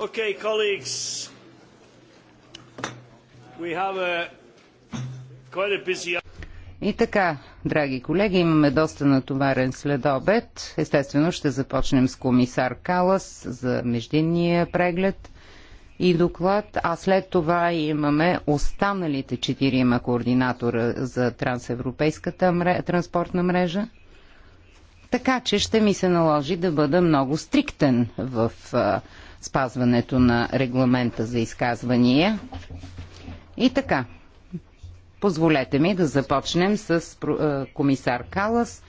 Okay, colleagues, we have a quite a busy... И така, драги колеги, имаме доста натоварен следобед. Естествено ще започнем с комисар Калас за междинния преглед и доклад, а след това имаме останалите четирима координатора за трансевропейската мре... транспортна мрежа. Така че ще ми се наложи да бъда много стриктен в спазването на регламента за изказвания. И така, позволете ми да започнем с комисар Калас.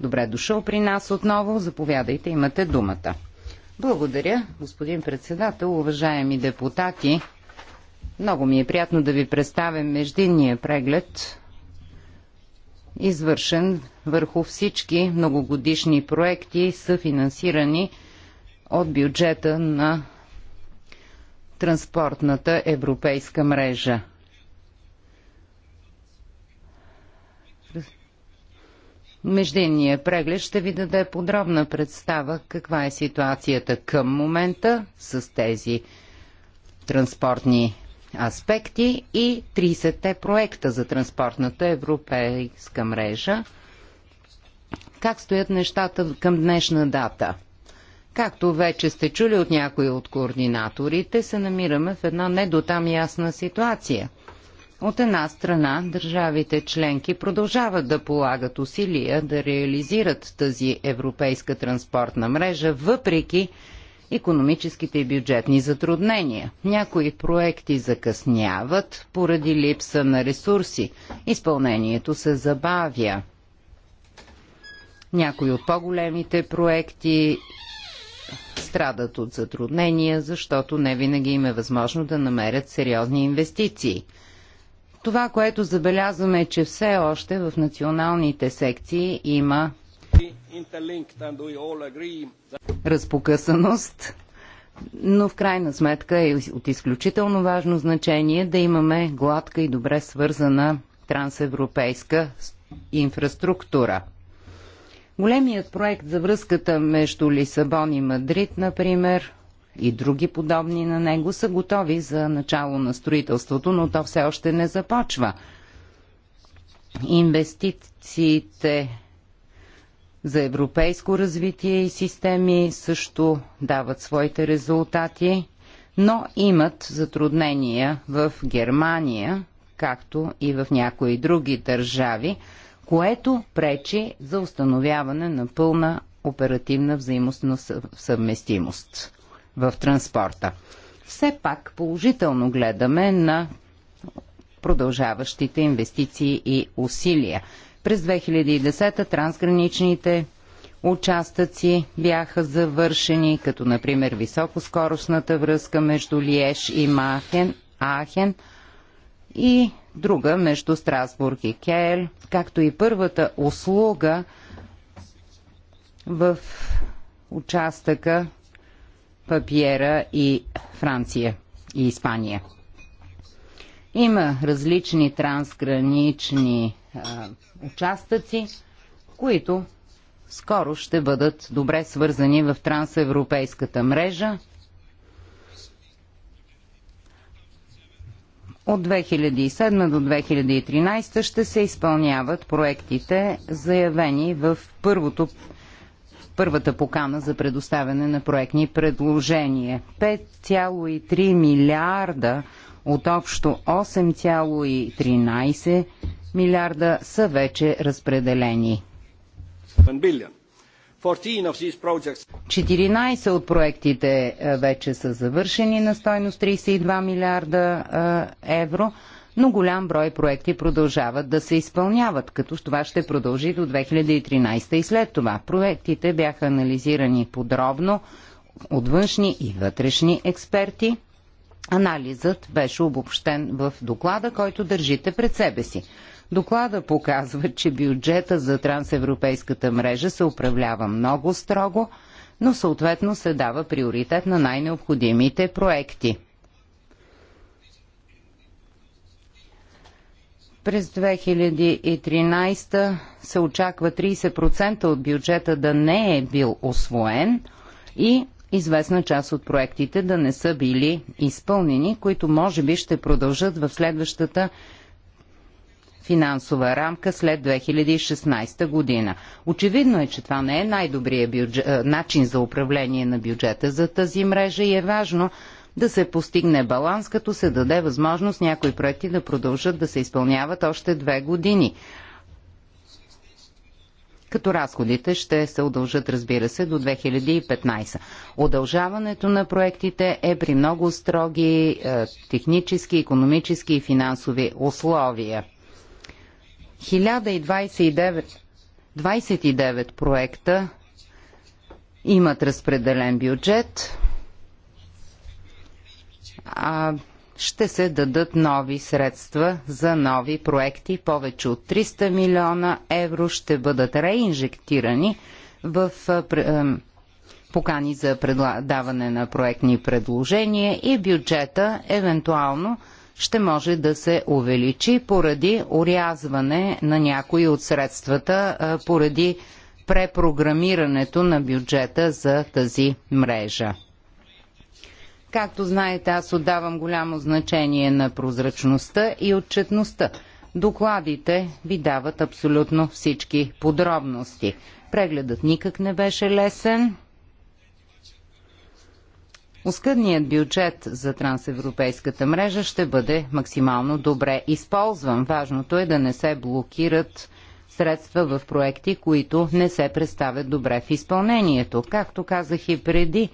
Добре дошъл при нас отново. Заповядайте, имате думата. Благодаря, господин председател, уважаеми депутати. Много ми е приятно да ви представя междинния преглед, извършен върху всички многогодишни проекти, съфинансирани финансирани от бюджета на транспортната европейска мрежа. Междинният преглед ще ви даде подробна представа каква е ситуацията към момента с тези транспортни аспекти и 30-те проекта за транспортната европейска мрежа. Как стоят нещата към днешна дата? Както вече сте чули от някои от координаторите, се намираме в една не до там ясна ситуация. От една страна, държавите членки продължават да полагат усилия да реализират тази европейска транспортна мрежа, въпреки економическите и бюджетни затруднения. Някои проекти закъсняват поради липса на ресурси. Изпълнението се забавя. Някои от по-големите проекти страдат от затруднения, защото не винаги им е възможно да намерят сериозни инвестиции. Това, което забелязваме е, че все още в националните секции има разпокъсаност, но в крайна сметка е от изключително важно значение да имаме гладка и добре свързана трансевропейска инфраструктура – Големият проект за връзката между Лисабон и Мадрид, например, и други подобни на него са готови за начало на строителството, но то все още не започва. Инвестициите за европейско развитие и системи също дават своите резултати, но имат затруднения в Германия, както и в някои други държави, което пречи за установяване на пълна оперативна съвместимост в транспорта. Все пак положително гледаме на продължаващите инвестиции и усилия. През 2010 трансграничните участъци бяха завършени, като например високоскоростната връзка между Лиеш и Махен, Ахен и друга между Страсбург и Кел, както и първата услуга в участъка Папиера и Франция и Испания. Има различни трансгранични а, участъци, които скоро ще бъдат добре свързани в трансевропейската мрежа – От 2007 до 2013 ще се изпълняват проектите, заявени в първото, първата покана за предоставяне на проектни предложения. 5,3 милиарда от общо 8,13 милиарда са вече разпределени. 14 от проектите е, вече са завършени на стойност 32 милиарда е, евро, но голям брой проекти продължават да се изпълняват, като това ще продължи до 2013 и след това. Проектите бяха анализирани подробно от външни и вътрешни експерти. Анализът беше обобщен в доклада, който държите пред себе си. Доклада показва, че бюджета за трансевропейската мрежа се управлява много строго, но съответно се дава приоритет на най-необходимите проекти. През 2013 се очаква 30% от бюджета да не е бил освоен и известна част от проектите да не са били изпълнени, които може би ще продължат в следващата финансова рамка след 2016 година. Очевидно е, че това не е най-добрият бюджет, е, начин за управление на бюджета за тази мрежа и е важно да се постигне баланс, като се даде възможност някои проекти да продължат да се изпълняват още две години. Като разходите ще се удължат, разбира се, до 2015. Удължаването на проектите е при много строги е, технически, економически и финансови условия. 1029 29 проекта имат разпределен бюджет, а ще се дадат нови средства за нови проекти. Повече от 300 милиона евро ще бъдат реинжектирани в покани за даване на проектни предложения и бюджета евентуално ще може да се увеличи поради урязване на някои от средствата, поради препрограмирането на бюджета за тази мрежа. Както знаете, аз отдавам голямо значение на прозрачността и отчетността. Докладите ви дават абсолютно всички подробности. Прегледът никак не беше лесен оскъдният бюджет за трансевропейската мрежа ще бъде максимално добре използван. Важното е да не се блокират средства в проекти, които не се представят добре в изпълнението. Както казах и преди,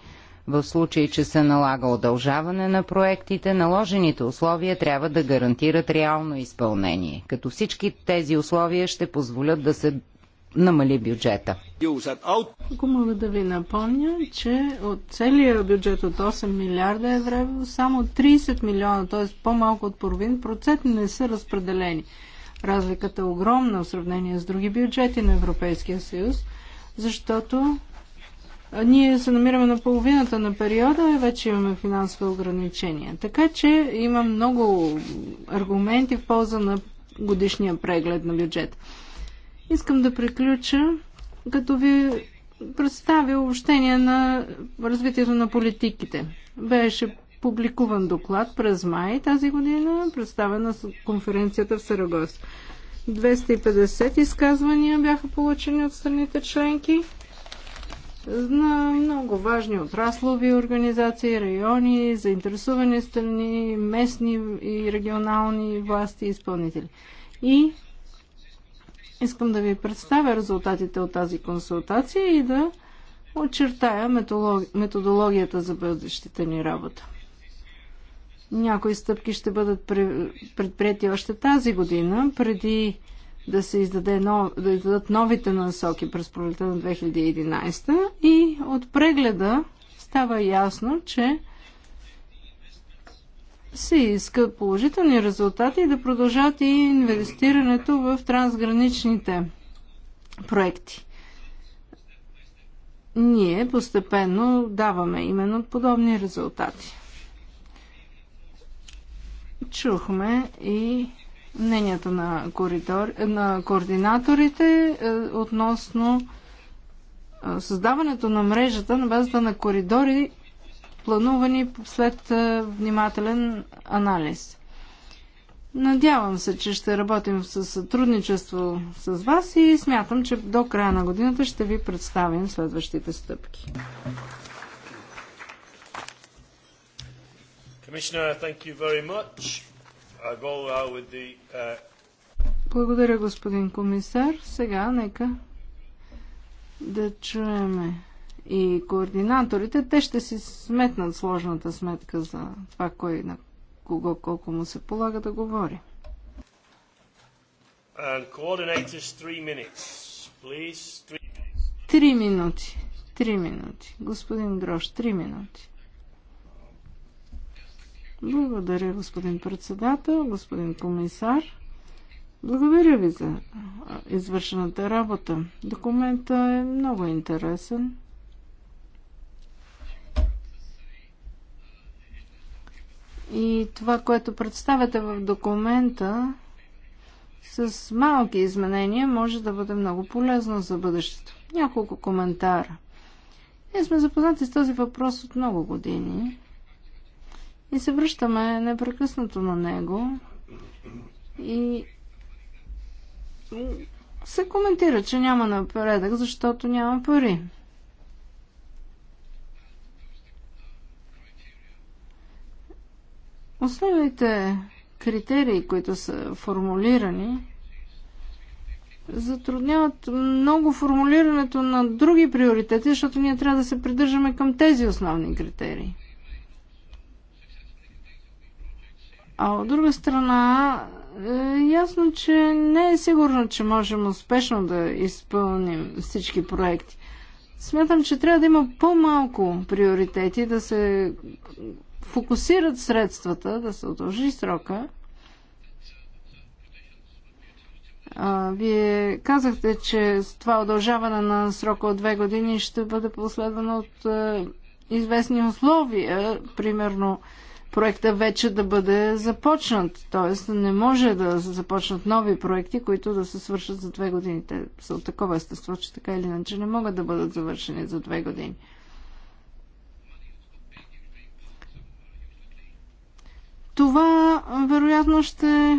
в случай, че се налага удължаване на проектите, наложените условия трябва да гарантират реално изпълнение, като всички тези условия ще позволят да се намали бюджета. Ако мога да ви напомня, че от целия бюджет от 8 милиарда евро, само 30 милиона, т.е. по-малко от половин процент, не са разпределени. Разликата е огромна в сравнение с други бюджети на Европейския съюз, защото ние се намираме на половината на периода и вече имаме финансови ограничения. Така че има много аргументи в полза на годишния преглед на бюджета. Искам да приключа, като ви представя общение на развитието на политиките. Беше публикуван доклад през май тази година, представен на конференцията в Сарагос. 250 изказвания бяха получени от страните членки на много важни отраслови организации, райони, заинтересувани страни, местни и регионални власти и изпълнители. И Искам да ви представя резултатите от тази консултация и да очертая методологията за бъдещата ни работа. Някои стъпки ще бъдат предприяти още тази година, преди да се издаде нов, да издадат новите насоки през пролета на 2011 и от прегледа става ясно, че се иска положителни резултати и да продължат и инвестирането в трансграничните проекти. Ние постепенно даваме именно подобни резултати. Чухме и мненията на, коридор, на координаторите е, относно е, създаването на мрежата на базата на коридори планувани след внимателен анализ. Надявам се, че ще работим с сътрудничество с вас и смятам, че до края на годината ще ви представим следващите стъпки. Uh, uh, Благодаря, господин комисар. Сега нека да чуеме и координаторите, те ще си сметнат сложната сметка за това, кой на кого колко му се полага да говори. Три минути. Три минути. Господин Грош, три минути. Благодаря, господин председател, господин комисар. Благодаря ви за извършената работа. Документът е много интересен. И това, което представяте в документа, с малки изменения, може да бъде много полезно за бъдещето. Няколко коментара. Ние сме запознати с този въпрос от много години и се връщаме непрекъснато на него и се коментира, че няма напредък, защото няма пари. Основните критерии, които са формулирани, затрудняват много формулирането на други приоритети, защото ние трябва да се придържаме към тези основни критерии. А от друга страна, е ясно, че не е сигурно, че можем успешно да изпълним всички проекти. Смятам, че трябва да има по-малко приоритети, да се фокусират средствата, да се удължи срока. А, вие казахте, че това удължаване на срока от две години ще бъде последвано от а, известни условия, примерно проекта вече да бъде започнат. Тоест не може да се започнат нови проекти, които да се свършат за две години. Те са от такова естество, че така или иначе не могат да бъдат завършени за две години. Това вероятно ще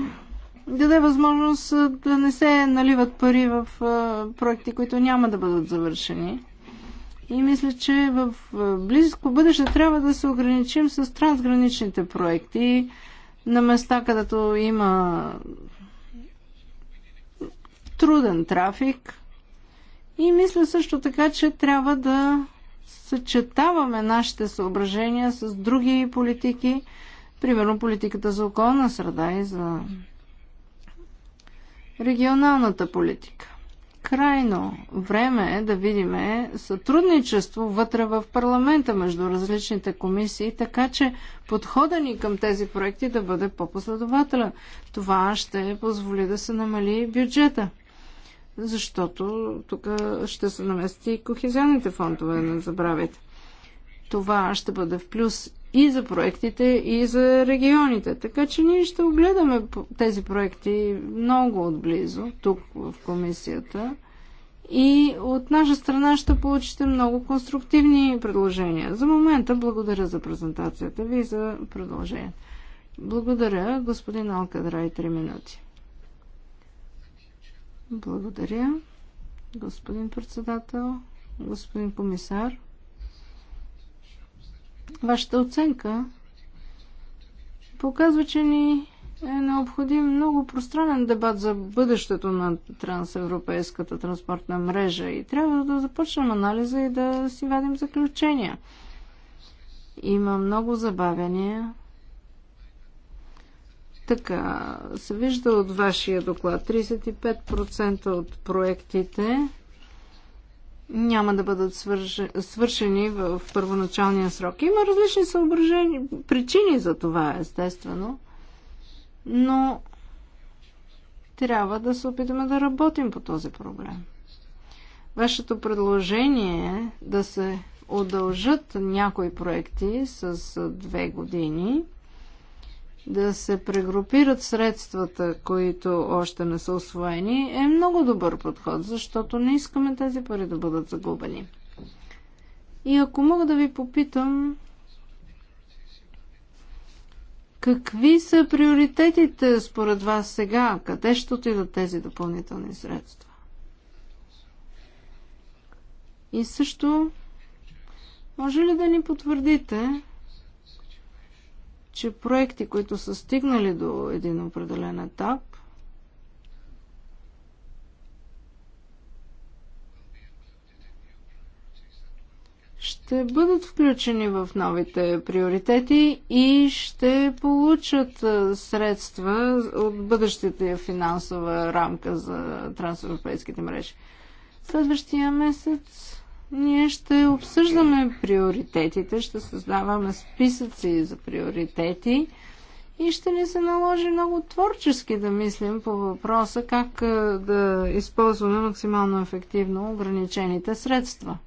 даде възможност да не се наливат пари в проекти, които няма да бъдат завършени. И мисля, че в близко бъдеще трябва да се ограничим с трансграничните проекти на места, където има труден трафик. И мисля също така, че трябва да съчетаваме нашите съображения с други политики, Примерно политиката за околна среда и за регионалната политика. Крайно време е да видим сътрудничество вътре в парламента между различните комисии, така че подхода ни към тези проекти да бъде по-последователен. Това ще позволи да се намали бюджета защото тук ще се намести и кохезионните фондове, не забравяйте. Това ще бъде в плюс и за проектите, и за регионите. Така че ние ще огледаме тези проекти много отблизо, тук в комисията. И от наша страна ще получите много конструктивни предложения. За момента благодаря за презентацията ви и за предложение. Благодаря, господин Алкадрай, 3 минути. Благодаря, господин председател, господин комисар. Вашата оценка показва, че ни е необходим много пространен дебат за бъдещето на трансевропейската транспортна мрежа и трябва да започнем анализа и да си вадим заключения. Има много забавяния. Така, се вижда от вашия доклад 35% от проектите няма да бъдат свършени в първоначалния срок. Има различни съображения, причини за това, естествено, но трябва да се опитаме да работим по този проблем. Вашето предложение е да се удължат някои проекти с две години – да се прегрупират средствата, които още не са освоени, е много добър подход, защото не искаме тези пари да бъдат загубени. И ако мога да ви попитам, какви са приоритетите според вас сега? Къде ще отидат тези допълнителни средства? И също, може ли да ни потвърдите, че проекти, които са стигнали до един определен етап, ще бъдат включени в новите приоритети и ще получат средства от бъдещата финансова рамка за трансевропейските мрежи. Следващия месец ние ще обсъждаме приоритетите, ще създаваме списъци за приоритети и ще ни се наложи много творчески да мислим по въпроса как е, да използваме максимално ефективно ограничените средства.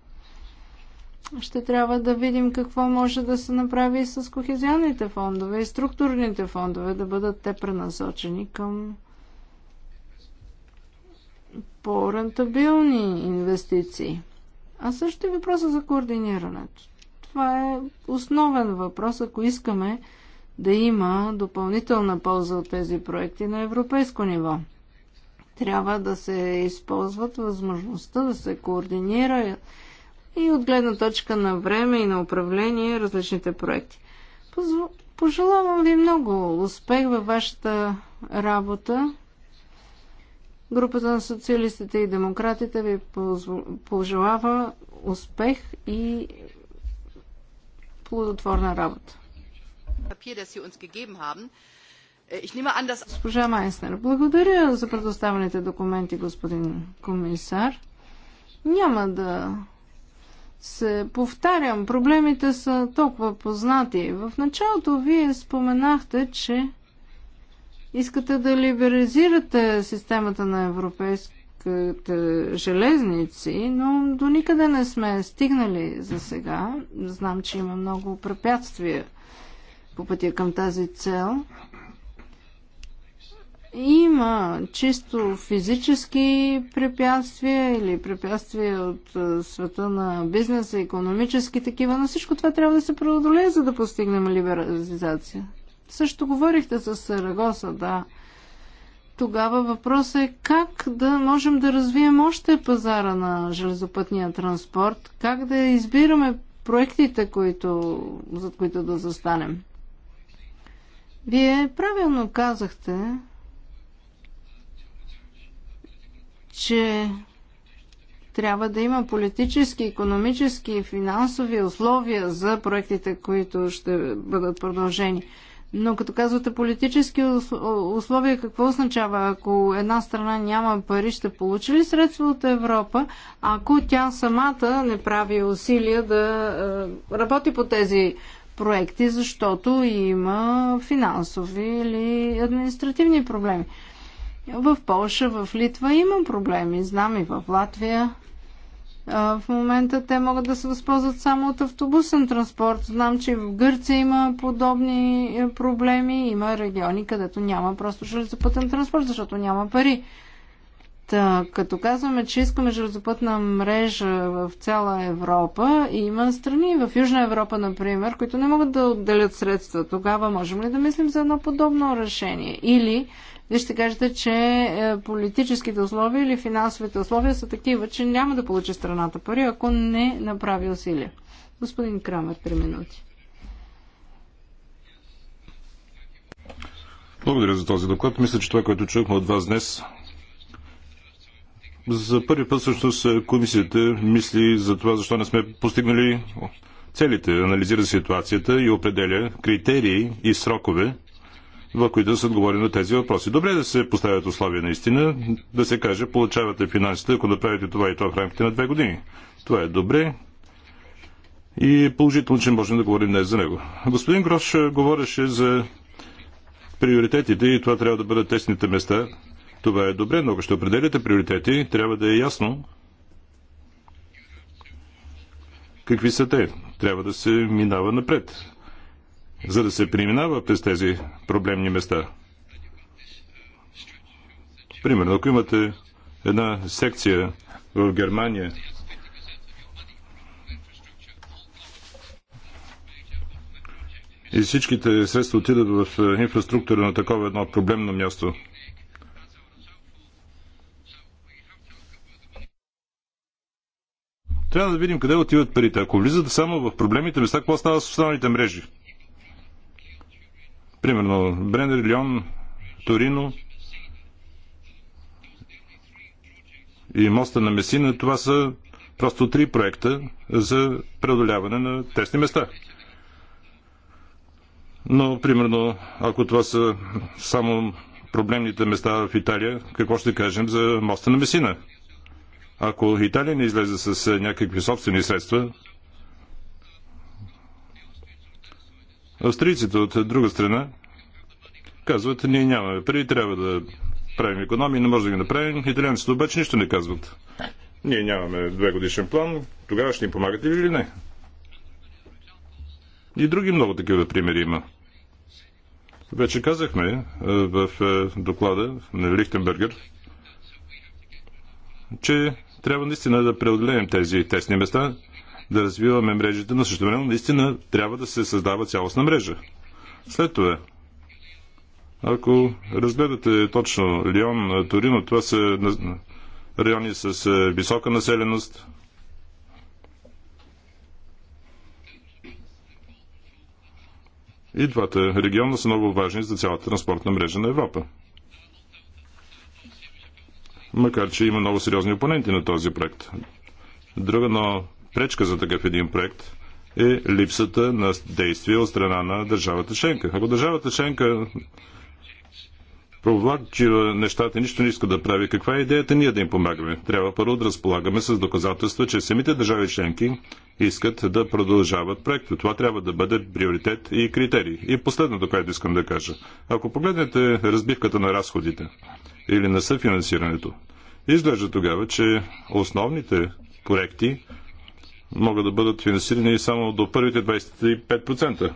Ще трябва да видим какво може да се направи и с кохезионните фондове и структурните фондове, да бъдат те пренасочени към по-рентабилни инвестиции. А също и въпроса за координирането. Това е основен въпрос, ако искаме да има допълнителна полза от тези проекти на европейско ниво. Трябва да се използват възможността да се координира и от гледна точка на време и на управление различните проекти. Пожелавам ви много успех във вашата работа. Групата на социалистите и демократите ви пожелава успех и плодотворна работа. Госпожа Майснер, благодаря за предоставените документи, господин комисар. Няма да се повтарям. Проблемите са толкова познати. В началото вие споменахте, че Искате да либерализирате системата на европейските железници, но до никъде не сме стигнали за сега. Знам, че има много препятствия по пътя към тази цел. Има чисто физически препятствия или препятствия от света на бизнеса, економически такива, но всичко това трябва да се преодолее, за да постигнем либерализация също говорихте с Сарагоса, да. Тогава въпросът е как да можем да развием още пазара на железопътния транспорт, как да избираме проектите, които, за които да застанем. Вие правилно казахте, че трябва да има политически, економически и финансови условия за проектите, които ще бъдат продължени. Но като казвате политически условия, какво означава? Ако една страна няма пари, ще получи ли средства от Европа, ако тя самата не прави усилия да е, работи по тези проекти, защото има финансови или административни проблеми. В Польша, в Литва има проблеми, знам и в Латвия. В момента те могат да се възползват само от автобусен транспорт. Знам, че в Гърция има подобни е, проблеми. Има региони, където няма просто железопътен транспорт, защото няма пари. Та, като казваме, че искаме железопътна мрежа в цяла Европа, има страни в Южна Европа, например, които не могат да отделят средства. Тогава можем ли да мислим за едно подобно решение? Или вие ще кажете, че е, политическите условия или финансовите условия са такива, че няма да получи страната пари, ако не направи усилия. Господин Крамер, три минути. Благодаря за този доклад. Мисля, че това, което чухме от вас днес, за първи път всъщност комисията мисли за това, защо не сме постигнали целите, анализира ситуацията и определя критерии и срокове, в които да се отговори на тези въпроси. Добре да се поставят условия наистина, да се каже, получавате финансите, ако направите това и това в рамките на две години. Това е добре и положително, че можем да говорим днес за него. Господин Грош говореше за приоритетите и това трябва да бъдат тесните места, това е добре, но ако ще определите приоритети, трябва да е ясно какви са те. Трябва да се минава напред, за да се преминава през тези проблемни места. Примерно, ако имате една секция в Германия, и всичките средства отидат в инфраструктура на такова едно проблемно място – Трябва да видим къде отиват парите. Ако влизат само в проблемите места, какво става с останалите мрежи? Примерно Бренер, Лион, Торино и моста на Месина, това са просто три проекта за преодоляване на тесни места. Но, примерно, ако това са само проблемните места в Италия, какво ще кажем за моста на Месина? Ако Италия не излезе с някакви собствени средства, австрийците от друга страна казват, ние нямаме пари, трябва да правим економии, не може да ги направим. Италианците обаче нищо не казват. Ние нямаме две годишен план, тогава ще ни помагате ли или не? И други много такива примери има. Вече казахме в доклада на Лихтенбергер, че трябва наистина да преодолеем тези тесни места, да развиваме мрежите, но също време наистина трябва да се създава цялостна мрежа. След това, ако разгледате точно Лион, Торино, това са райони с е, висока населеност. И двата региона са много важни за цялата транспортна мрежа на Европа макар че има много сериозни опоненти на този проект. Друга но пречка за такъв един проект е липсата на действие от страна на държавата членка. Ако държавата членка провлакчива нещата, нищо не иска да прави, каква е идеята ние да им помагаме? Трябва първо да разполагаме с доказателства, че самите държави членки искат да продължават проекта. Това трябва да бъде приоритет и критерий. И последното, което искам да кажа. Ако погледнете разбивката на разходите, или на съфинансирането. Изглежда тогава, че основните проекти могат да бъдат финансирани само до първите 25%.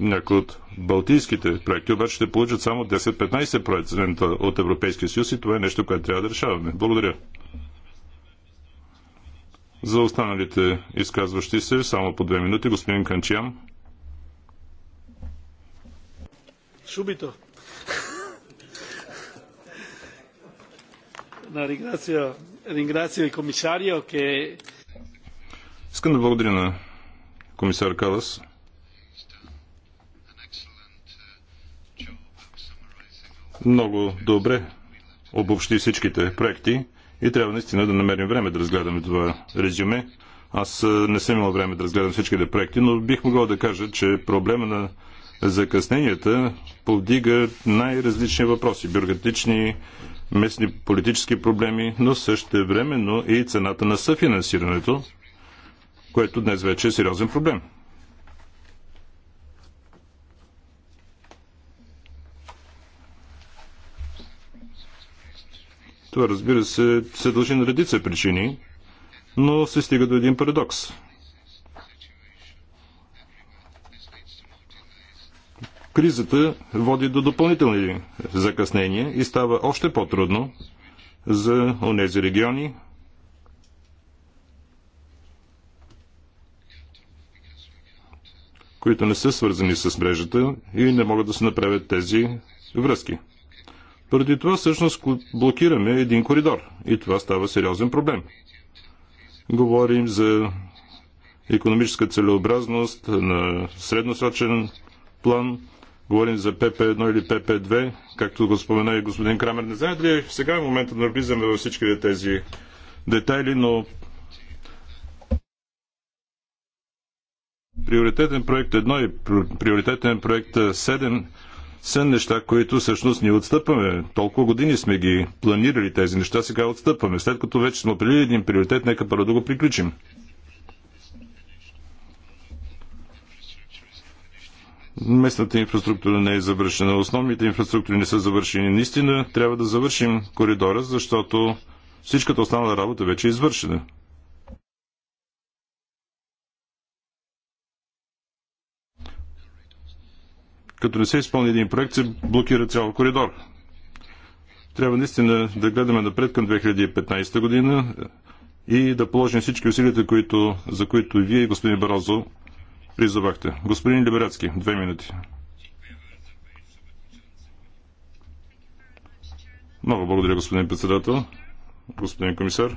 Някои от балтийските проекти обаче ще получат само 10-15% от Европейския съюз и това е нещо, което трябва да решаваме. Благодаря. За останалите изказващи се, само по две минути, господин Канчиян. Субито. Ringrazio, ringrazio che... Искам да благодаря на комисар Калас. Много добре обобщи всичките проекти и трябва наистина да намерим време да разгледаме това резюме. Аз не съм имал време да разгледам всичките проекти, но бих могъл да кажа, че проблема на закъсненията повдига най-различни въпроси. Бюрократични, местни политически проблеми, но също времено и цената на съфинансирането, което днес вече е сериозен проблем. Това разбира се се дължи на редица причини, но се стига до един парадокс – кризата води до допълнителни закъснения и става още по-трудно за онези региони, които не са свързани с мрежата и не могат да се направят тези връзки. Поради това всъщност блокираме един коридор и това става сериозен проблем. Говорим за економическа целеобразност на средносрочен план, Говорим за ПП1 или ПП2, както го спомена и господин Крамер. Не знаете ли сега е момента да влизаме във всички тези детайли, но приоритетен проект 1 и приоритетен проект 7 са неща, които всъщност ние отстъпваме. Толкова години сме ги планирали тези неща, сега отстъпваме. След като вече сме определили един приоритет, нека първо да го приключим. Местната инфраструктура не е завършена, основните инфраструктури не са завършени. Наистина трябва да завършим коридора, защото всичката останала работа вече е извършена. Като не се изпълни един проект, се блокира цял коридор. Трябва наистина да гледаме напред към 2015 година и да положим всички усилията, които, за които вие, господин Барозо, призовахте. Господин Либерацки, две минути. Много благодаря, господин председател, господин комисар.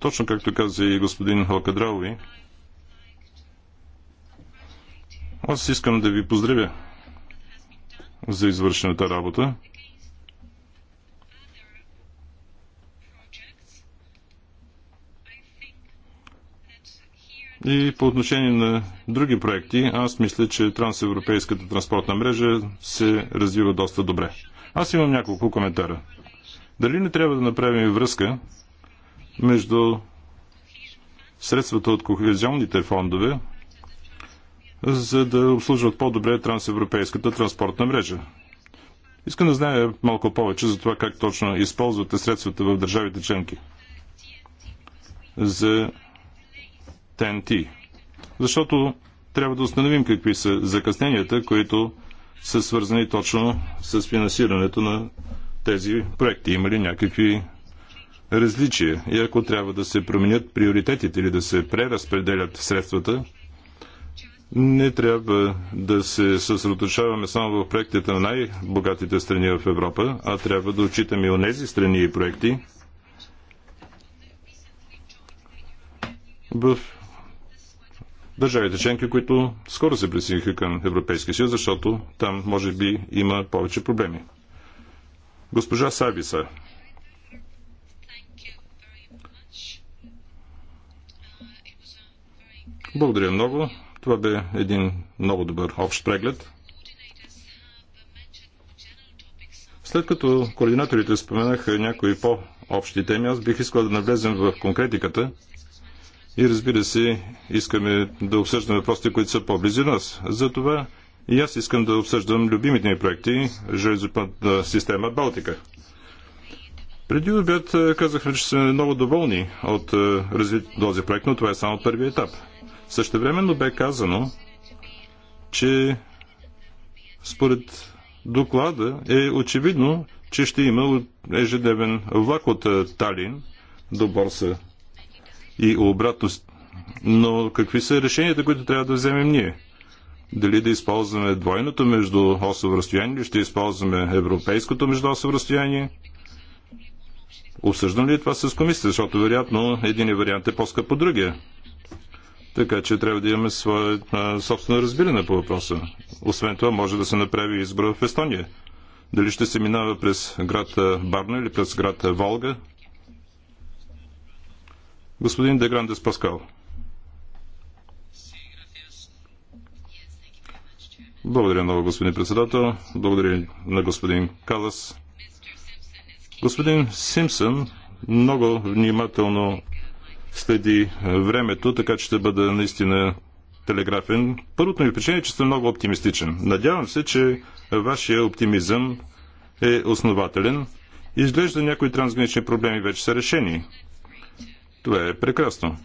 Точно както каза и господин Халкадрауи, аз искам да ви поздравя за извършената работа. И по отношение на други проекти, аз мисля, че трансевропейската транспортна мрежа се развива доста добре. Аз имам няколко коментара. Дали не трябва да направим връзка между средствата от кохезионните фондове, за да обслужват по-добре трансевропейската транспортна мрежа? Искам да знае малко повече за това как точно използвате средствата в държавите членки за ТНТ. Защото трябва да установим какви са закъсненията, които са свързани точно с финансирането на тези проекти. Има ли някакви различия? И ако трябва да се променят приоритетите или да се преразпределят средствата, не трябва да се съсредоточаваме само в проектите на най-богатите страни в Европа, а трябва да отчитаме и онези страни и проекти, в държавите членки, които скоро се присъединиха към Европейския съюз, защото там може би има повече проблеми. Госпожа Сависа. Благодаря много. Това бе един много добър общ преглед. След като координаторите споменаха някои по-общи теми, аз бих искал да навлезем в конкретиката – и разбира се, искаме да обсъждаме въпросите, които са по-близи нас. Затова и аз искам да обсъждам любимите ми проекти железопътна система Балтика. Преди обед казахме, че сме много доволни от развитието този проект, но това е само първият етап. Същевременно бе казано, че според доклада е очевидно, че ще има ежедневен влак от Талин до Борса и обратно. Но какви са решенията, които трябва да вземем ние? Дали да използваме двойното между осово разстояние или ще използваме европейското между осово разстояние? Обсъждам ли това с комисията? Защото вероятно един вариант е по-скъп по другия. Така че трябва да имаме свое а, собствено разбиране по въпроса. Освен това, може да се направи избор в Естония. Дали ще се минава през град Барна или през град Волга, Господин Деграндес Паскал. Благодаря много, господин председател. Благодаря на господин Калас. Господин Симпсън много внимателно следи времето, така че ще бъда наистина телеграфен. Първото ми впечатление е, че сте много оптимистичен. Надявам се, че вашия оптимизъм е основателен. Изглежда някои трансгранични проблеми вече са решени. Това е прекрасно.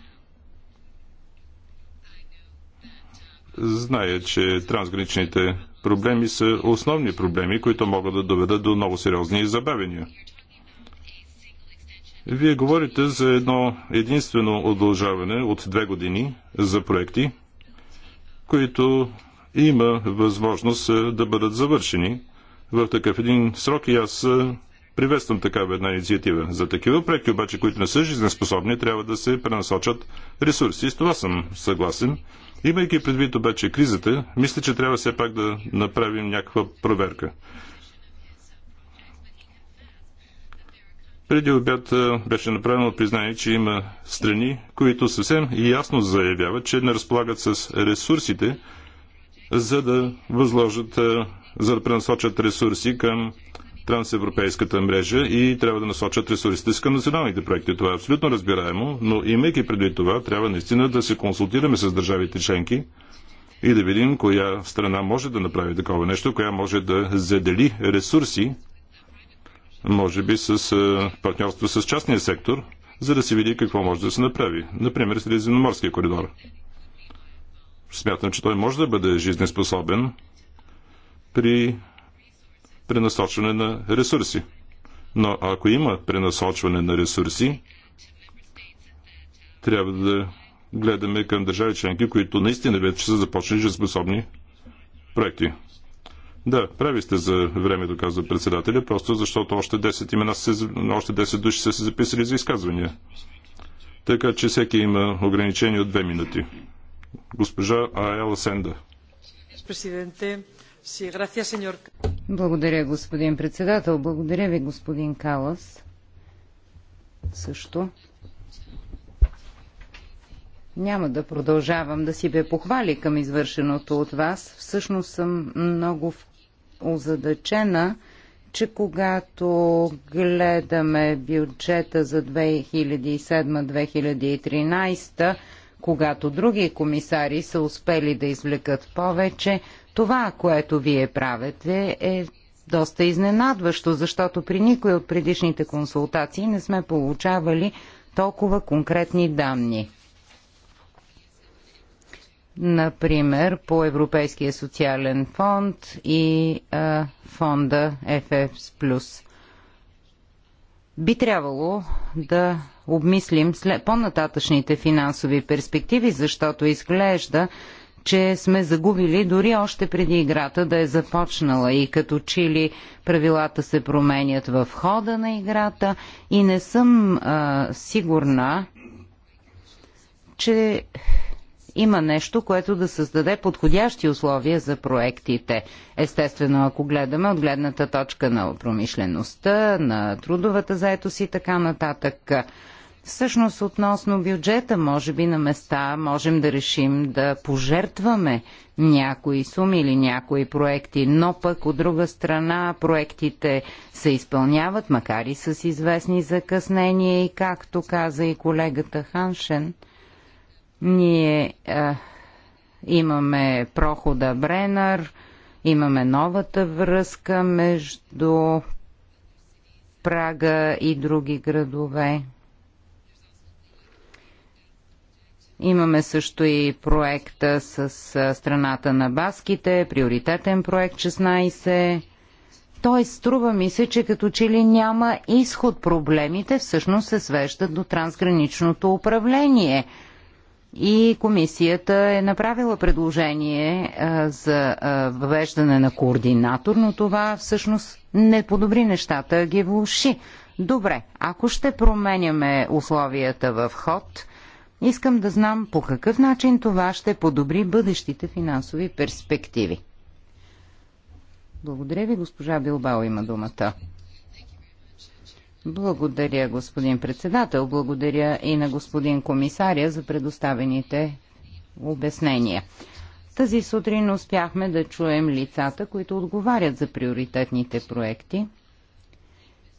Зная, че трансграничните проблеми са основни проблеми, които могат да доведат до много сериозни забавения. Вие говорите за едно единствено удължаване от две години за проекти, които има възможност да бъдат завършени в такъв един срок и аз Приветствам такава една инициатива. За такива проекти обаче, които не са жизнеспособни, трябва да се пренасочат ресурси. С това съм съгласен. Имайки предвид обаче кризата, мисля, че трябва все пак да направим някаква проверка. Преди обяд беше направено признание, че има страни, които съвсем ясно заявяват, че не разполагат с ресурсите, за да възложат, за да пренасочат ресурси към трансевропейската мрежа и трябва да насочат ресурсите си към националните проекти. Това е абсолютно разбираемо, но имайки преди това, трябва наистина да се консултираме с държавите членки и да видим коя страна може да направи такова нещо, коя може да задели ресурси, може би с е, партньорство с частния сектор, за да се види какво може да се направи. Например, Средиземноморския коридор. Смятам, че той може да бъде жизнеспособен при пренасочване на ресурси. Но ако има пренасочване на ресурси, трябва да гледаме към държави членки, които наистина вече са започнали жизнеспособни проекти. Да, прави сте за време, доказва председателя, просто защото още 10, имена се, още 10 души са се записали за изказвания. Така че всеки има ограничение от 2 минути. Госпожа Аела Сенда. Президенте, си, сеньор. Благодаря, господин председател. Благодаря ви, господин Калас. Също. Няма да продължавам да си бе похвали към извършеното от вас. Всъщност съм много озадачена, че когато гледаме бюджета за 2007-2013, когато други комисари са успели да извлекат повече, това, което вие правите, е доста изненадващо, защото при никой от предишните консултации не сме получавали толкова конкретни данни. Например, по Европейския социален фонд и а, фонда FFS+. Би трябвало да обмислим по-нататъчните финансови перспективи, защото изглежда, че сме загубили дори още преди играта да е започнала и като чили правилата се променят в хода на играта и не съм а, сигурна, че има нещо, което да създаде подходящи условия за проектите. Естествено, ако гледаме от гледната точка на промишлеността, на трудовата заетост и така нататък. Всъщност относно бюджета, може би на места можем да решим да пожертваме някои суми или някои проекти, но пък от друга страна проектите се изпълняват, макар и с известни закъснения и както каза и колегата Ханшен, ние е, имаме прохода Бренър, имаме новата връзка между Прага и други градове. Имаме също и проекта с страната на баските, приоритетен проект 16. Той струва ми се, че като че ли няма изход. Проблемите всъщност се свеждат до трансграничното управление. И комисията е направила предложение а, за а, въвеждане на координатор, но това всъщност не подобри нещата, а ги влуши. Добре, ако ще променяме условията в ход, Искам да знам по какъв начин това ще подобри бъдещите финансови перспективи. Благодаря ви, госпожа Билбао има думата. Благодаря, господин председател. Благодаря и на господин комисаря за предоставените обяснения. Тази сутрин успяхме да чуем лицата, които отговарят за приоритетните проекти –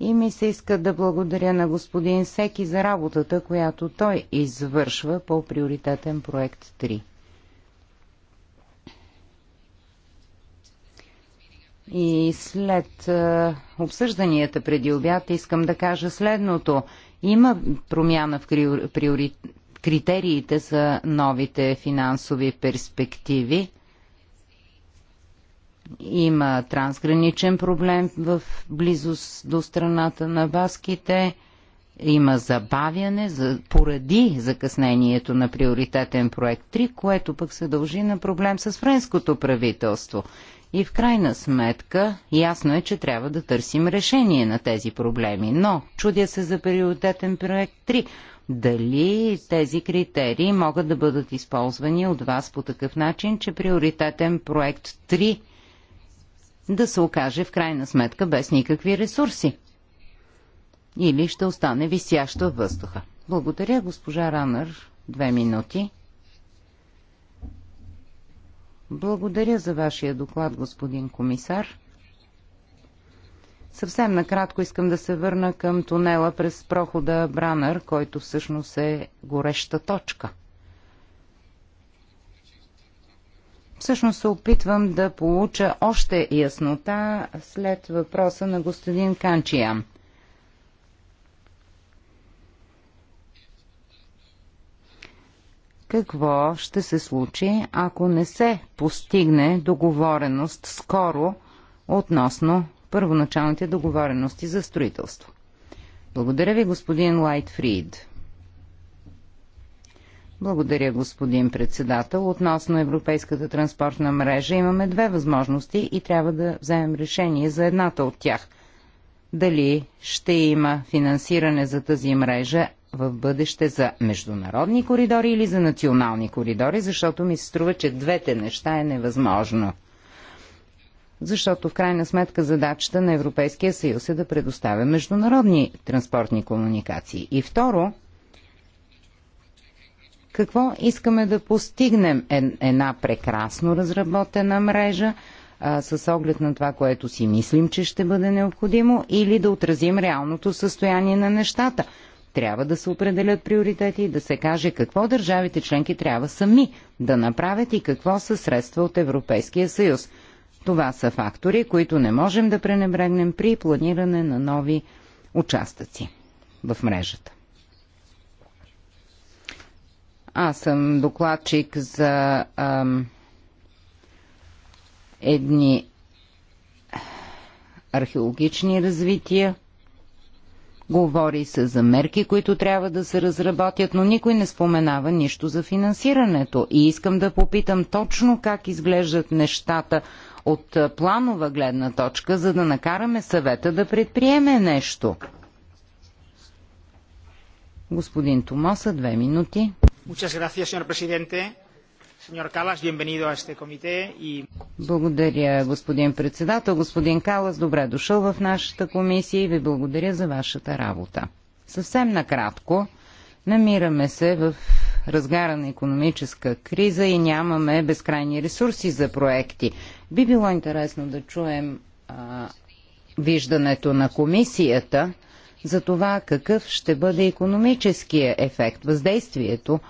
и ми се иска да благодаря на господин Секи за работата, която той извършва по приоритетен проект 3. И след е, обсъжданията преди обяд искам да кажа следното. Има промяна в криори... критериите за новите финансови перспективи – има трансграничен проблем в близост до страната на баските. Има забавяне за, поради закъснението на приоритетен проект 3, което пък се дължи на проблем с френското правителство. И в крайна сметка, ясно е, че трябва да търсим решение на тези проблеми. Но, чудя се за приоритетен проект 3. Дали тези критерии могат да бъдат използвани от вас по такъв начин, че приоритетен проект 3 да се окаже в крайна сметка без никакви ресурси. Или ще остане висяща във въздуха. Благодаря, госпожа Ранър. Две минути. Благодаря за вашия доклад, господин комисар. Съвсем накратко искам да се върна към тунела през прохода Бранър, който всъщност е гореща точка – Всъщност се опитвам да получа още яснота след въпроса на господин Канчия. Какво ще се случи, ако не се постигне договореност скоро относно първоначалните договорености за строителство? Благодаря ви, господин Лайтфрид. Благодаря, господин председател. Относно Европейската транспортна мрежа имаме две възможности и трябва да вземем решение за едната от тях. Дали ще има финансиране за тази мрежа в бъдеще за международни коридори или за национални коридори, защото ми се струва, че двете неща е невъзможно. Защото в крайна сметка задачата на Европейския съюз е да предоставя международни транспортни комуникации. И второ, какво искаме да постигнем? Една прекрасно разработена мрежа а, с оглед на това, което си мислим, че ще бъде необходимо, или да отразим реалното състояние на нещата. Трябва да се определят приоритети и да се каже какво държавите членки трябва сами да направят и какво са средства от Европейския съюз. Това са фактори, които не можем да пренебрегнем при планиране на нови участъци в мрежата. Аз съм докладчик за ам, едни археологични развития. Говори се за мерки, които трябва да се разработят, но никой не споменава нищо за финансирането. И искам да попитам точно как изглеждат нещата от планова гледна точка, за да накараме съвета да предприеме нещо. Господин Томоса, две минути señor presidente. Señor Калас, bienvenido a este comité Благодаря, господин председател. Господин Калас, добре дошъл в нашата комисия и ви благодаря за вашата работа. Съвсем накратко, намираме се в разгара на економическа криза и нямаме безкрайни ресурси за проекти. Би било интересно да чуем а, виждането на комисията – за това какъв ще бъде економическия ефект, въздействието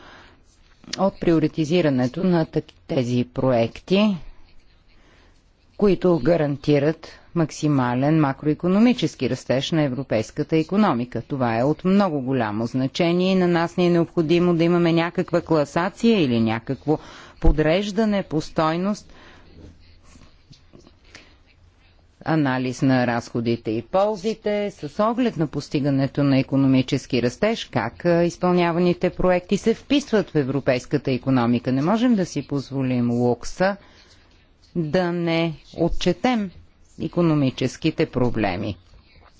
от приоритизирането на тези проекти, които гарантират максимален макроекономически растеж на европейската економика. Това е от много голямо значение и на нас не е необходимо да имаме някаква класация или някакво подреждане по стойност – анализ на разходите и ползите, с оглед на постигането на економически растеж, как изпълняваните проекти се вписват в европейската економика. Не можем да си позволим лукса да не отчетем економическите проблеми.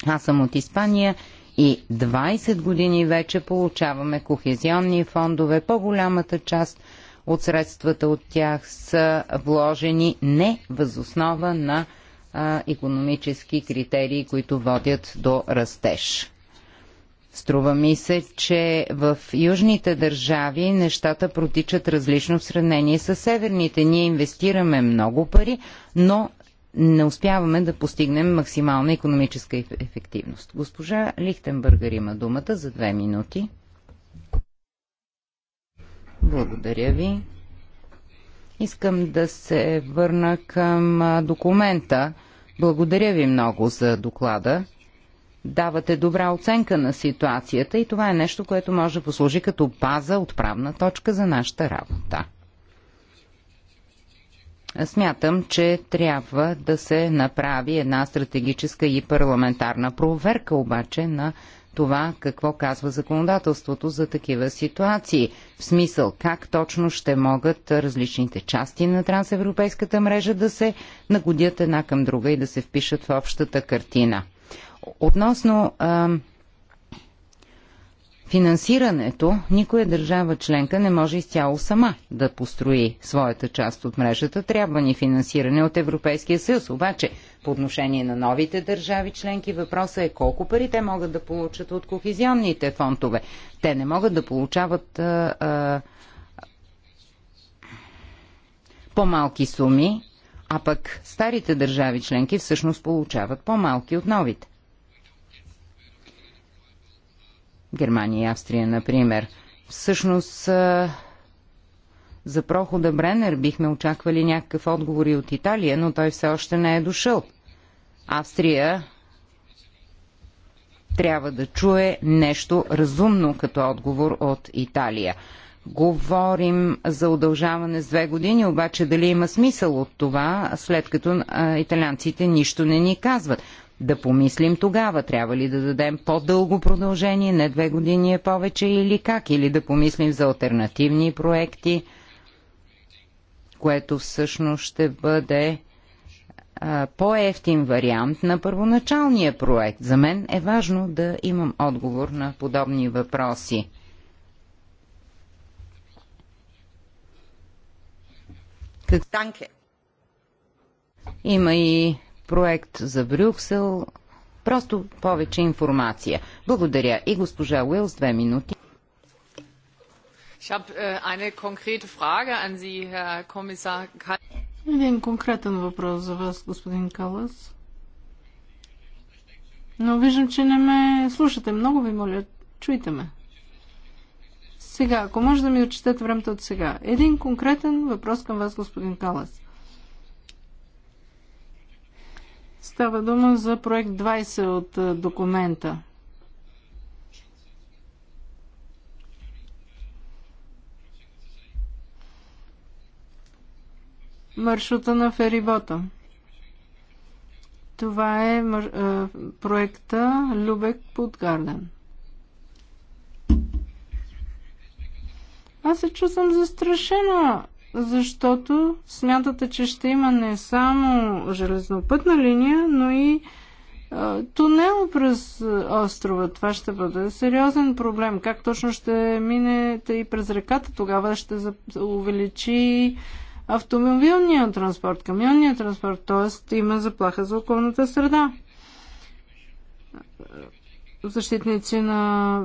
Аз съм от Испания и 20 години вече получаваме кохезионни фондове. По-голямата част от средствата от тях са вложени не възоснова на а економически критерии, които водят до растеж. Струва ми се, че в южните държави нещата протичат различно в сравнение с северните. Ние инвестираме много пари, но не успяваме да постигнем максимална економическа ефективност. Госпожа Лихтенбъргър има думата за две минути. Благодаря ви. Искам да се върна към документа, благодаря ви много за доклада. Давате добра оценка на ситуацията и това е нещо, което може да послужи като база, отправна точка за нашата работа. Смятам, че трябва да се направи една стратегическа и парламентарна проверка обаче на това какво казва законодателството за такива ситуации. В смисъл как точно ще могат различните части на трансевропейската мрежа да се нагодят една към друга и да се впишат в общата картина. Относно а, Финансирането никоя държава членка не може изцяло сама да построи своята част от мрежата. Трябва ни финансиране от Европейския съюз. Обаче по отношение на новите държави членки въпросът е колко пари те могат да получат от кохезионните фондове. Те не могат да получават а, а, по-малки суми, а пък старите държави членки всъщност получават по-малки от новите. Германия и Австрия, например. Всъщност, за прохода Бренер бихме очаквали някакъв отговор и от Италия, но той все още не е дошъл. Австрия трябва да чуе нещо разумно като отговор от Италия. Говорим за удължаване с две години, обаче дали има смисъл от това, след като а, италянците нищо не ни казват. Да помислим тогава, трябва ли да дадем по-дълго продължение, не две години е повече или как, или да помислим за альтернативни проекти, което всъщност ще бъде по-ефтин вариант на първоначалния проект. За мен е важно да имам отговор на подобни въпроси. Как... Има и проект за Брюксел. Просто повече информация. Благодаря. И госпожа Уилс, две минути. Äh, Един конкретен въпрос за вас, господин Калас. Но виждам, че не ме слушате. Много ви моля, чуйте ме. Сега, ако може да ми отчетете времето от сега. Един конкретен въпрос към вас, господин Калас. Става дума за проект 20 от документа. маршрута на ферибота. Това е проекта Любек Путгарден. Аз се чувствам застрашена защото смятате, че ще има не само железнопътна линия, но и тунел през острова. Това ще бъде сериозен проблем. Как точно ще минете и през реката? Тогава ще увеличи автомобилния транспорт, камионния транспорт, т.е. има заплаха за околната среда. Защитници на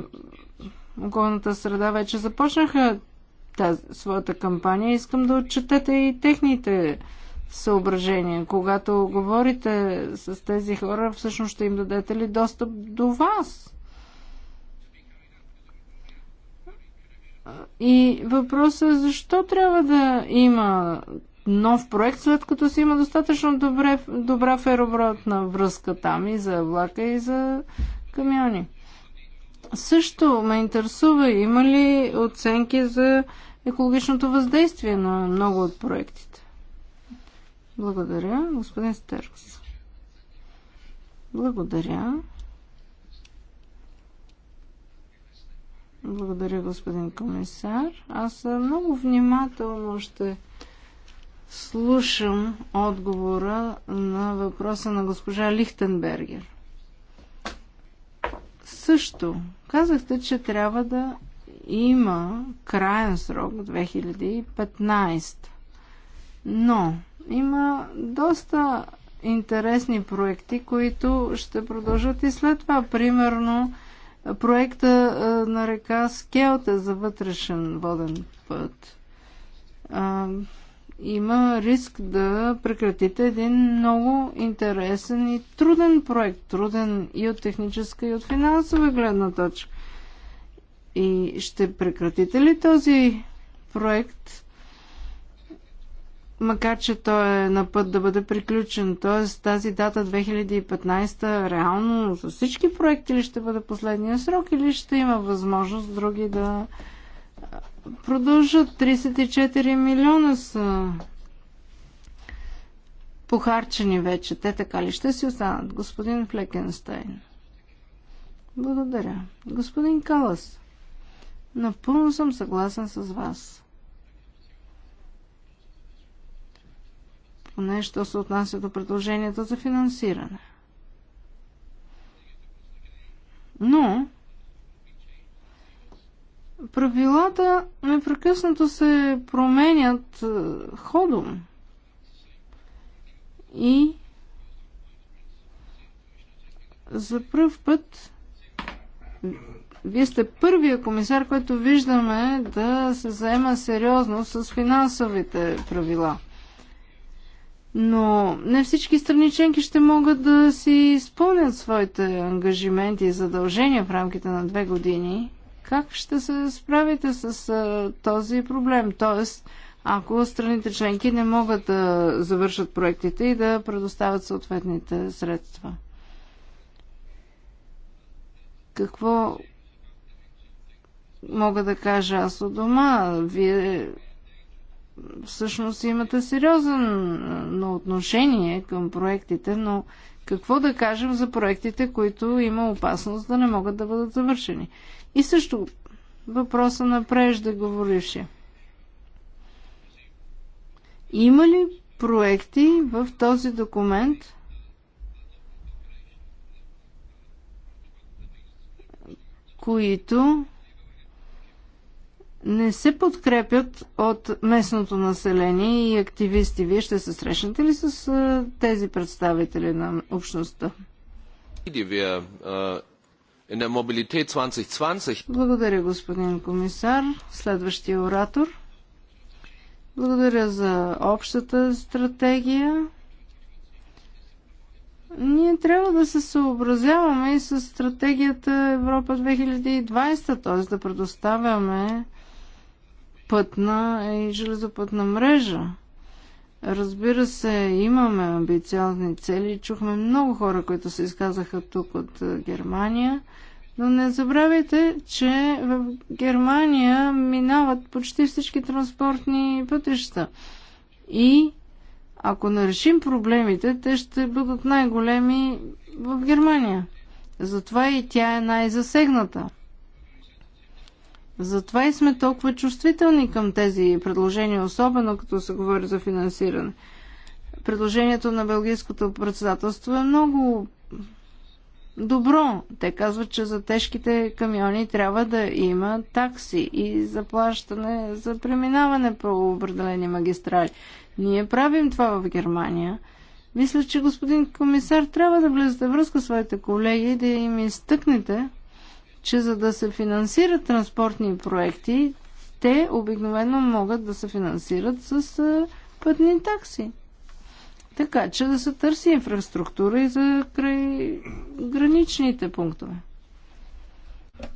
околната среда вече започнаха тази, своята кампания, искам да отчетете и техните съображения. Когато говорите с тези хора, всъщност ще им дадете ли достъп до вас? И въпросът е защо трябва да има нов проект, след като си има достатъчно добре, добра феробратна връзка там и за влака, и за камиони. Също ме интересува, има ли оценки за екологичното въздействие на много от проектите. Благодаря, господин Стеркс. Благодаря. Благодаря, господин комисар. Аз много внимателно ще слушам отговора на въпроса на госпожа Лихтенбергер. Също казахте, че трябва да има крайен срок 2015. Но има доста интересни проекти, които ще продължат и след това. Примерно проекта на река Скелта е за вътрешен воден път. Има риск да прекратите един много интересен и труден проект. Труден и от техническа, и от финансова гледна точка. И ще прекратите ли този проект, макар че той е на път да бъде приключен? Т.е. тази дата 2015 реално за всички проекти ли ще бъде последния срок или ще има възможност други да продължат? 34 милиона са похарчени вече. Те така ли ще си останат? Господин Флекенстайн. Благодаря. Господин Калас. Напълно съм съгласен с вас. Поне, що се отнася до предложението за финансиране. Но, правилата непрекъснато се променят е, ходом. И за първ път вие сте първия комисар, който виждаме да се заема сериозно с финансовите правила. Но не всички страни членки ще могат да си изпълнят своите ангажименти и задължения в рамките на две години. Как ще се справите с този проблем? Тоест, ако страните членки не могат да завършат проектите и да предоставят съответните средства. Какво мога да кажа аз от дома. Вие всъщност имате сериозно отношение към проектите, но какво да кажем за проектите, които има опасност да не могат да бъдат завършени? И също въпроса на преждеговорившия. Има ли проекти в този документ, които не се подкрепят от местното население и активисти. Вие ще се срещнете ли с тези представители на общността? Благодаря, господин комисар. Следващия оратор. Благодаря за общата стратегия. Ние трябва да се съобразяваме и с стратегията Европа 2020, т.е. да предоставяме пътна и железопътна мрежа. Разбира се, имаме амбициозни цели. Чухме много хора, които се изказаха тук от е, Германия. Но не забравяйте, че в Германия минават почти всички транспортни пътища. И ако не решим проблемите, те ще бъдат най-големи в Германия. Затова и тя е най-засегната. Затова и сме толкова чувствителни към тези предложения, особено като се говори за финансиране. Предложението на Белгийското председателство е много добро. Те казват, че за тежките камиони трябва да има такси и заплащане за преминаване по определени магистрали. Ние правим това в Германия. Мисля, че господин комисар трябва да влезете връзка с своите колеги и да им изтъкнете, че за да се финансират транспортни проекти, те обикновено могат да се финансират с пътни такси. Така че да се търси инфраструктура и за край граничните пунктове.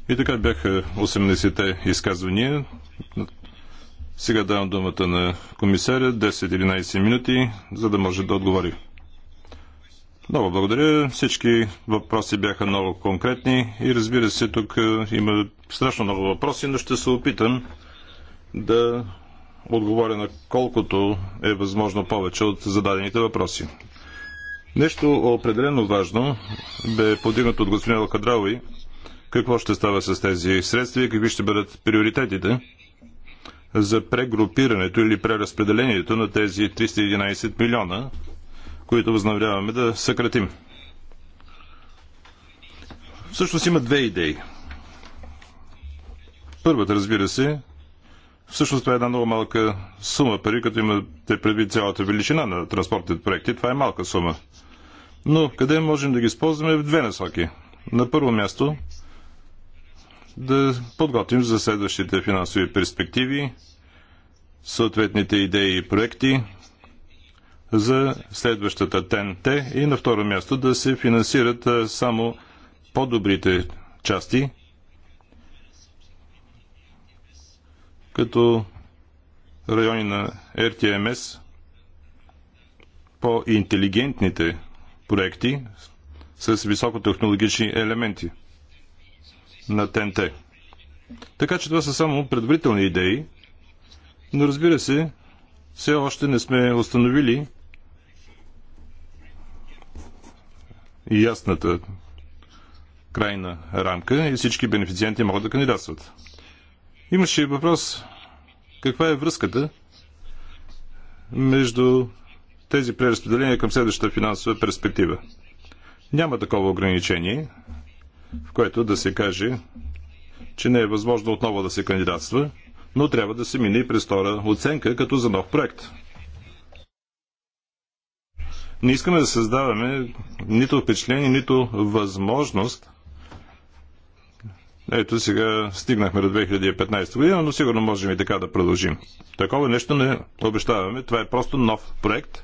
И така бяха 80-те изказвания. Сега давам думата на комисаря 10-11 минути, за да може да отговори. Много благодаря. Всички въпроси бяха много конкретни и разбира се, тук е, има страшно много въпроси, но ще се опитам да отговоря на колкото е възможно повече от зададените въпроси. Нещо определено важно бе подигнато от господин Алкадрауи. Какво ще става с тези средства и какви ще бъдат приоритетите за прегрупирането или преразпределението на тези 311 милиона които възнамеряваме да съкратим. Всъщност има две идеи. Първата, разбира се, всъщност това е една много малка сума пари, като имате предвид цялата величина на транспортните проекти. Това е малка сума. Но къде можем да ги използваме в две насоки? На първо място да подготвим за следващите финансови перспективи съответните идеи и проекти, за следващата ТНТ и на второ място да се финансират само по-добрите части, като райони на РТМС, по-интелигентните проекти с високотехнологични елементи на ТНТ. Така че това са само предварителни идеи, но разбира се, все още не сме установили ясната крайна рамка и всички бенефициенти могат да кандидатстват. Имаше и въпрос каква е връзката между тези преразпределения към следващата финансова перспектива. Няма такова ограничение, в което да се каже, че не е възможно отново да се кандидатства, но трябва да се мине и през втора оценка като за нов проект – не искаме да създаваме нито впечатление, нито възможност. Ето сега стигнахме до 2015 година, но сигурно можем и така да продължим. Такова нещо не обещаваме. Това е просто нов проект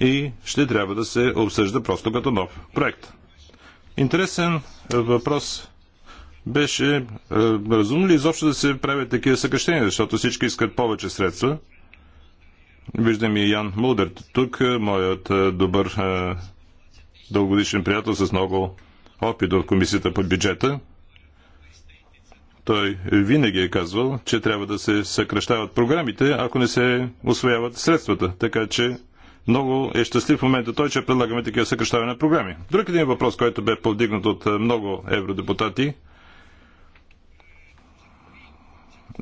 и ще трябва да се обсъжда просто като нов проект. Интересен въпрос беше е, разумно ли изобщо да се правят такива съкрещения, защото всички искат повече средства – Виждам и Ян Мулдер тук, е, моят е, добър е, дългодишен приятел с много опит от комисията по бюджета. Той винаги е казвал, че трябва да се съкръщават програмите, ако не се освояват средствата. Така че много е щастлив в момента той, че предлагаме такива съкръщаване на програми. Друг един въпрос, който бе повдигнат от много евродепутати,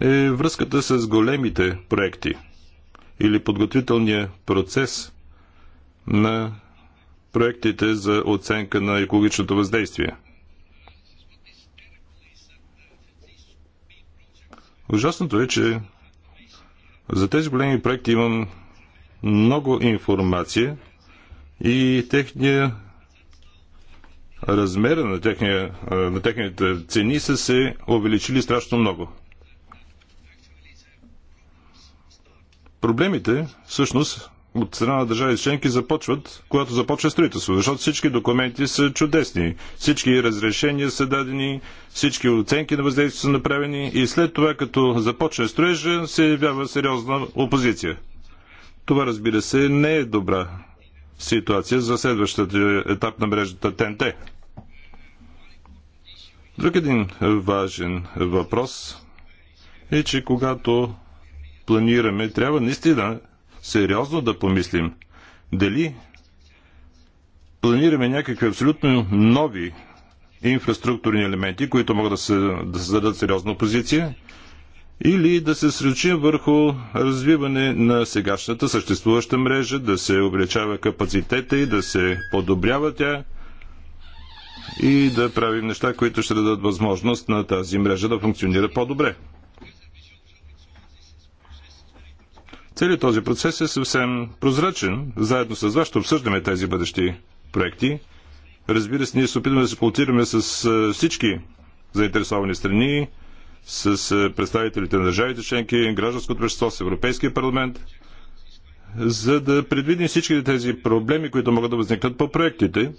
е връзката с големите проекти – или подготвителния процес на проектите за оценка на екологичното въздействие. Ужасното е, че за тези големи проекти имам много информация и техния размера на, техния, на техните цени са се увеличили страшно много. Проблемите, всъщност, от страна на държави членки започват, когато започва строителство, защото всички документи са чудесни, всички разрешения са дадени, всички оценки на въздействие са направени и след това, като започне строежа, се явява сериозна опозиция. Това, разбира се, не е добра ситуация за следващата етап на мрежата ТНТ. Друг един важен въпрос е, че когато планираме, трябва наистина сериозно да помислим дали планираме някакви абсолютно нови инфраструктурни елементи, които могат да, се, да създадат сериозна позиция, или да се сръчим върху развиване на сегашната съществуваща мрежа, да се увеличава капацитета и да се подобрява тя и да правим неща, които ще дадат възможност на тази мрежа да функционира по-добре. Целият този процес е съвсем прозрачен. Заедно с вас ще обсъждаме тези бъдещи проекти. Разбира се, ние се опитваме да се полтираме с всички заинтересовани страни, с представителите на държавите членки, гражданското общество, с Европейския парламент, за да предвидим всички тези проблеми, които могат да възникнат по проектите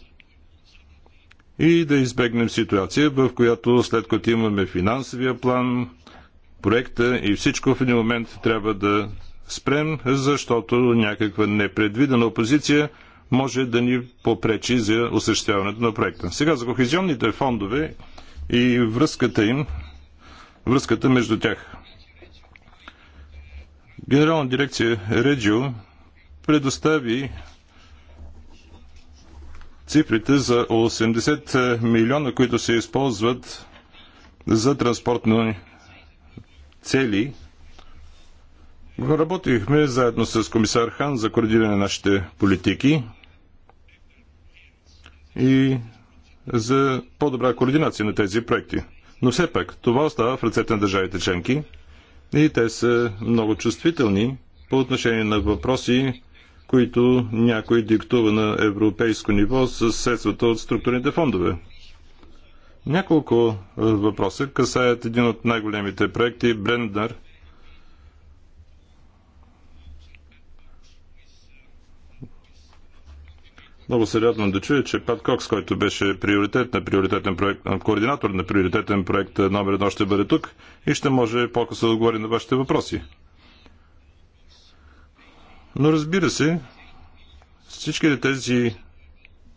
и да избегнем ситуация, в която след като имаме финансовия план, проекта и всичко в един момент трябва да спрем, защото някаква непредвидена опозиция може да ни попречи за осъществяването на проекта. Сега за кохезионните фондове и връзката им, връзката между тях. Генерална дирекция Реджио предостави цифрите за 80 милиона, които се използват за транспортни цели Работихме заедно с комисар Хан за координиране на нашите политики и за по-добра координация на тези проекти. Но все пак това остава в ръцете на държавите членки и те са много чувствителни по отношение на въпроси, които някой диктува на европейско ниво с средствата от структурните фондове. Няколко въпроса касаят един от най-големите проекти Брендър. Много се радвам е да чуя, че Пат Кокс, който беше приоритет на приоритетен проект, координатор на приоритетен проект е, номер едно ще бъде тук и ще може по-късно да отговори на вашите въпроси. Но разбира се, всичките тези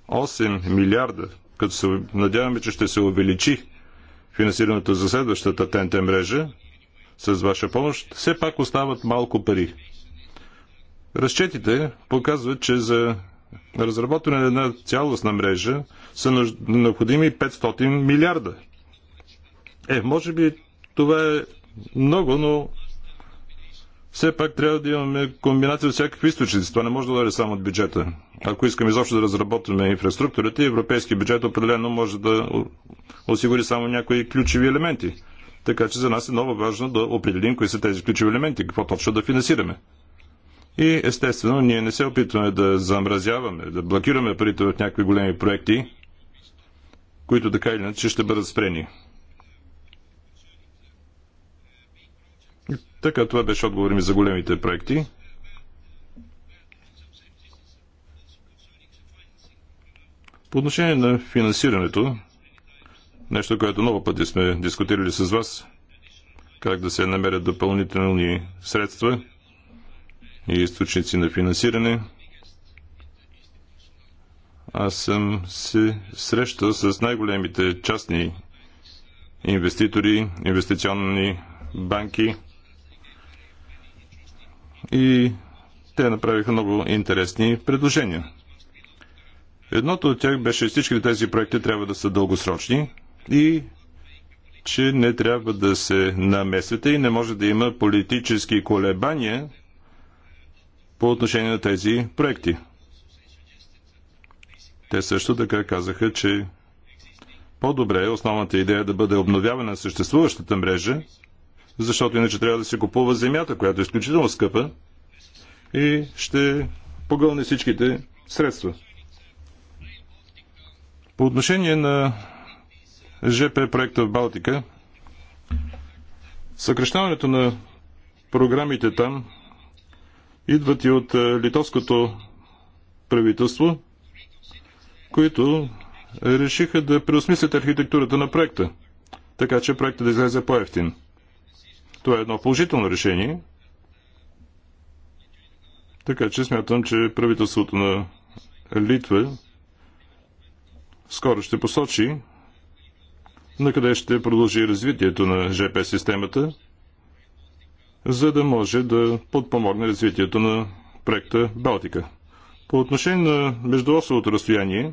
8 милиарда, като се надяваме, че ще се увеличи финансирането за следващата ТНТ мрежа, с ваша помощ, все пак остават малко пари. Разчетите показват, че за разработване на една цялостна мрежа са необходими 500 милиарда. Е, може би това е много, но все пак трябва да имаме комбинация от всякакви източници. Това не може да дойде само от бюджета. Ако искаме изобщо да разработваме инфраструктурата, европейски бюджет определено може да осигури само някои ключови елементи. Така че за нас е много важно да определим кои са тези ключови елементи, какво точно да финансираме. И естествено, ние не се опитваме да замразяваме, да блокираме парите от някакви големи проекти, които така или иначе ще бъдат спрени. Така, това беше отговор ми за големите проекти. По отношение на финансирането, нещо, което много пъти сме дискутирали с вас, как да се намерят допълнителни средства – и източници на финансиране, аз съм се срещал с най-големите частни инвеститори, инвестиционни банки и те направиха много интересни предложения. Едното от тях беше всички тези проекти трябва да са дългосрочни и че не трябва да се намесвате и не може да има политически колебания по отношение на тези проекти. Те също така казаха, че по-добре е основната идея да бъде обновявана на съществуващата мрежа, защото иначе трябва да се купува земята, която е изключително скъпа и ще погълне всичките средства. По отношение на ЖП проекта в Балтика, съкрещаването на програмите там идват и от е, литовското правителство, които решиха да преосмислят архитектурата на проекта, така че проектът да излезе по-ефтин. Това е едно положително решение, така че смятам, че правителството на Литва скоро ще посочи на къде ще продължи развитието на ЖП системата за да може да подпомогне развитието на проекта Балтика. По отношение на междуосовото разстояние,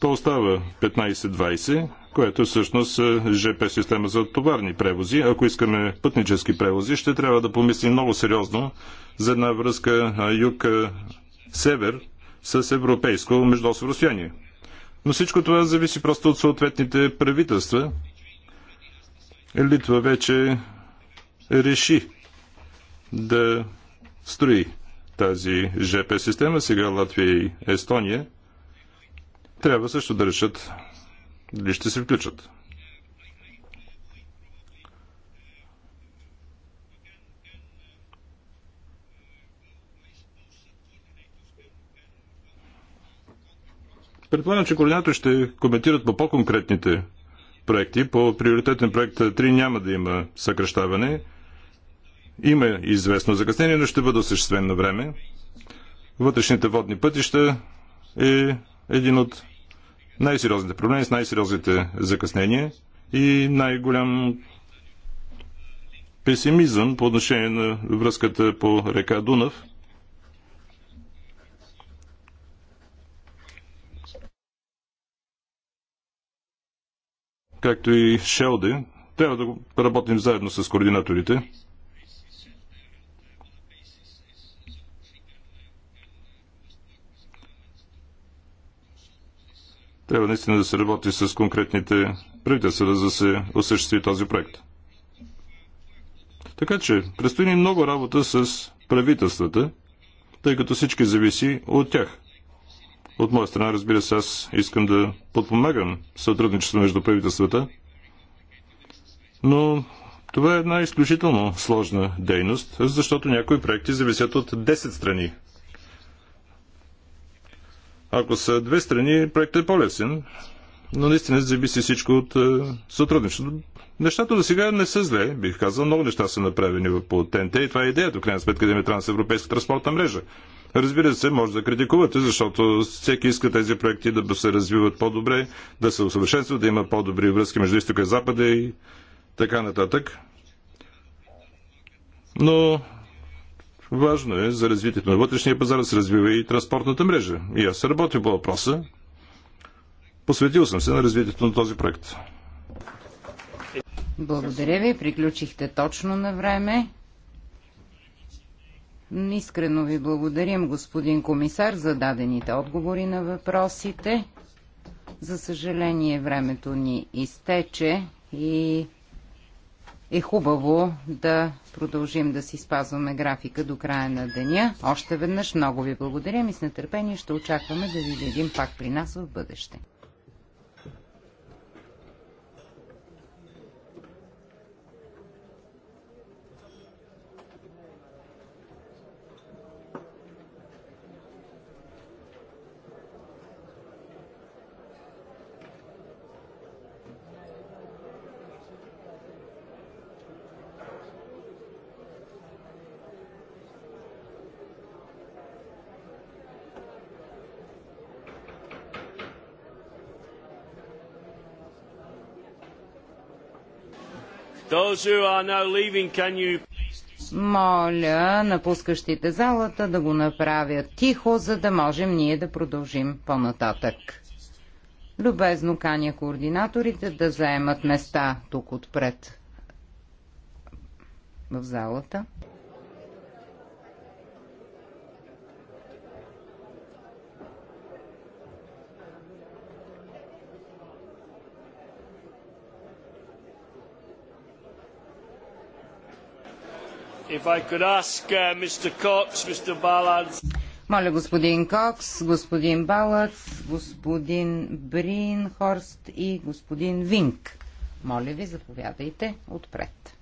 то остава 15-20, което всъщност е ЖП система за товарни превози. Ако искаме пътнически превози, ще трябва да помислим много сериозно за една връзка юг-север с европейско междуосово разстояние. Но всичко това зависи просто от съответните правителства. Литва вече реши да строи тази ЖП система. Сега Латвия и Естония трябва също да решат дали ще се включат. Предполагам, че координатори ще коментират по по-конкретните проекти. По приоритетен проект 3 няма да има съкръщаване. Има известно закъснение, но ще бъде осъществен на време. Вътрешните водни пътища е един от най-сериозните проблеми, с най-сериозните закъснения и най-голям песимизъм по отношение на връзката по река Дунав. Както и Шелде, трябва да работим заедно с координаторите. Трябва наистина да се работи с конкретните правителства, да се осъществи този проект. Така че, предстои ни много работа с правителствата, тъй като всички зависи от тях. От моя страна, разбира се, аз искам да подпомагам сътрудничество между правителствата, но това е една изключително сложна дейност, защото някои проекти зависят от 10 страни. Ако са две страни, проектът е по-лесен, но наистина зависи всичко от е, сътрудничеството. Нещата до сега не са зле, бих казал. Много неща са направени по ТНТ и това е идеята, крайна сметка, да има трансевропейска транспортна мрежа. Разбира се, може да критикувате, защото всеки иска тези проекти да се развиват по-добре, да се усъвършенстват, да има по-добри връзки между изтока и запада и така нататък. Но Важно е за развитието на вътрешния пазар да се развива и транспортната мрежа. И аз работя по въпроса. Посветил съм се на развитието на този проект. Благодаря ви. Приключихте точно на време. Искрено ви благодарим, господин комисар, за дадените отговори на въпросите. За съжаление, времето ни изтече и е хубаво да продължим да си спазваме графика до края на деня. Още веднъж много ви благодаря и с нетърпение ще очакваме да ви видим пак при нас в бъдеще. Моля напускащите залата да го направят тихо, за да можем ние да продължим по-нататък. Любезно каня координаторите да заемат места тук отпред в залата. Uh, Моля господин Кокс, господин Балац, господин Брин, Хорст и господин Винк. Моля ви, заповядайте отпред.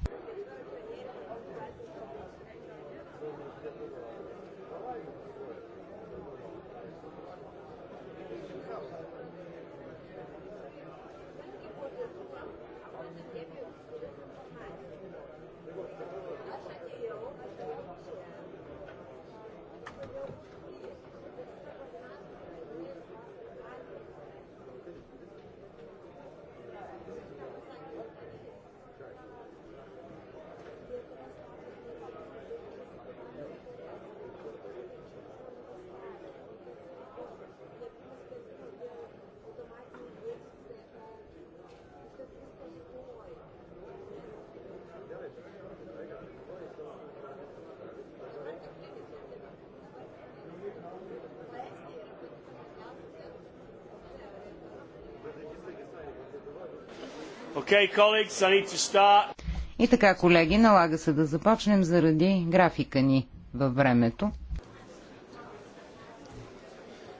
Okay, colleagues, I need to start. И така, колеги, налага се да започнем заради графика ни във времето.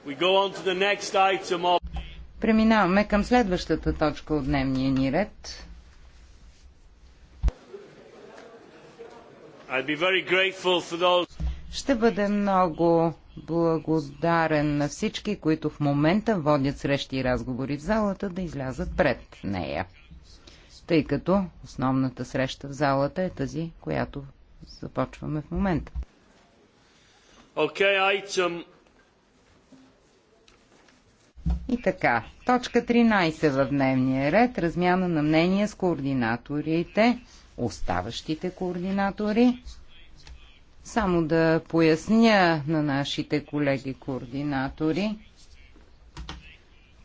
We go on to the next item of... Преминаваме към следващата точка от дневния ни ред. I'd be very grateful for those... Ще бъде много благодарен на всички, които в момента водят срещи и разговори в залата, да излязат пред нея тъй като основната среща в залата е тази, която започваме в момента. Okay, item. И така, точка 13 в дневния ред, размяна на мнения с координаторите, оставащите координатори. Само да поясня на нашите колеги координатори,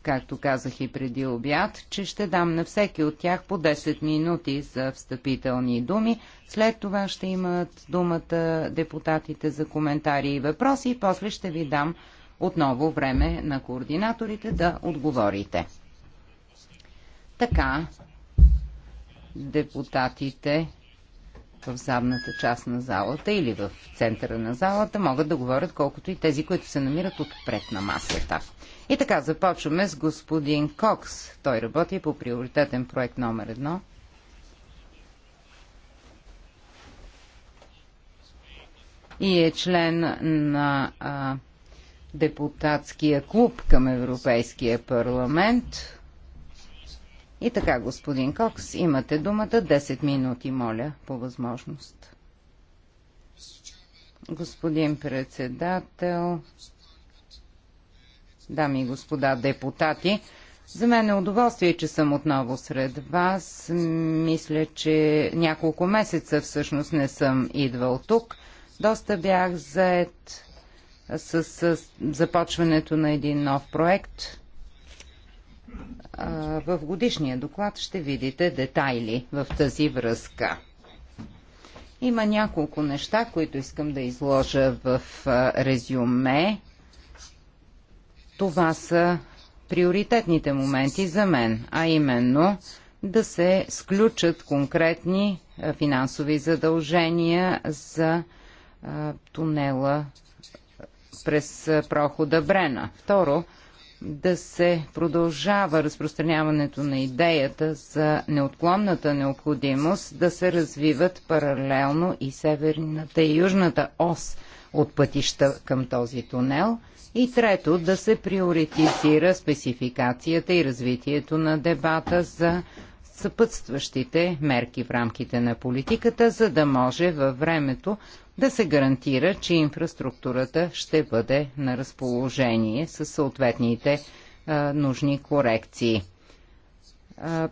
както казах и преди обяд, че ще дам на всеки от тях по 10 минути за встъпителни думи. След това ще имат думата депутатите за коментари и въпроси и после ще ви дам отново време на координаторите да отговорите. Така, депутатите в задната част на залата или в центъра на залата могат да говорят колкото и тези, които се намират отпред на масата. И така, започваме с господин Кокс. Той работи по приоритетен проект номер едно. И е член на а, депутатския клуб към Европейския парламент. И така, господин Кокс, имате думата 10 минути, моля, по възможност. Господин председател, дами и господа депутати. За мен е удоволствие, че съм отново сред вас. Мисля, че няколко месеца всъщност не съм идвал тук. Доста бях заед с, с започването на един нов проект. В годишния доклад ще видите детайли в тази връзка. Има няколко неща, които искам да изложа в резюме това са приоритетните моменти за мен, а именно да се сключат конкретни е, финансови задължения за е, тунела е, през прохода Брена. Второ, да се продължава разпространяването на идеята за неотклонната необходимост да се развиват паралелно и северната и южната ос от пътища към този тунел – и трето, да се приоритизира спецификацията и развитието на дебата за съпътстващите мерки в рамките на политиката, за да може във времето да се гарантира, че инфраструктурата ще бъде на разположение с съответните а, нужни корекции. А,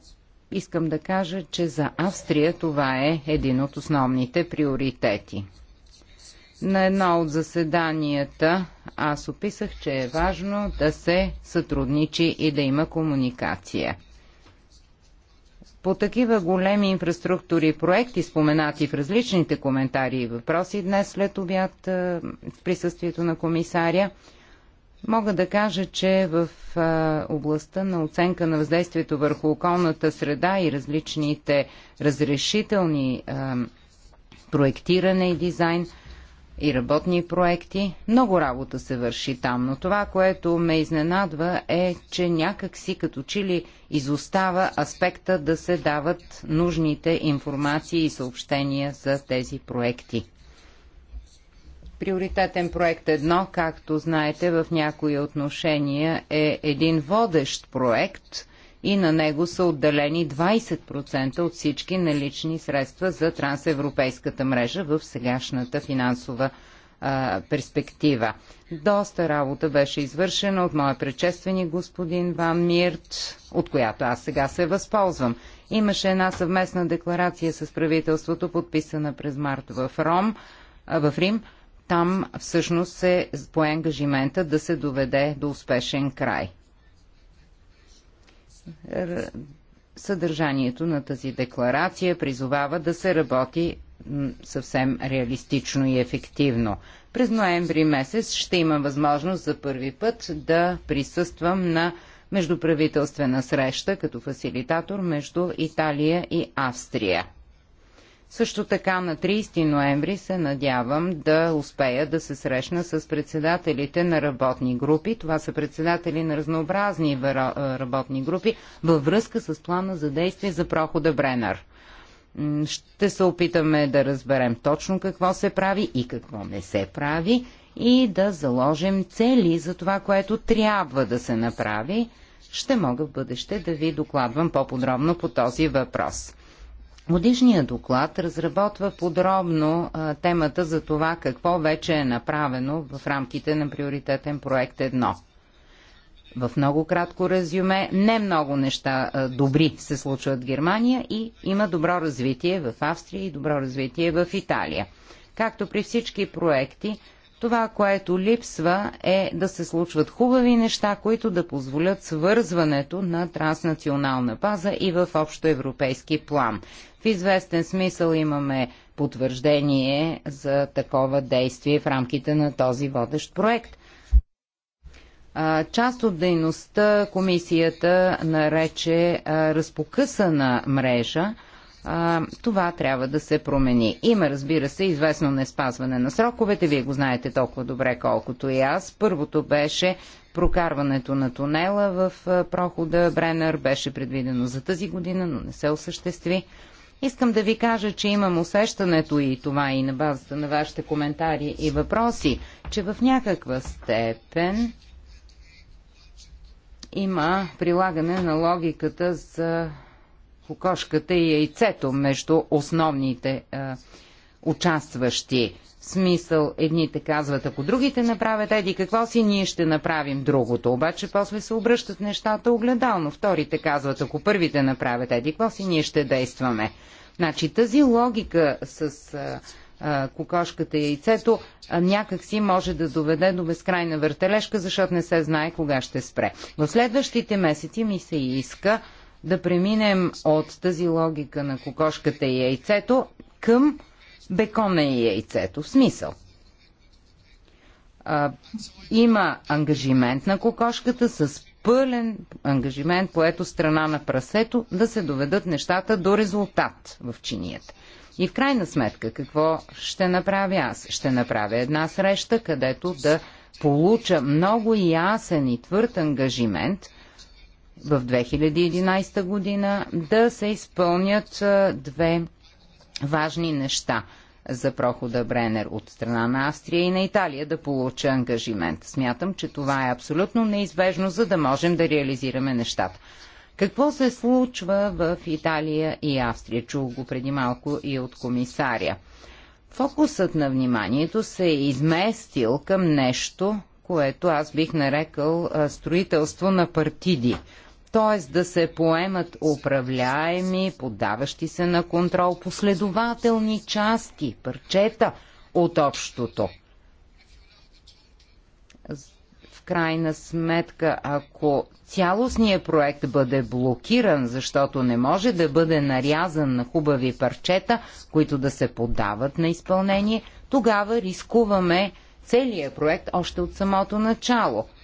искам да кажа, че за Австрия това е един от основните приоритети. На едно от заседанията аз описах, че е важно да се сътрудничи и да има комуникация. По такива големи инфраструктури и проекти, споменати в различните коментари и въпроси днес след обяд в присъствието на комисаря, мога да кажа, че в областта на оценка на въздействието върху околната среда и различните разрешителни проектиране и дизайн – и работни проекти. Много работа се върши там, но това, което ме изненадва е, че някак си като че ли изостава аспекта да се дават нужните информации и съобщения за тези проекти. Приоритетен проект едно, както знаете, в някои отношения е един водещ проект – и на него са отделени 20% от всички налични средства за трансевропейската мрежа в сегашната финансова а, перспектива. Доста работа беше извършена от моя предшественик господин Ван Мирт, от която аз сега се възползвам. Имаше една съвместна декларация с правителството, подписана през март в, Ром, а, в Рим. Там всъщност се пое ангажимента да се доведе до успешен край съдържанието на тази декларация призовава да се работи съвсем реалистично и ефективно. През ноември месец ще имам възможност за първи път да присъствам на междуправителствена среща като фасилитатор между Италия и Австрия. Също така на 30 ноември се надявам да успея да се срещна с председателите на работни групи. Това са председатели на разнообразни работни групи във връзка с плана за действие за прохода Бренър. Ще се опитаме да разберем точно какво се прави и какво не се прави и да заложим цели за това, което трябва да се направи. Ще мога в бъдеще да ви докладвам по-подробно по този въпрос. Годишният доклад разработва подробно а, темата за това какво вече е направено в рамките на приоритетен проект 1. В много кратко резюме, не много неща а, добри се случват в Германия и има добро развитие в Австрия и добро развитие в Италия. Както при всички проекти, това, което липсва е да се случват хубави неща, които да позволят свързването на транснационална база и в общоевропейски план. В известен смисъл имаме потвърждение за такова действие в рамките на този водещ проект. Част от дейността комисията нарече разпокъсана мрежа. Това трябва да се промени. Има, разбира се, известно не спазване на сроковете. Вие го знаете толкова добре, колкото и аз. Първото беше прокарването на тунела в прохода Бренер. Беше предвидено за тази година, но не се осъществи. Искам да ви кажа, че имам усещането и това и на базата на вашите коментари и въпроси, че в някаква степен има прилагане на логиката за кокошката и яйцето между основните е, участващи смисъл едните казват, ако другите направят еди какво си, ние ще направим другото. Обаче после се обръщат нещата огледално. Вторите казват, ако първите направят еди какво си, ние ще действаме. Значи тази логика с а, а, кокошката и яйцето а, някакси може да доведе до безкрайна въртележка, защото не се знае кога ще спре. В следващите месеци ми се иска да преминем от тази логика на кокошката и яйцето към бекона и яйцето. В смисъл. А, има ангажимент на кокошката с пълен ангажимент, поето страна на прасето, да се доведат нещата до резултат в чинията. И в крайна сметка, какво ще направя аз? Ще направя една среща, където да получа много ясен и твърд ангажимент в 2011 година да се изпълнят две важни неща за прохода Бренер от страна на Австрия и на Италия да получа ангажимент. Смятам, че това е абсолютно неизбежно, за да можем да реализираме нещата. Какво се случва в Италия и Австрия? Чул го преди малко и от комисаря. Фокусът на вниманието се е изместил към нещо, което аз бих нарекал строителство на партиди т.е. да се поемат управляеми, подаващи се на контрол последователни части, парчета от общото. В крайна сметка, ако цялостният проект бъде блокиран, защото не може да бъде нарязан на хубави парчета, които да се подават на изпълнение, тогава рискуваме целият проект още от самото начало –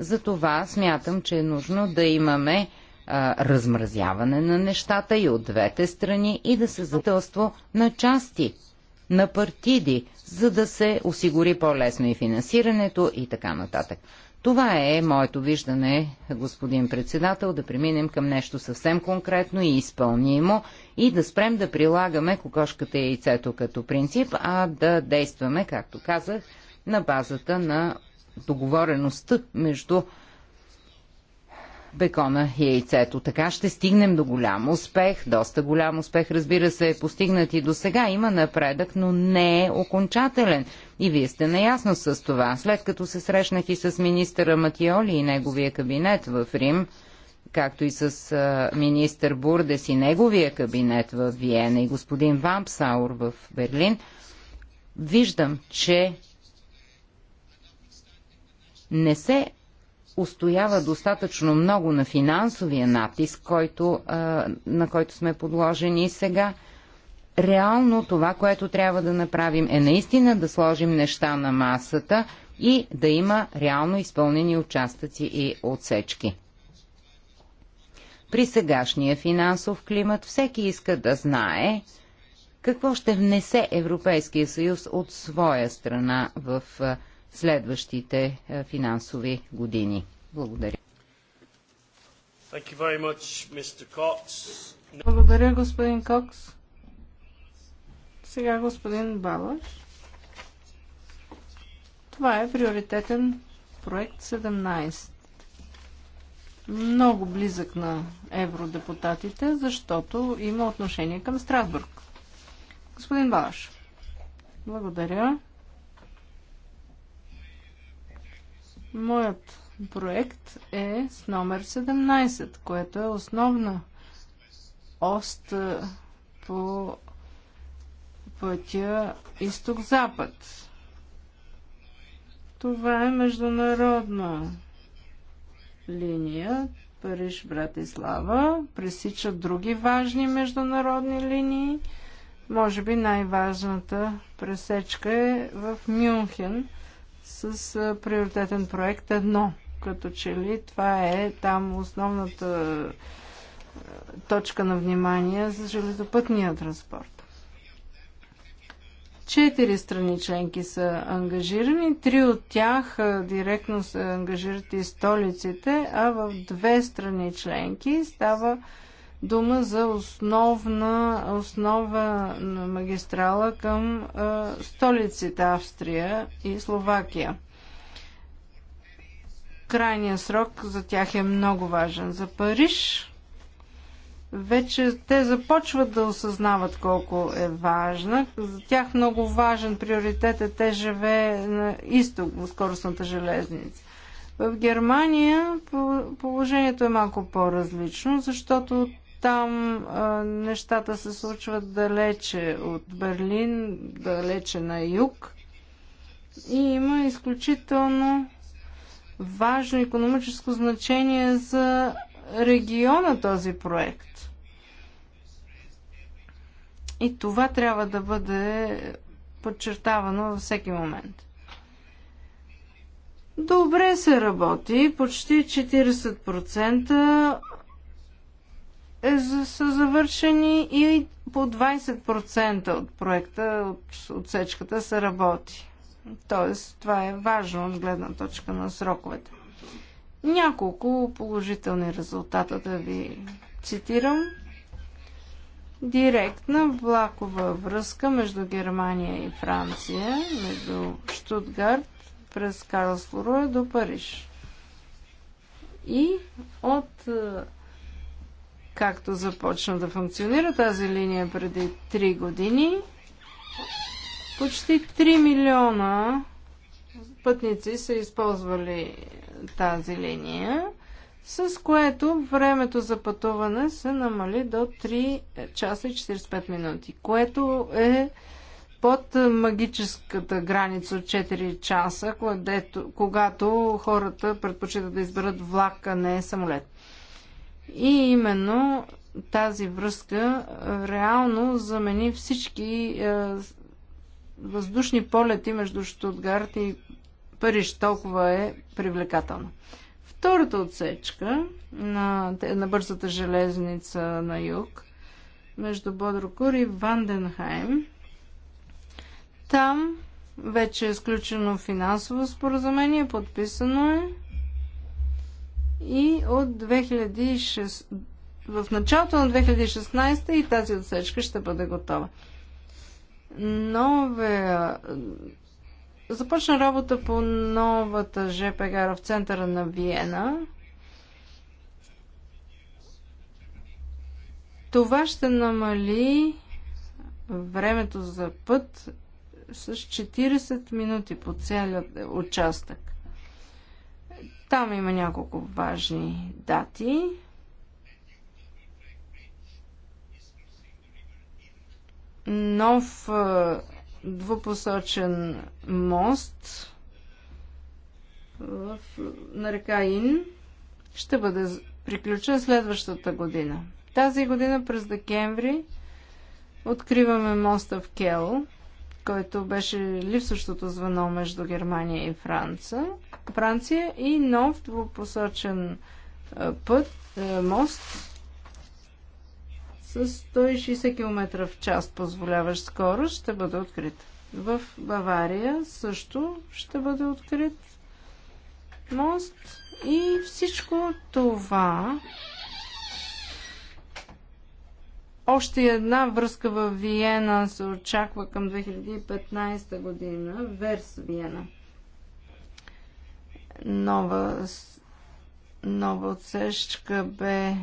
затова смятам, че е нужно да имаме а, размразяване на нещата и от двете страни и да се зателство на части, на партиди, за да се осигури по-лесно и финансирането и така нататък. Това е моето виждане, господин председател, да преминем към нещо съвсем конкретно и изпълнимо и да спрем да прилагаме кокошката и яйцето като принцип, а да действаме, както казах, на базата на договореността между бекона и яйцето. Така ще стигнем до голям успех, доста голям успех, разбира се, е постигнат и до сега. Има напредък, но не е окончателен. И вие сте наясно с това. След като се срещнах и с министъра Матиоли и неговия кабинет в Рим, както и с министър Бурдес и неговия кабинет в Виена и господин Вампсаур в Берлин, виждам, че не се устоява достатъчно много на финансовия натиск, който, на който сме подложени сега. Реално това, което трябва да направим е наистина да сложим неща на масата и да има реално изпълнени участъци и отсечки. При сегашния финансов климат всеки иска да знае какво ще внесе Европейския съюз от своя страна в следващите е, финансови години. Благодаря. Much, Благодаря, господин Кокс. Сега господин Балаш. Това е приоритетен проект 17. Много близък на евродепутатите, защото има отношение към Страсбург. Господин Балаш. Благодаря. Моят проект е с номер 17, което е основна ост по пътя изток-запад. Това е международна линия Париж-Братислава. пресичат други важни международни линии. Може би най-важната пресечка е в Мюнхен – с приоритетен проект едно. Като че ли това е там основната точка на внимание за железопътния транспорт. Четири страни членки са ангажирани, три от тях директно са ангажират и столиците, а в две страни членки става дума за основна, основа на магистрала към а, столиците Австрия и Словакия. Крайният срок за тях е много важен. За Париж вече те започват да осъзнават колко е важна. За тях много важен приоритет е те живее на изток, в скоростната железница. В Германия положението е малко по-различно, защото там а, нещата се случват далече от Берлин, далече на юг. И има изключително важно економическо значение за региона този проект. И това трябва да бъде подчертавано във всеки момент. Добре се работи, почти 40% е, са завършени и по 20% от проекта, от отсечката се работи. Тоест, това е важно от гледна точка на сроковете. Няколко положителни резултата да ви цитирам. Директна влакова връзка между Германия и Франция, между Штутгарт през Карлсруе до Париж. И от Както започна да функционира тази линия преди 3 години, почти 3 милиона пътници са използвали тази линия, с което времето за пътуване се намали до 3 часа и 45 минути, което е под магическата граница от 4 часа, когато хората предпочитат да изберат влак, а не самолет. И именно тази връзка реално замени всички въздушни полети между Штутгарт и Париж. Толкова е привлекателно. Втората отсечка на, на бързата железница на юг между Бодрокур и Ванденхайм. Там вече е сключено финансово споразумение, подписано е и от 2006, в началото на 2016 и тази отсечка ще бъде готова. Новия Започна работа по новата ЖП гара в центъра на Виена. Това ще намали времето за път с 40 минути по целият участък. Там има няколко важни дати. Нов двупосочен мост в, на река Ин ще бъде приключен следващата година. Тази година през декември откриваме моста в Кел който беше липсващото звено между Германия и Франция, Франция и нов двупосочен път, мост с 160 км в час позволяващ скорост ще бъде открит. В Бавария също ще бъде открит мост и всичко това още една връзка в Виена се очаква към 2015 година. Верс Виена. Нова, нова отсечка бе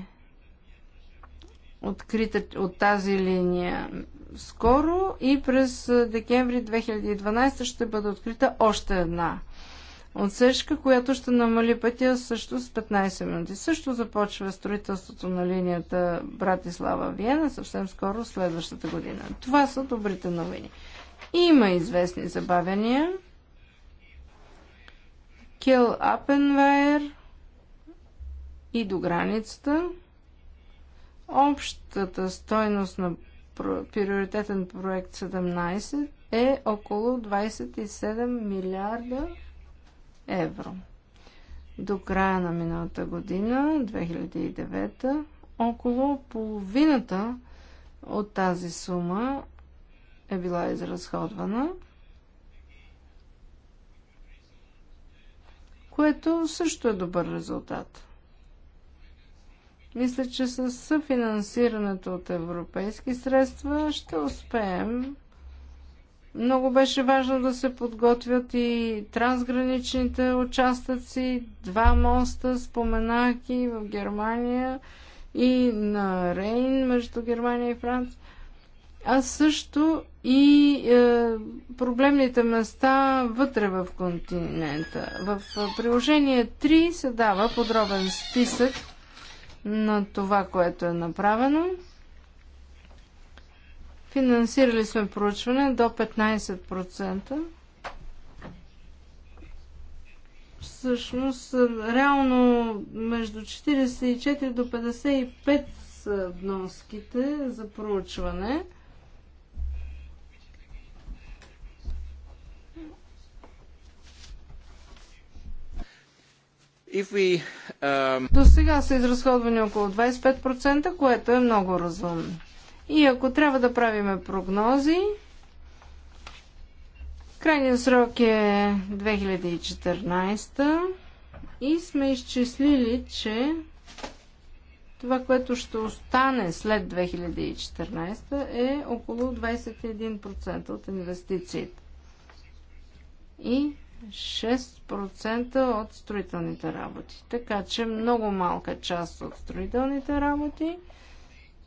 открита от тази линия скоро и през декември 2012 ще бъде открита още една отсечка, която ще намали пътя също с 15 минути. Също започва строителството на линията Братислава-Виена съвсем скоро следващата година. Това са добрите новини. Има известни забавения, Кил Апенвайер и до границата. Общата стойност на приоритетен проект 17 е около 27 милиарда евро. До края на миналата година, 2009, около половината от тази сума е била изразходвана, което също е добър резултат. Мисля, че с съфинансирането от европейски средства ще успеем много беше важно да се подготвят и трансграничните участъци, два моста, споменах и в Германия и на Рейн между Германия и Франция. А също и е, проблемните места вътре в континента. В приложение 3 се дава подробен списък на това, което е направено. Финансирали сме проучване до 15%. Всъщност, реално между 44 до 55 са вноските за проучване. We, um... До сега са изразходвани около 25%, което е много разумно. И ако трябва да правиме прогнози, крайният срок е 2014 и сме изчислили, че това, което ще остане след 2014 е около 21% от инвестициите и 6% от строителните работи. Така че много малка част от строителните работи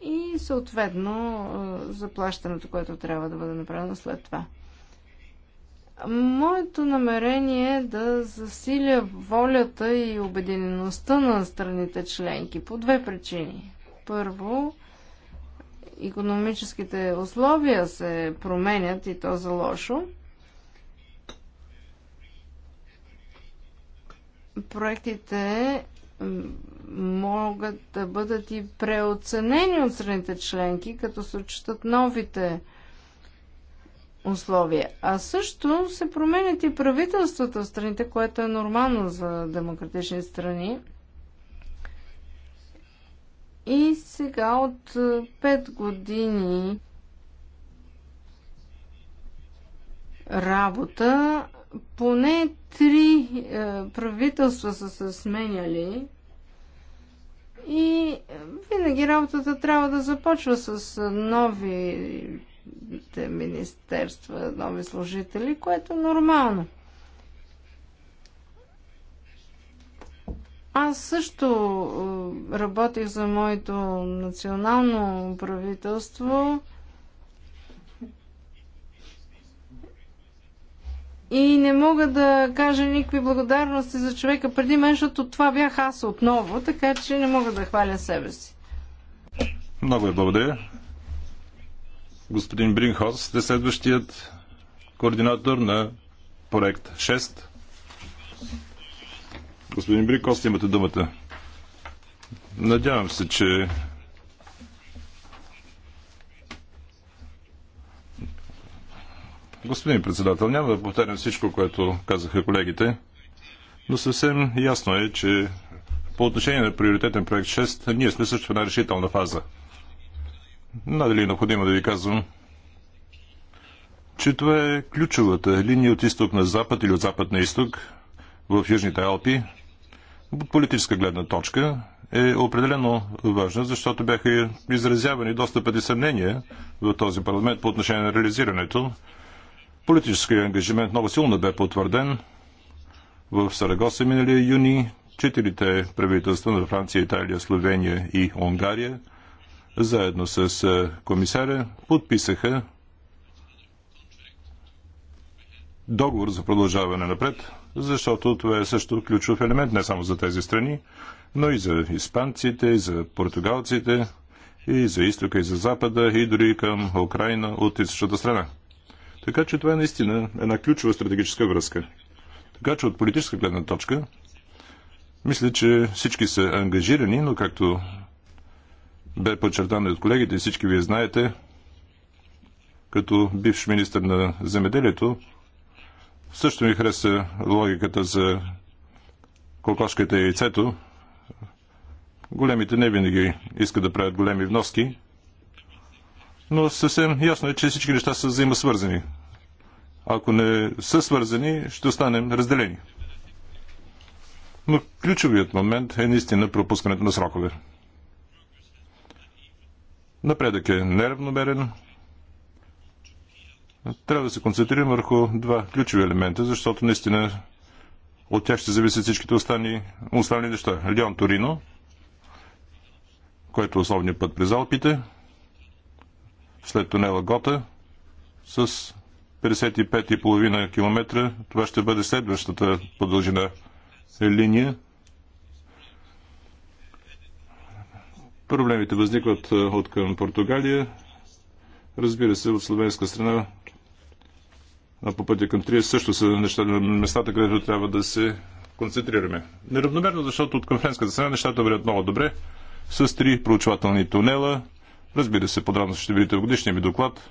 и съответно заплащането, което трябва да бъде направено след това. Моето намерение е да засиля волята и обединеността на страните членки по две причини. Първо, економическите условия се променят и то за лошо. Проектите могат да бъдат и преоценени от страните членки, като се отчитат новите условия. А също се променят и правителствата в страните, което е нормално за демократични страни. И сега от 5 е, години работа поне три е, правителства са се сменяли и винаги работата трябва да започва с нови министерства, нови служители, което е нормално. Аз също е, работих за моето национално правителство. И не мога да кажа никакви благодарности за човека преди мен, защото това бях аз отново, така че не мога да хваля себе си. Много ви благодаря. Господин Бринхос, сте следващият координатор на проект 6. Господин Бринхос, имате думата. Надявам се, че Господин председател, няма да повтарям всичко, което казаха колегите, но съвсем ясно е, че по отношение на приоритетен проект 6, ние сме също в една решителна фаза. Надали е необходимо да ви казвам, че това е ключовата линия от изток на запад или от запад на изток в Южните Алпи. От политическа гледна точка е определено важна, защото бяха изразявани доста пъти съмнения в този парламент по отношение на реализирането Политическия ангажимент много силно бе потвърден в Сарагоса миналия юни. Четирите правителства на Франция, Италия, Словения и Унгария заедно с е, комисаря подписаха договор за продължаване напред, защото това е също ключов елемент не само за тези страни, но и за испанците, и за португалците, и за изтока, и за запада, и дори към Украина от източната страна. Така че това е наистина една ключова стратегическа връзка. Така че от политическа гледна точка, мисля, че всички са ангажирани, но както бе подчертано от колегите, всички вие знаете, като бивш министр на земеделието, също ми хареса логиката за кокошката и яйцето. Големите не винаги искат да правят големи вноски, но съвсем ясно е, че всички неща са взаимосвързани. Ако не са свързани, ще останем разделени. Но ключовият момент е наистина пропускането на срокове. Напредък е неравномерен. Трябва да се концентрирам върху два ключови елемента, защото наистина от тях ще зависят всичките останали, останали неща. Леон Торино, който е основният път през Алпите – след тунела Гота с 55,5 км. Това ще бъде следващата продължена линия. Проблемите възникват е, от към Португалия. Разбира се, от словенска страна а по пътя към Трия, също са неща, местата, където трябва да се концентрираме. Неравномерно, защото от към френската страна нещата вредят много добре с три проучвателни тунела, Разбира се, подробно ще видите в годишния ми доклад.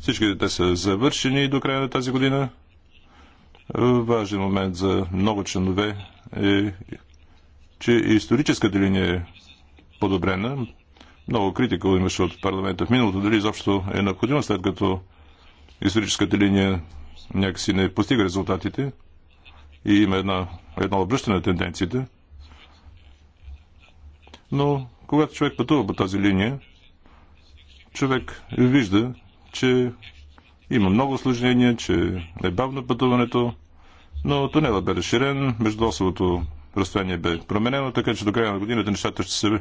Всички те са завършени до края на тази година. Важен момент за много членове е, че историческата линия е подобрена. Много критика имаше от парламента в миналото, дали изобщо е необходимо, след като историческата линия някакси не постига резултатите и има една, едно обръщане на тенденциите. Но когато човек пътува по тази линия, човек вижда, че има много осложнения, че е бавно пътуването, но тунела бе разширен, междуосовото разстояние бе променено, така че до края на годината нещата ще се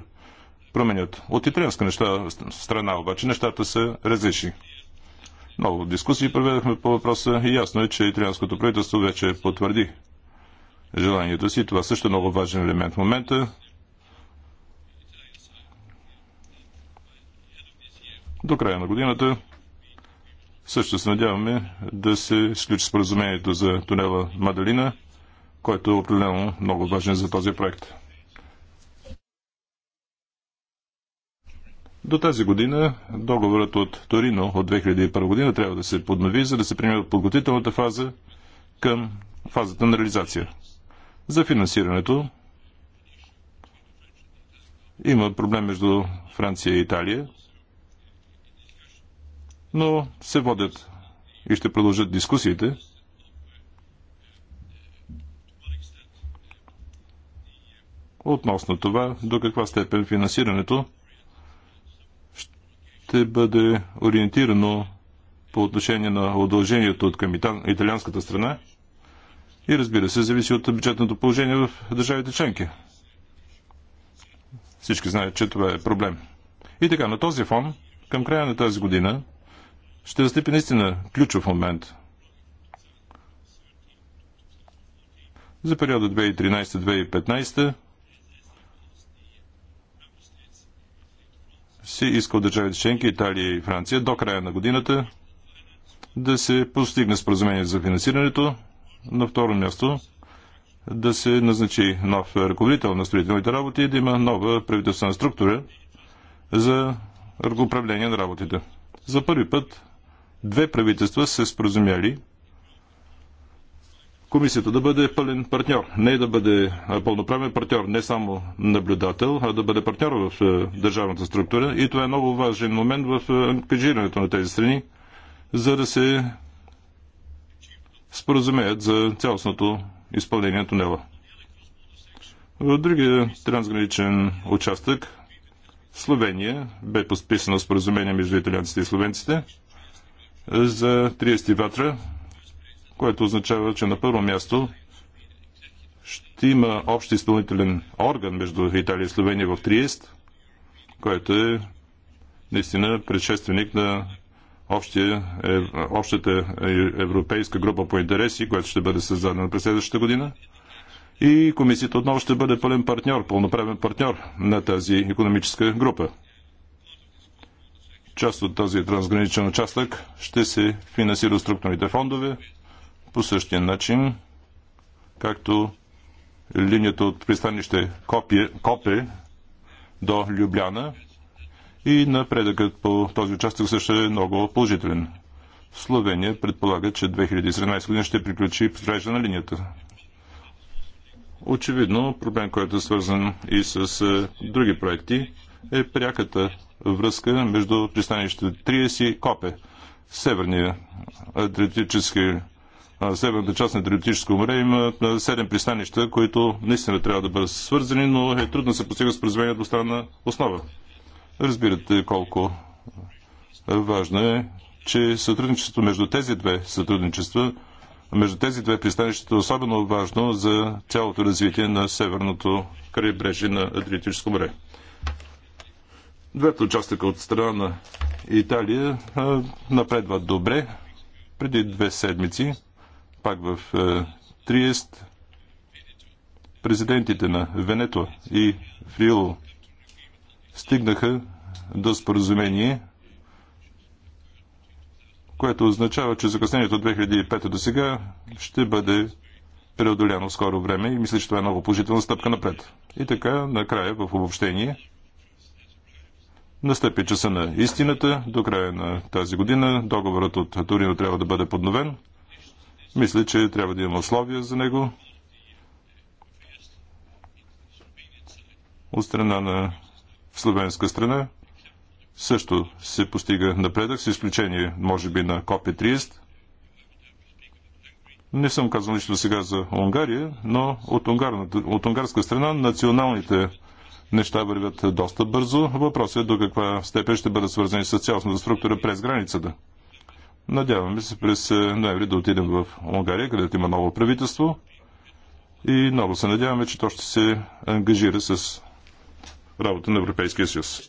променят. От италианска неща, страна обаче нещата са различни. Много дискусии проведахме по въпроса и ясно е, че италианското правителство вече потвърди желанието си. Това също е много важен елемент в момента. До края на годината също се надяваме да се сключи споразумението за тунела Мадалина, който е определено много важен за този проект. До тази година договорът от Торино от 2001 година трябва да се поднови, за да се приеме от подготвителната фаза към фазата на реализация. За финансирането има проблем между Франция и Италия но се водят и ще продължат дискусиите. Относно това, до каква степен финансирането ще бъде ориентирано по отношение на удължението от към италианската страна и разбира се, зависи от бюджетното положение в държавите членки. Всички знаят, че това е проблем. И така, на този фон, към края на тази година, ще настъпи наистина ключов момент. За периода 2013-2015 се иска от държавите членки Италия и Франция до края на годината да се постигне споразумение за финансирането. На второ място да се назначи нов ръководител на строителните работи и да има нова правителствена структура за управление на работите. За първи път две правителства се споразумяли комисията да бъде пълен партньор, не да бъде пълноправен партньор, не само наблюдател, а да бъде партньор в държавната структура. И това е много важен момент в ангажирането на тези страни, за да се споразумеят за цялостното изпълнение на тунела. В другия трансграничен участък Словения бе подписано споразумение между италианците и словенците – за 30 ватра, което означава, че на първо място ще има общ изпълнителен орган между Италия и Словения в Триест, който е наистина предшественик на общия, е, общата е, европейска група по интереси, която ще бъде създадена през следващата година. И комисията отново ще бъде пълен партньор, пълноправен партньор на тази економическа група. Част от този трансграничен участък ще се финансира от структурните фондове по същия начин, както линията от пристанище Копие, Копе до Любляна и напредъкът по този участък също е много положителен. Словения предполага, че 2017 година ще приключи изграждане на линията. Очевидно, проблем, който е свързан и с е, други проекти, е пряката връзка между пристанище Триеси и Копе. Северния атлетически северната част на Адриатическо море има 7 пристанища, които наистина трябва да бъдат свързани, но е трудно да се постига споразумение от страна основа. Разбирате колко важно е, че сътрудничеството между тези две сътрудничества, между тези две пристанища е особено важно за цялото развитие на северното крайбрежие на Адриатическо море. Двете участъка от страна на Италия напредват добре. Преди две седмици, пак в е, Триест, президентите на Венето и Фрило стигнаха до споразумение, което означава, че закъснението от 2005 до сега ще бъде преодоляно скоро време и мисля, че това е много положителна стъпка напред. И така, накрая, в обобщение, Настъпи часа на истината. До края на тази година договорът от Турино трябва да бъде подновен. Мисля, че трябва да има условия за него. От страна на словенска страна също се постига напредък, с изключение, може би, на Копи 30. Не съм казал нищо сега за Унгария, но от, унгарната, от унгарска страна националните неща вървят доста бързо. Въпросът е до каква степен ще бъдат свързани с цялостната структура през границата. Надяваме се през е, ноември да отидем в Унгария, където има ново правителство и много се надяваме, че то ще се ангажира с работа на Европейския съюз.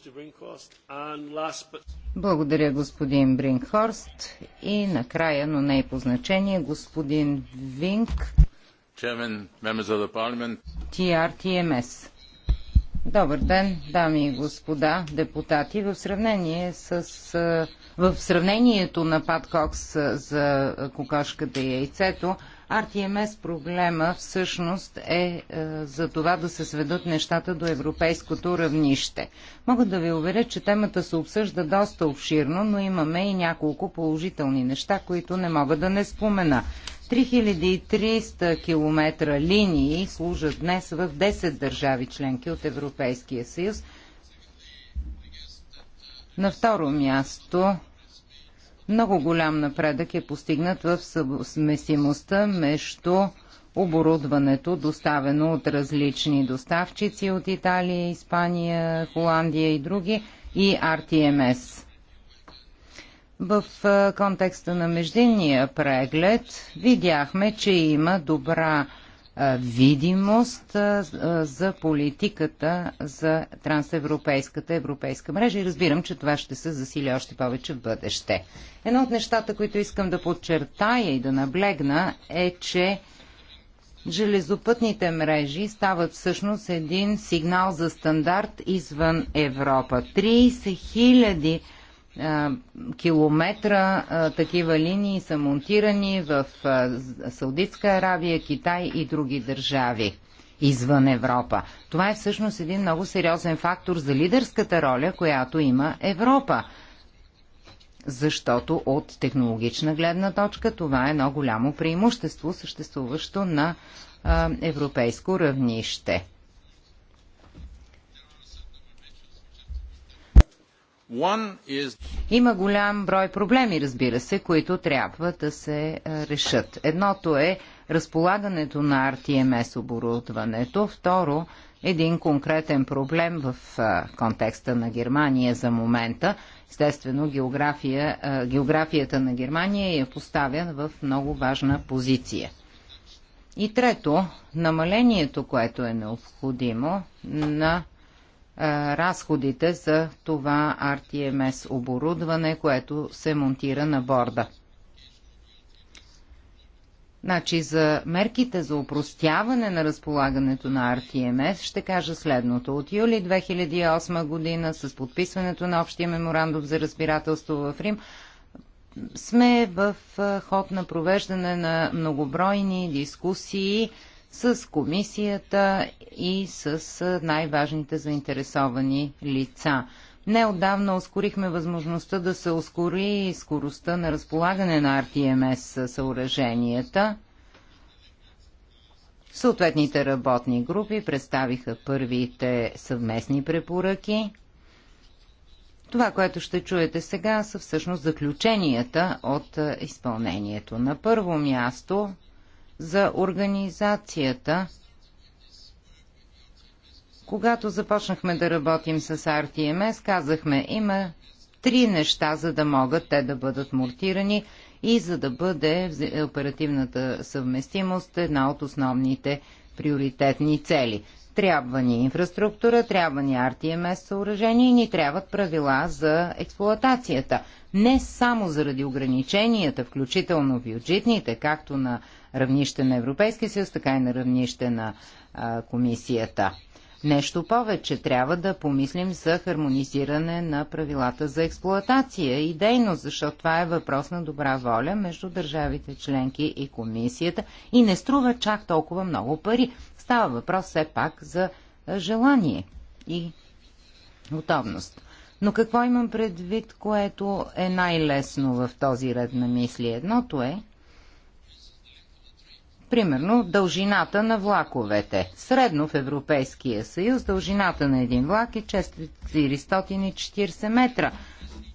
Благодаря, господин Бринхорст. И накрая, но не и е по значение, господин Винк. Chairman, members TRTMS. Добър ден, дами и господа депутати. В сравнение с в сравнението на Пат Кокс за кокошката и яйцето, RTMS проблема всъщност е, е за това да се сведат нещата до европейското равнище. Мога да ви уверя, че темата се обсъжда доста обширно, но имаме и няколко положителни неща, които не мога да не спомена. 3300 км линии служат днес в 10 държави членки от Европейския съюз. На второ място много голям напредък е постигнат в съвместимостта между оборудването, доставено от различни доставчици от Италия, Испания, Холандия и други, и RTMS. В контекста на междинния преглед видяхме, че има добра видимост за политиката за трансевропейската европейска мрежа и разбирам, че това ще се засили още повече в бъдеще. Едно от нещата, които искам да подчертая и да наблегна е, че железопътните мрежи стават всъщност един сигнал за стандарт извън Европа. 30 000 километра такива линии са монтирани в Саудитска Аравия, Китай и други държави извън Европа. Това е всъщност един много сериозен фактор за лидерската роля, която има Европа. Защото от технологична гледна точка това е едно голямо преимущество, съществуващо на европейско равнище. Има голям брой проблеми, разбира се, които трябва да се е, решат. Едното е разполагането на RTMS оборудването. Второ, един конкретен проблем в е, контекста на Германия за момента. Естествено, география, е, географията на Германия я поставя в много важна позиция. И трето, намалението, което е необходимо на разходите за това RTMS оборудване, което се монтира на борда. Значи за мерките за упростяване на разполагането на RTMS ще кажа следното. От юли 2008 година с подписването на общия меморандум за разбирателство в Рим сме в ход на провеждане на многобройни дискусии с комисията и с най-важните заинтересовани лица. Неодавна ускорихме възможността да се ускори скоростта на разполагане на RTMS съоръженията. Съответните работни групи представиха първите съвместни препоръки. Това, което ще чуете сега, са всъщност заключенията от изпълнението. На първо място за организацията. Когато започнахме да работим с RTMS, казахме, има три неща, за да могат те да бъдат мортирани и за да бъде оперативната съвместимост една от основните приоритетни цели. Трябва ни инфраструктура, трябва ни RTMS съоръжение и ни трябват правила за експлоатацията. Не само заради ограниченията, включително бюджетните, както на равнище на Европейския съюз, така и на равнище на а, комисията. Нещо повече, трябва да помислим за хармонизиране на правилата за експлоатация и дейност, защото това е въпрос на добра воля между държавите членки и комисията и не струва чак толкова много пари. Става въпрос все пак за желание и готовност. Но какво имам предвид, което е най-лесно в този ред на мисли? Едното е Примерно дължината на влаковете. Средно в Европейския съюз дължината на един влак е 440 метра.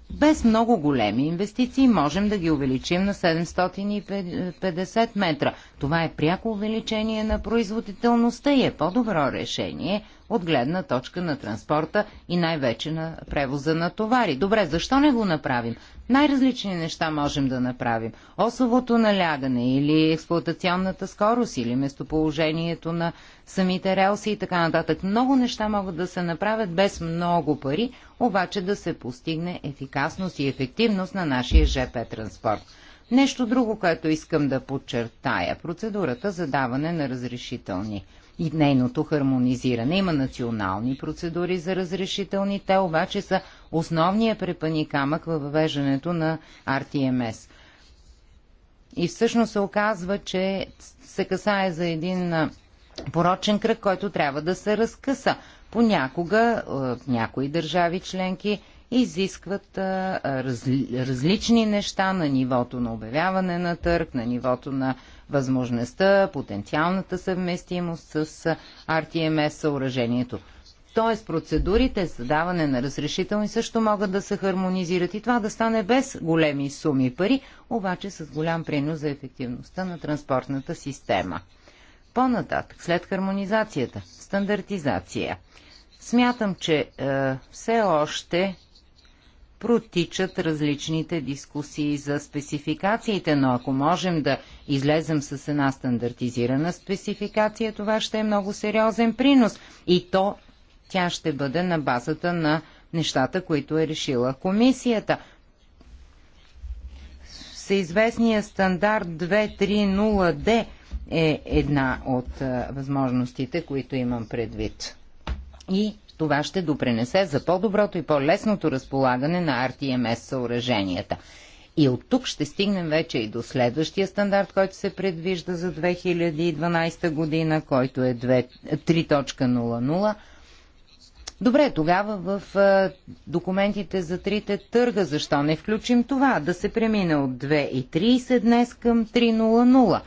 Без много големи инвестиции можем да ги увеличим на 750 метра. Това е пряко увеличение на производителността и е по-добро решение от гледна точка на транспорта и най-вече на превоза на товари. Добре, защо не го направим? Най-различни неща можем да направим. Осовото налягане или експлуатационната скорост или местоположението на самите релси и така нататък. Много неща могат да се направят без много пари, обаче да се постигне ефикасност и ефективност на нашия ЖП транспорт. Нещо друго, което искам да подчертая – процедурата за даване на разрешителни – и нейното хармонизиране. Има национални процедури за разрешителни, те обаче са основния препани камък във въвеждането на RTMS. И всъщност се оказва, че се касае за един порочен кръг, който трябва да се разкъса. Понякога някои държави членки изискват а, разли, различни неща на нивото на обявяване на търг, на нивото на възможността, потенциалната съвместимост с RTMS съоръжението. Тоест процедурите за даване на разрешителни също могат да се хармонизират и това да стане без големи суми пари, обаче с голям принос за ефективността на транспортната система. По-нататък, след хармонизацията, стандартизация. Смятам, че е, все още протичат различните дискусии за спецификациите, но ако можем да излезем с една стандартизирана спецификация, това ще е много сериозен принос. И то тя ще бъде на базата на нещата, които е решила комисията. Съизвестният стандарт 230D е една от възможностите, които имам предвид. И това ще допренесе за по-доброто и по-лесното разполагане на RTMS съоръженията. И от тук ще стигнем вече и до следващия стандарт, който се предвижда за 2012 година, който е 3.00. Добре, тогава в документите за трите търга, защо не включим това? Да се премине от 2.30 днес към 3.00.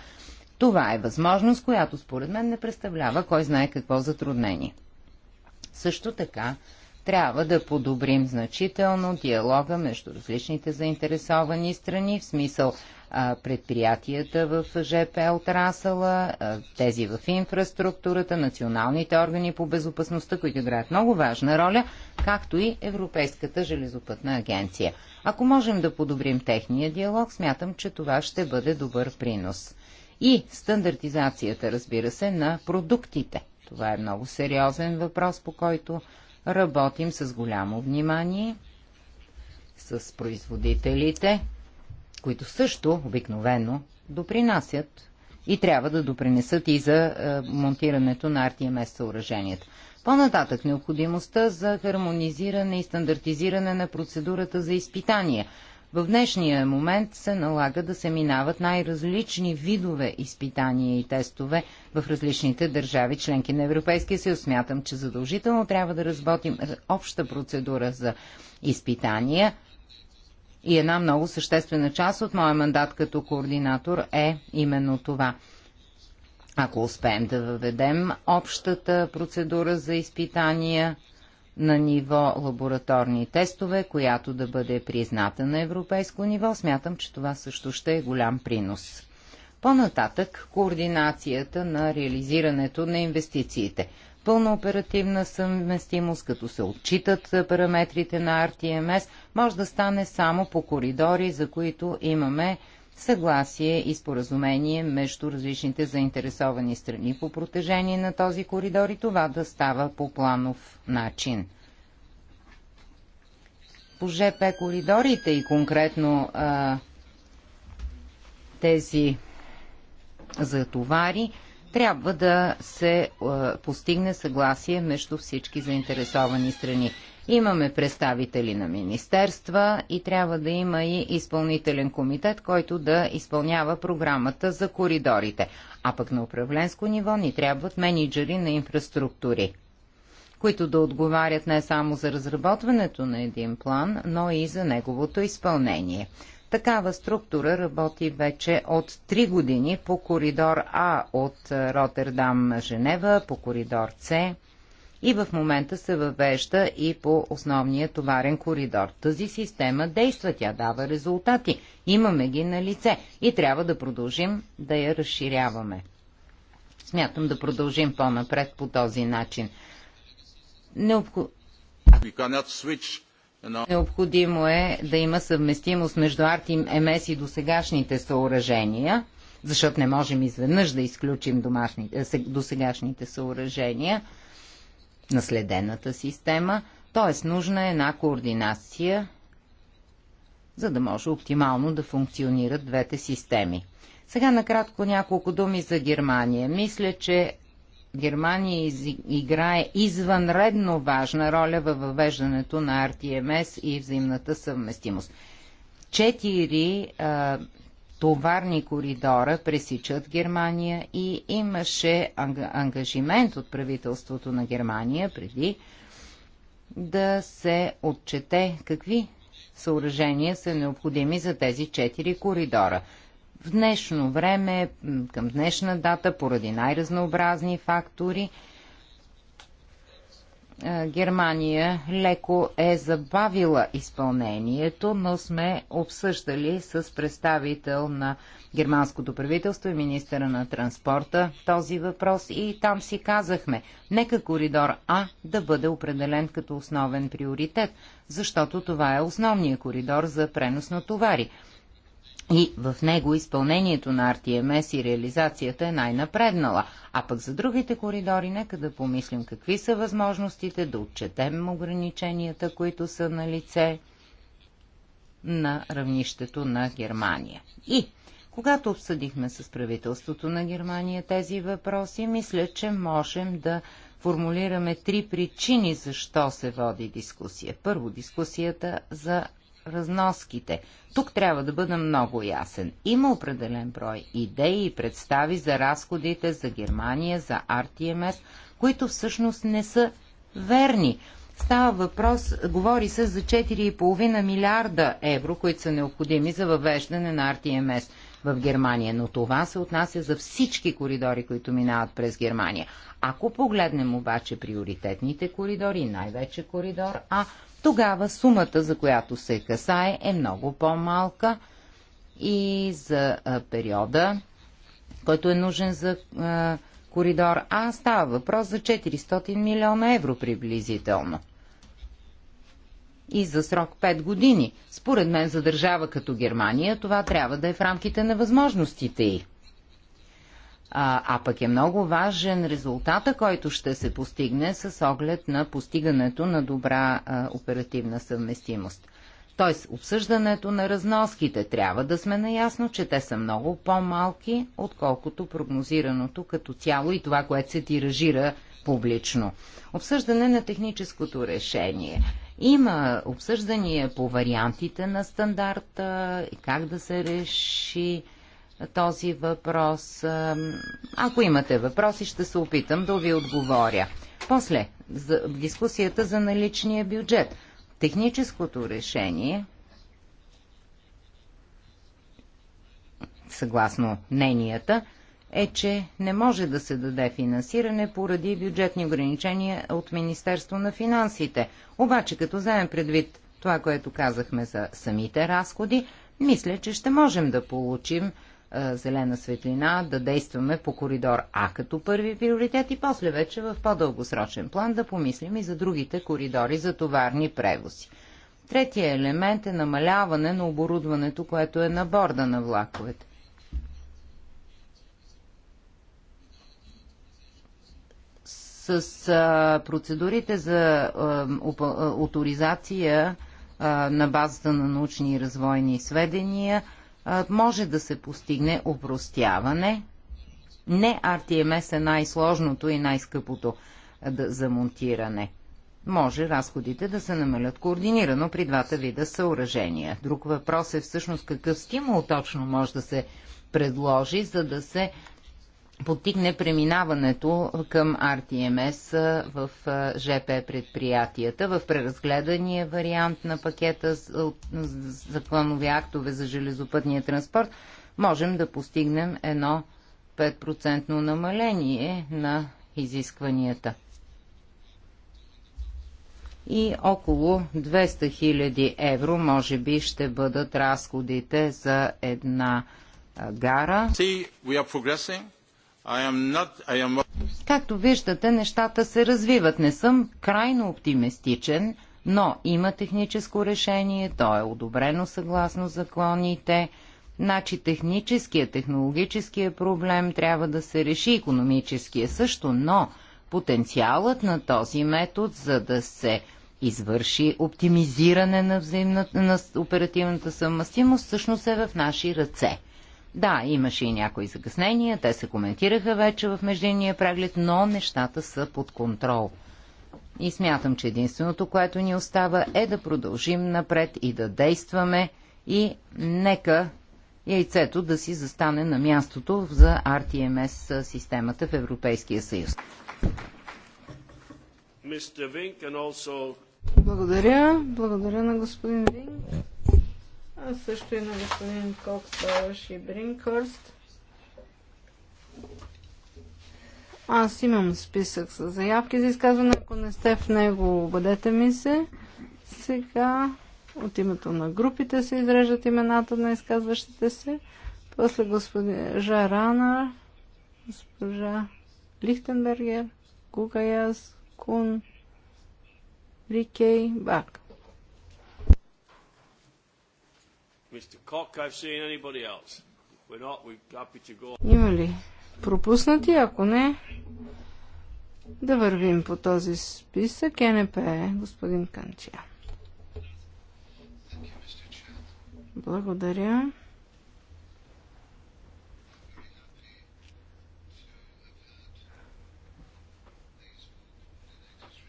Това е възможност, която според мен не представлява кой знае какво затруднение. Също така трябва да подобрим значително диалога между различните заинтересовани страни, в смисъл предприятията в ЖП е отрасъла, тези в инфраструктурата, националните органи по безопасността, които играят много важна роля, както и Европейската железопътна агенция. Ако можем да подобрим техния диалог, смятам, че това ще бъде добър принос. И стандартизацията, разбира се, на продуктите – това е много сериозен въпрос, по който работим с голямо внимание с производителите, които също обикновено допринасят и трябва да допринесат и за е, монтирането на RTMS съоръжението. По-нататък необходимостта за хармонизиране и стандартизиране на процедурата за изпитания – в днешния момент се налага да се минават най-различни видове изпитания и тестове в различните държави, членки на Европейския съюз. Смятам, че задължително трябва да разработим обща процедура за изпитания. И една много съществена част от моя мандат като координатор е именно това. Ако успеем да въведем общата процедура за изпитания, на ниво лабораторни тестове, която да бъде призната на европейско ниво. Смятам, че това също ще е голям принос. По-нататък координацията на реализирането на инвестициите. Пълна оперативна съвместимост, като се отчитат параметрите на RTMS, може да стане само по коридори, за които имаме съгласие и споразумение между различните заинтересовани страни по протежение на този коридор и това да става по планов начин. По ЖП коридорите и конкретно а, тези затовари трябва да се а, постигне съгласие между всички заинтересовани страни. Имаме представители на министерства и трябва да има и изпълнителен комитет, който да изпълнява програмата за коридорите. А пък на управленско ниво ни трябват менеджери на инфраструктури които да отговарят не само за разработването на един план, но и за неговото изпълнение. Такава структура работи вече от 3 години по коридор А от Роттердам-Женева, по коридор С и в момента се въвежда и по основния товарен коридор. Тази система действа, тя дава резултати. Имаме ги на лице и трябва да продължим да я разширяваме. Смятам да продължим по-напред по този начин. Необходимо е да има съвместимост между МС и досегашните съоръжения, защото не можем изведнъж да изключим домашните, досегашните съоръжения наследената система, т.е. нужна е една координация, за да може оптимално да функционират двете системи. Сега накратко няколко думи за Германия. Мисля, че Германия из... играе извънредно важна роля във въвеждането на RTMS и взаимната съвместимост. Четири а, товарни коридора пресичат Германия и имаше ангажимент от правителството на Германия преди да се отчете какви съоръжения са необходими за тези четири коридора. В днешно време, към днешна дата, поради най-разнообразни фактори – Германия леко е забавила изпълнението, но сме обсъждали с представител на германското правителство и министра на транспорта този въпрос и там си казахме, нека коридор А да бъде определен като основен приоритет, защото това е основният коридор за пренос на товари и в него изпълнението на RTMS и реализацията е най-напреднала. А пък за другите коридори, нека да помислим какви са възможностите, да отчетем ограниченията, които са на лице на равнището на Германия. И когато обсъдихме с правителството на Германия тези въпроси, мисля, че можем да формулираме три причини защо се води дискусия. Първо, дискусията за разноските. Тук трябва да бъда много ясен. Има определен брой идеи и представи за разходите за Германия, за RTMS, които всъщност не са верни. Става въпрос, говори се за 4,5 милиарда евро, които са необходими за въвеждане на RTMS в Германия, но това се отнася за всички коридори, които минават през Германия. Ако погледнем обаче приоритетните коридори, най-вече коридор А, тогава сумата, за която се касае, е много по-малка и за а, периода, който е нужен за а, коридор А, става въпрос за 400 милиона евро приблизително и за срок 5 години. Според мен за държава като Германия това трябва да е в рамките на възможностите й. А, а пък е много важен резултата, който ще се постигне с оглед на постигането на добра а, оперативна съвместимост. Тоест, обсъждането на разноските трябва да сме наясно, че те са много по-малки, отколкото прогнозираното като цяло и това, което се тиражира публично. Обсъждане на техническото решение има обсъждания по вариантите на стандарта и как да се реши този въпрос. Ако имате въпроси, ще се опитам да ви отговоря. После, за дискусията за наличния бюджет. Техническото решение, съгласно мненията, е, че не може да се даде финансиране поради бюджетни ограничения от Министерство на финансите. Обаче, като вземем предвид това, което казахме за самите разходи, мисля, че ще можем да получим а, зелена светлина, да действаме по коридор А като първи приоритет и после вече в по-дългосрочен план да помислим и за другите коридори за товарни превози. Третия елемент е намаляване на оборудването, което е на борда на влаковете. с процедурите за авторизация на базата на научни и развойни сведения може да се постигне упростяване. Не RTMS е най-сложното и най-скъпото за монтиране. Може разходите да се намалят координирано при двата вида съоръжения. Друг въпрос е всъщност какъв стимул точно може да се предложи, за да се подтикне преминаването към RTMS в ЖП предприятията. В преразгледания вариант на пакета законови актове за железопътния транспорт можем да постигнем едно 5% намаление на изискванията. И около 200 000 евро може би ще бъдат разходите за една гара. See, Както виждате, нещата се развиват. Не съм крайно оптимистичен, но има техническо решение, то е одобрено съгласно законите. Значи техническия, технологическия проблем трябва да се реши, економическия също, но потенциалът на този метод, за да се извърши оптимизиране на, взаимна, на оперативната съвместимост, всъщност е в наши ръце. Да, имаше и някои закъснения, те се коментираха вече в междинния преглед, но нещата са под контрол. И смятам, че единственото, което ни остава е да продължим напред и да действаме и нека яйцето да си застане на мястото за RTMS системата в Европейския съюз. Благодаря. Благодаря на господин Винк а също и на господин Кокс, Балаш и Бринкърст. Аз имам списък с заявки за изказване. Ако не сте в него, бъдете ми се. Сега от името на групите се изрежат имената на изказващите се. После господин Жарана, госпожа Лихтенбергер, Кукаяс, Кун, Рикей, Бак. Има ли пропуснати? Ако не, да вървим по този списък. Е НП, господин Канчия. Благодаря.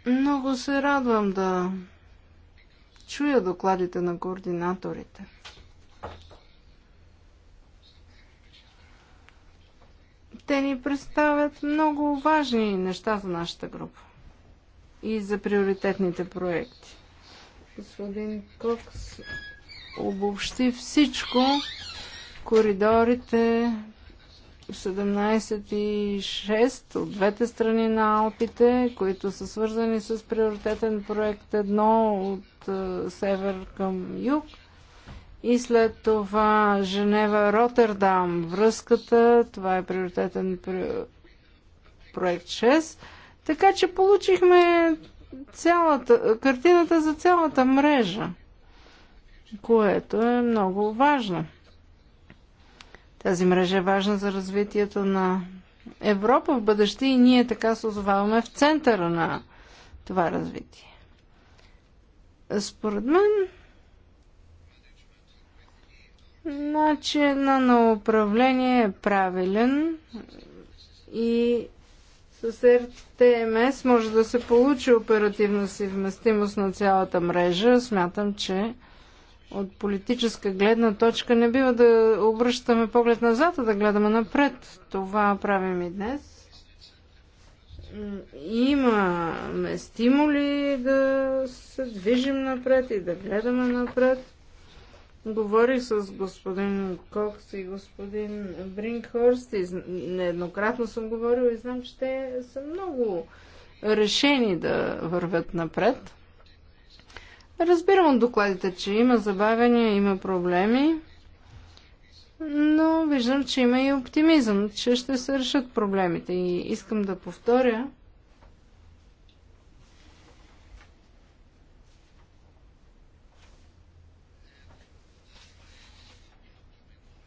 Много се радвам да чуя докладите на координаторите. Те ни представят много важни неща за нашата група и за приоритетните проекти. Господин Кокс обобщи всичко, коридорите 17 и 6 от двете страни на Алпите, които са свързани с приоритетен проект 1 от е, север към юг – и след това Женева Роттердам, връзката, това е приоритетен проект 6. Така че получихме цялата, картината за цялата мрежа, което е много важно. Тази мрежа е важна за развитието на Европа в бъдеще и ние така се озоваваме в центъра на това развитие. Според мен, Начина на управление е правилен и с RTMS може да се получи оперативна съвместимост на цялата мрежа. Смятам, че от политическа гледна точка не бива да обръщаме поглед назад, а да гледаме напред. Това правим и днес. Имаме стимули да се движим напред и да гледаме напред говори с господин Кокс и господин Бринкхорст и нееднократно съм говорил и знам, че те са много решени да вървят напред. Разбирам от докладите, че има забавяния, има проблеми, но виждам, че има и оптимизъм, че ще се решат проблемите. И искам да повторя,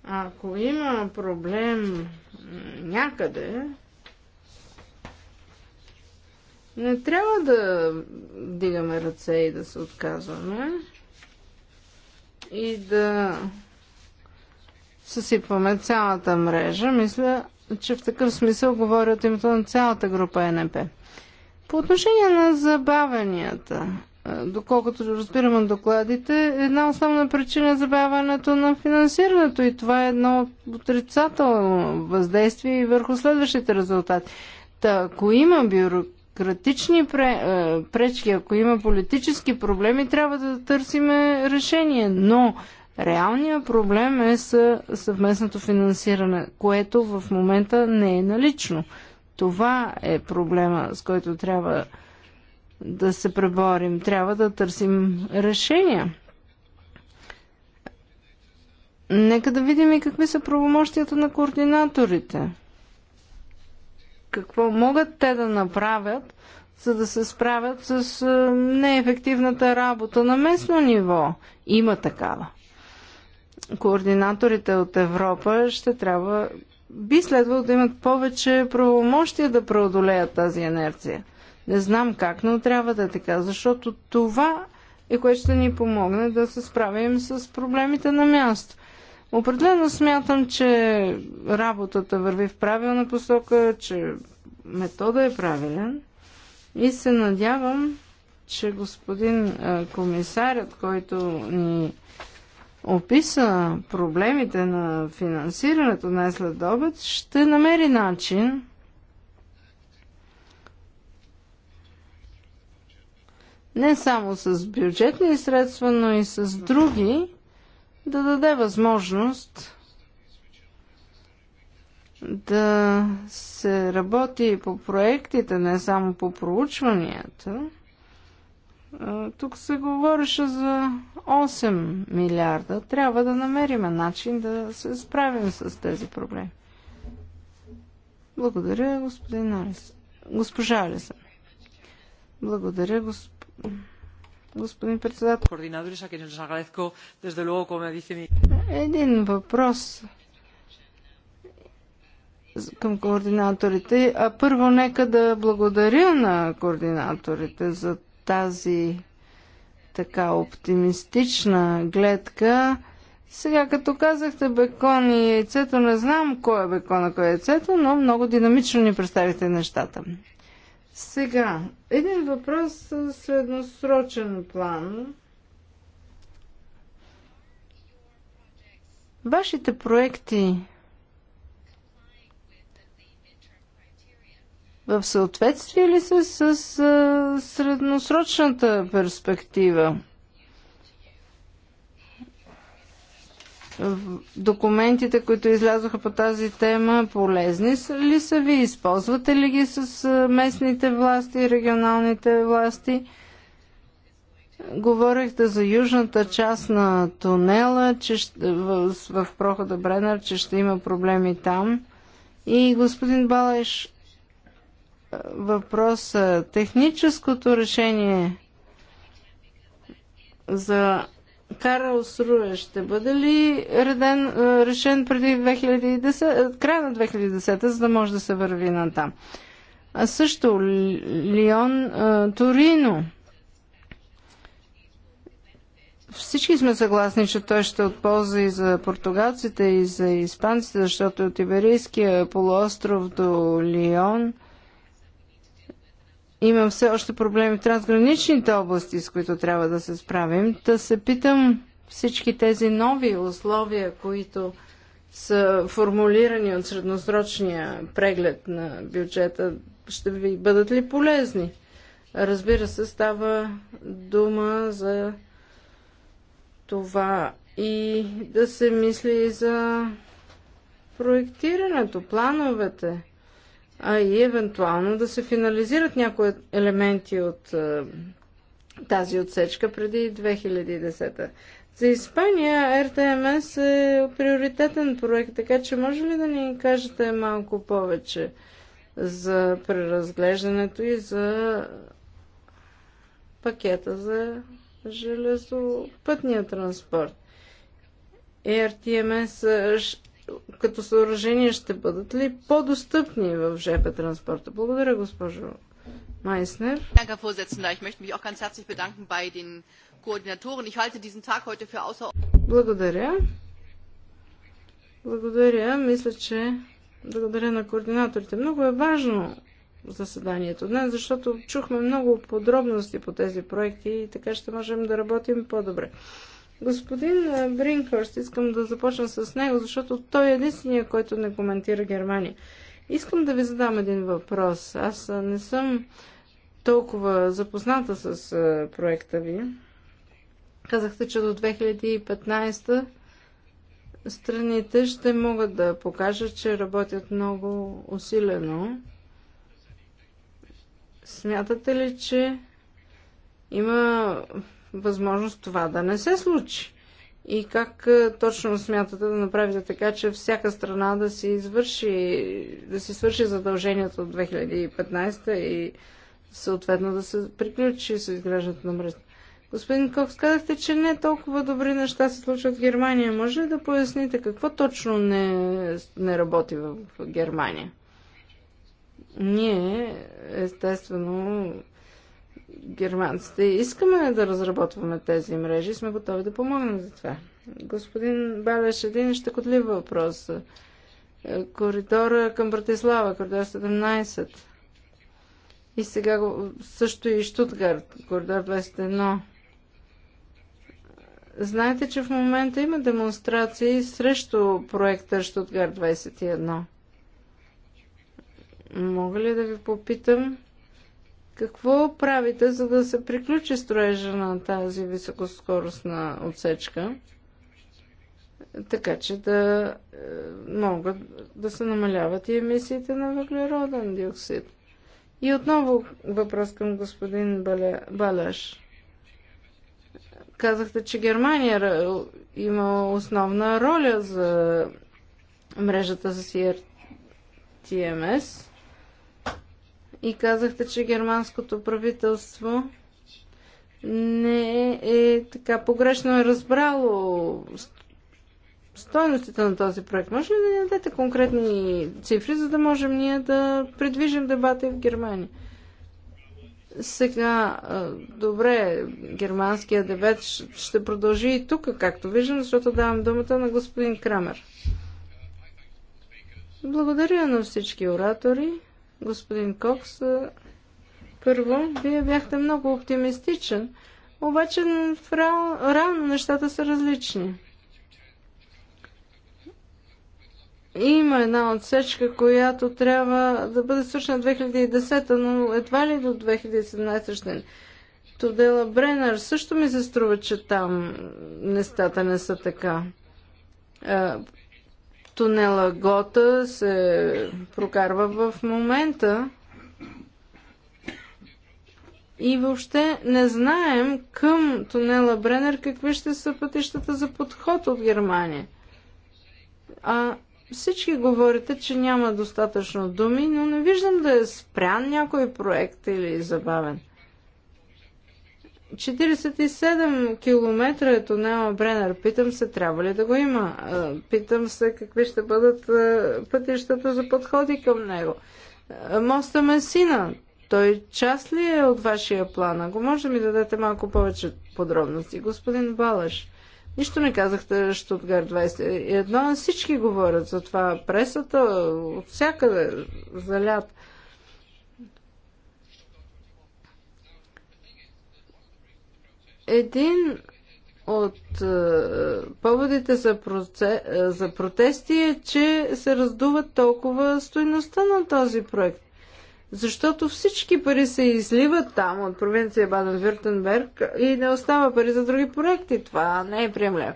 Ако има проблем някъде, не трябва да дигаме ръце и да се отказваме и да съсипваме цялата мрежа. Мисля, че в такъв смисъл говоря от името на цялата група НП. По отношение на забавенията, е, доколкото разбираме докладите, една основна причина е забавянето на финансирането и това е едно отрицателно въздействие и върху следващите резултати. Та, ако има бюрократични е, пречки, ако има политически проблеми, трябва да търсиме решение. Но реалният проблем е с съвместното финансиране, което в момента не е налично. Това е проблема, с който трябва да се преборим. Трябва да търсим решения. Нека да видим и какви са правомощията на координаторите. Какво могат те да направят, за да се справят с е, неефективната работа на местно ниво? Има такава. Координаторите от Европа ще трябва би следвало да имат повече правомощия да преодолеят тази инерция. Не знам как, но трябва да е така, защото това е което ще ни помогне да се справим с проблемите на място. Определено смятам, че работата върви в правилна посока, че метода е правилен и се надявам, че господин комисарят, който ни описа проблемите на финансирането най след обед, ще намери начин не само с бюджетни средства, но и с други, да даде възможност да се работи по проектите, не само по проучванията. Тук се говореше за 8 милиарда. Трябва да намериме начин да се справим с тези проблеми. Благодаря, господин Алис. Госпожа Алиса. Благодаря, господин господин председател. Един въпрос към координаторите. А първо нека да благодаря на координаторите за тази така оптимистична гледка. Сега, като казахте бекон и яйцето, не знам кой е бекона, кой е яйцето, но много динамично ни представите нещата. Сега, един въпрос средносрочен план. Вашите проекти в съответствие ли са с средносрочната перспектива? документите, които излязоха по тази тема, полезни ли са ви? Използвате ли ги с местните власти, регионалните власти? Говорихте за южната част на тунела, че в, в прохода Бренър, че ще има проблеми там. И господин Балеш, въпрос техническото решение за Карлос Руе ще бъде ли реден, е, решен преди 2010, е, края на 2010, за да може да се върви на там? А също Лион е, Торино. Всички сме съгласни, че той ще отползва и за португалците, и за испанците, защото от Иберийския полуостров до Лион Имам все още проблеми в трансграничните области, с които трябва да се справим. Да се питам всички тези нови условия, които са формулирани от средносрочния преглед на бюджета, ще ви бъдат ли полезни? Разбира се, става дума за това и да се мисли за проектирането, плановете а и евентуално да се финализират някои елементи от тази отсечка преди 2010. За Испания РТМС е приоритетен проект, така че може ли да ни кажете малко повече за преразглеждането и за пакета за железопътния транспорт? РТМС като съоръжения ще бъдат ли по-достъпни в ЖП транспорта? Благодаря, госпожо Майснер. Danke, Vorsitzender. Ich möchte mich auch ganz Благодаря. Благодаря. Мисля, че благодаря на координаторите. Много е важно заседанието днес, защото чухме много подробности по тези проекти и така ще можем да работим по-добре. Господин Бринкърст, искам да започна с него, защото той е единствения, който не коментира Германия. Искам да ви задам един въпрос. Аз не съм толкова запозната с проекта ви. Казахте, че до 2015 страните ще могат да покажат, че работят много усилено. Смятате ли, че има възможност това да не се случи. И как е, точно смятате да направите така, че всяка страна да си, извърши, да си свърши задълженията от 2015 и съответно да се приключи с изграждането на мрежата? Господин Кокс, казахте, че не толкова добри неща се случват в Германия. Може ли да поясните какво точно не, не работи в Германия? Ние, естествено, германците. Искаме да разработваме тези мрежи сме готови да помогнем за това. Господин Балеш, един щекотлив въпрос. Коридора към Братислава, коридор 17. И сега също и Штутгарт, коридор 21. Знаете, че в момента има демонстрации срещу проекта Штутгарт 21. Мога ли да ви попитам? Какво правите, за да се приключи строежа на тази високоскоростна отсечка, така че да е, могат да се намаляват и емисиите на въглероден диоксид? И отново въпрос към господин Балеш: Казахте, че Германия има основна роля за мрежата за CRTMS и казахте, че германското правителство не е така погрешно е разбрало стойностите на този проект. Може ли да ни дадете конкретни цифри, за да можем ние да предвижим дебата и в Германия? Сега, добре, германският дебет ще продължи и тук, както виждам, защото давам думата на господин Крамер. Благодаря на всички оратори господин Кокс. Е, първо, вие бяхте много оптимистичен, обаче в реал, реално нещата са различни. Има една отсечка, която трябва да бъде свършена 2010, но едва ли до 2017 ще Тодела Бренър също ми се струва, че там нещата не са така. Е, тунела Гота се прокарва в момента и въобще не знаем към тунела Бренер какви ще са пътищата за подход от Германия. А всички говорите, че няма достатъчно думи, но не виждам да е спрян някой проект или забавен – 47 км е тунела Бренер. Питам се, трябва ли да го има? Питам се, какви ще бъдат пътищата за подходи към него. Моста Месина, той част ли е от вашия план? Ако може да ми дадете малко повече подробности. Господин Балаш, нищо не казахте Штутгар 21. Всички говорят за това. Пресата от всякъде залята. Един от е, поводите за, проце, е, за протести е, че се раздува толкова стоеността на този проект. Защото всички пари се изливат там от провинция Баден-Вюртенберг и не остава пари за други проекти. Това не е приемливо.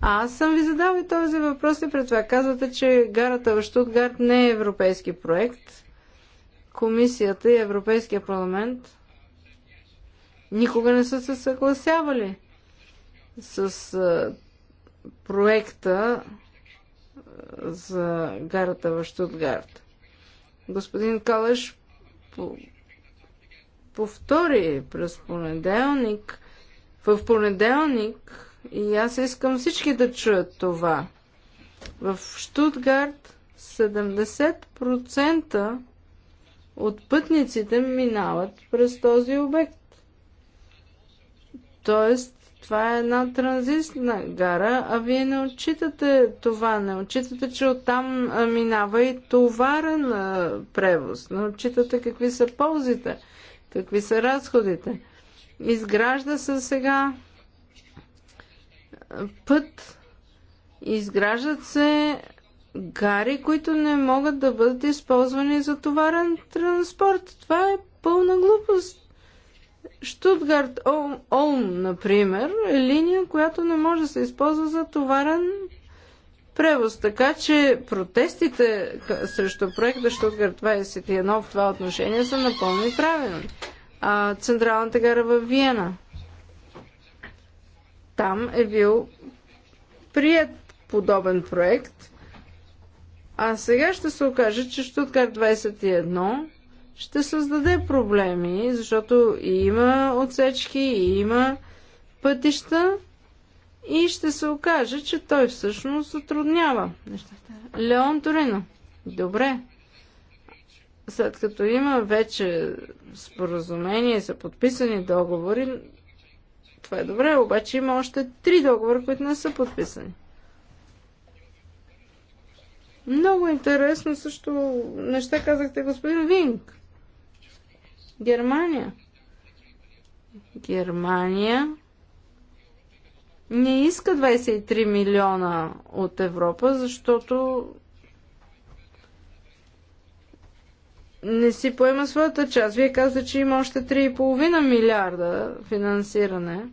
А аз съм ви задал и този въпрос и пред това. Казвате, че гарата в Штутгарт не е европейски проект. Комисията и Европейския парламент никога не са се съгласявали с а, проекта за гарата в Штутгарт. Господин Калеш по повтори през понеделник, в понеделник, и аз искам всички да чуят това. В Штутгарт 70% от пътниците минават през този обект. Тоест, това е една транзитна гара, а вие не отчитате това, не отчитате, че оттам минава и товарен превоз, не отчитате какви са ползите, какви са разходите. Изгражда се сега път, изграждат се гари, които не могат да бъдат използвани за товарен транспорт. Това е пълна глупост. Штутгарт Олм, например, е линия, която не може да се използва за товарен превоз. Така че протестите срещу проекта Штутгарт 21 в това отношение са напълно и правилни. А Централната гара в Виена. Там е бил прият подобен проект. А сега ще се окаже, че Штутгарт 21 ще създаде проблеми, защото има отсечки, и има пътища и ще се окаже, че той всъщност затруднява нещата. Леон Торино. Добре. След като има вече споразумение, са подписани договори, това е добре, обаче има още три договора, които не са подписани. Много интересно също неща казахте, господин Винк. Германия. Германия не иска 23 милиона от Европа, защото не си поема своята част. Вие казвате, че има още 3,5 милиарда финансиране.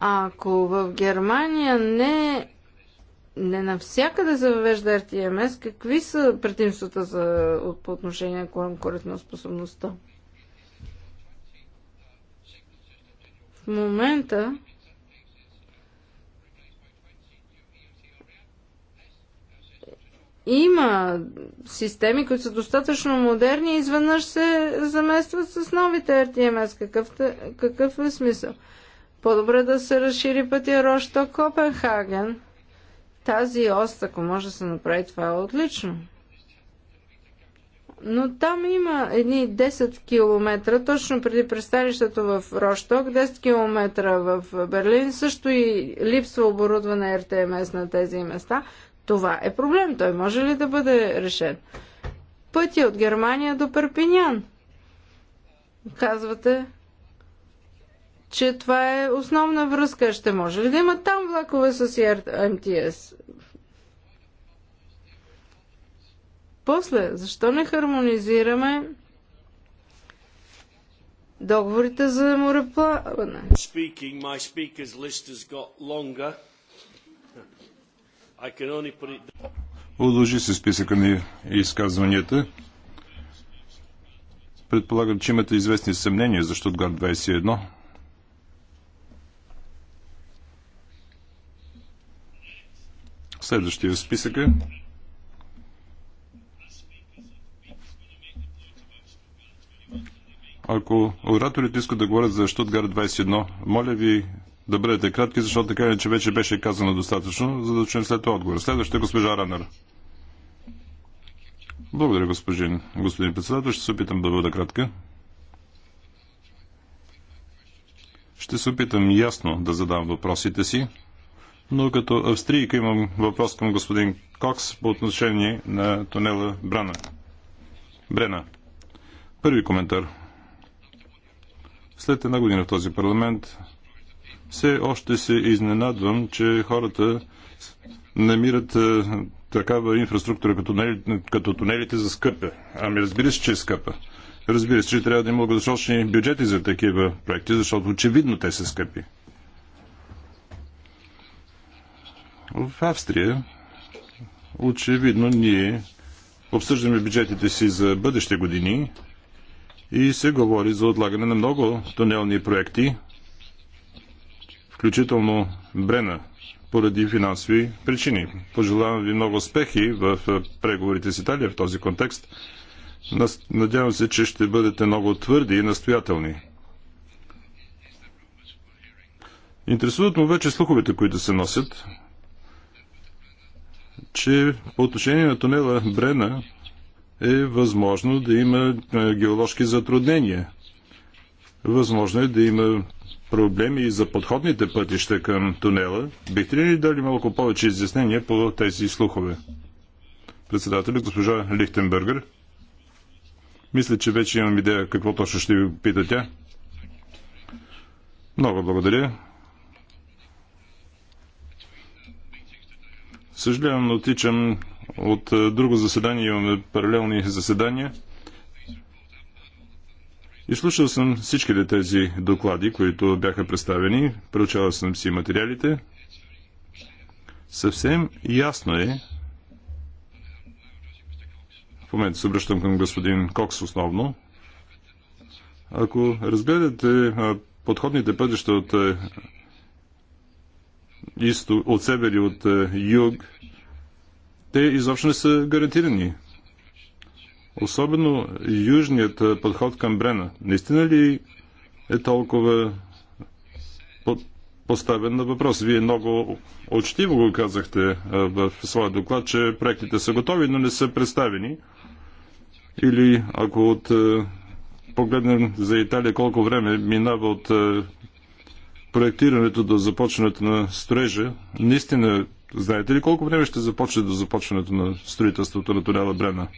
Ако в Германия не не навсякъде се въвежда RTMS. Какви са предимствата за, по отношение на конкурентоспособността? В момента има системи, които са достатъчно модерни и изведнъж се заместват с новите RTMS. Какъв, какъв е смисъл? По-добре да се разшири пътя Рошто Копенхаген – тази ост, ако може да се направи, това е отлично. Но там има едни 10 км, точно преди пристанището в Рошток, 10 км в Берлин, също и липсва оборудване РТМС на тези места. Това е проблем. Той може ли да бъде решен? Пътя от Германия до Перпинян. Казвате, че това е основна връзка. Ще може ли да има там влакове с МТС? После, защо не хармонизираме договорите за мореплаване? Speaking, my speakers list has got longer. I can only put it Удължи се списъка на изказванията. Предполагам, че имате известни съмнения, за Штутгар 21 Следващия в списъка. Е. Ако ораторите искат да говорят за Штутгар 21, моля ви да бъдете кратки, защото така че вече беше казано достатъчно, за да чуем след това отговор. Следващата е госпожа Ранер. Благодаря, господин, господин председател. Ще се опитам да бъда кратка. Ще се опитам ясно да задам въпросите си но като австрийка имам въпрос към господин Кокс по отношение на тунела Брана. Брена. Първи коментар. След една година в този парламент все още се изненадвам, че хората намират е, такава инфраструктура като тунелите, като тунелите за скъпа. Ами разбира се, че е скъпа. Разбира се, че трябва да има дългосрочни бюджети за такива проекти, защото очевидно те са скъпи. В Австрия очевидно ние обсъждаме бюджетите си за бъдещи години и се говори за отлагане на много тунелни проекти, включително Брена, поради финансови причини. Пожелавам ви много успехи в преговорите с Италия в този контекст. Надявам се, че ще бъдете много твърди и настоятелни. Интересуват му вече слуховете, които се носят че по отношение на тунела Брена е възможно да има е, геоложки затруднения. Възможно е да има проблеми и за подходните пътища към тунела. Бихте ли дали малко повече изяснения по тези слухове? Председателя, госпожа Лихтенбергер. Мисля, че вече имам идея какво точно ще ви пита тя. Много благодаря. Съжалявам, но отичам от е, друго заседание, имаме паралелни заседания. Изслушал съм всичките тези доклади, които бяха представени, преучавал съм си материалите. Съвсем ясно е, в момента се обръщам към господин Кокс основно, ако разгледате е, подходните пътища от е, изто, от север и от е, юг, те изобщо не са гарантирани. Особено южният е, подход към Брена. Наистина ли е толкова поставен на въпрос? Вие много очтиво го казахте е, в своя доклад, че проектите са готови, но не са представени. Или ако от, погледнем за Италия колко време минава от проектирането до започването на строежа, наистина, знаете ли колко време ще започне до започването на строителството на тунела Брена?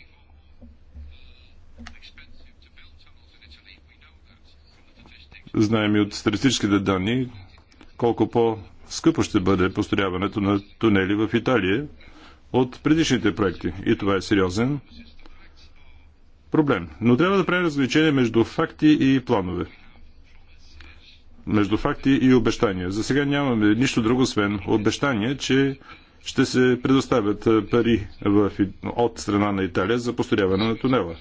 Знаем и от статистическите данни колко по-скъпо ще бъде построяването на тунели в Италия от предишните проекти. И това е сериозен проблем. Но трябва да правим различение между факти и планове между факти и обещания. За сега нямаме нищо друго, освен обещания, че ще се предоставят пари в, от страна на Италия за построяване на тунела.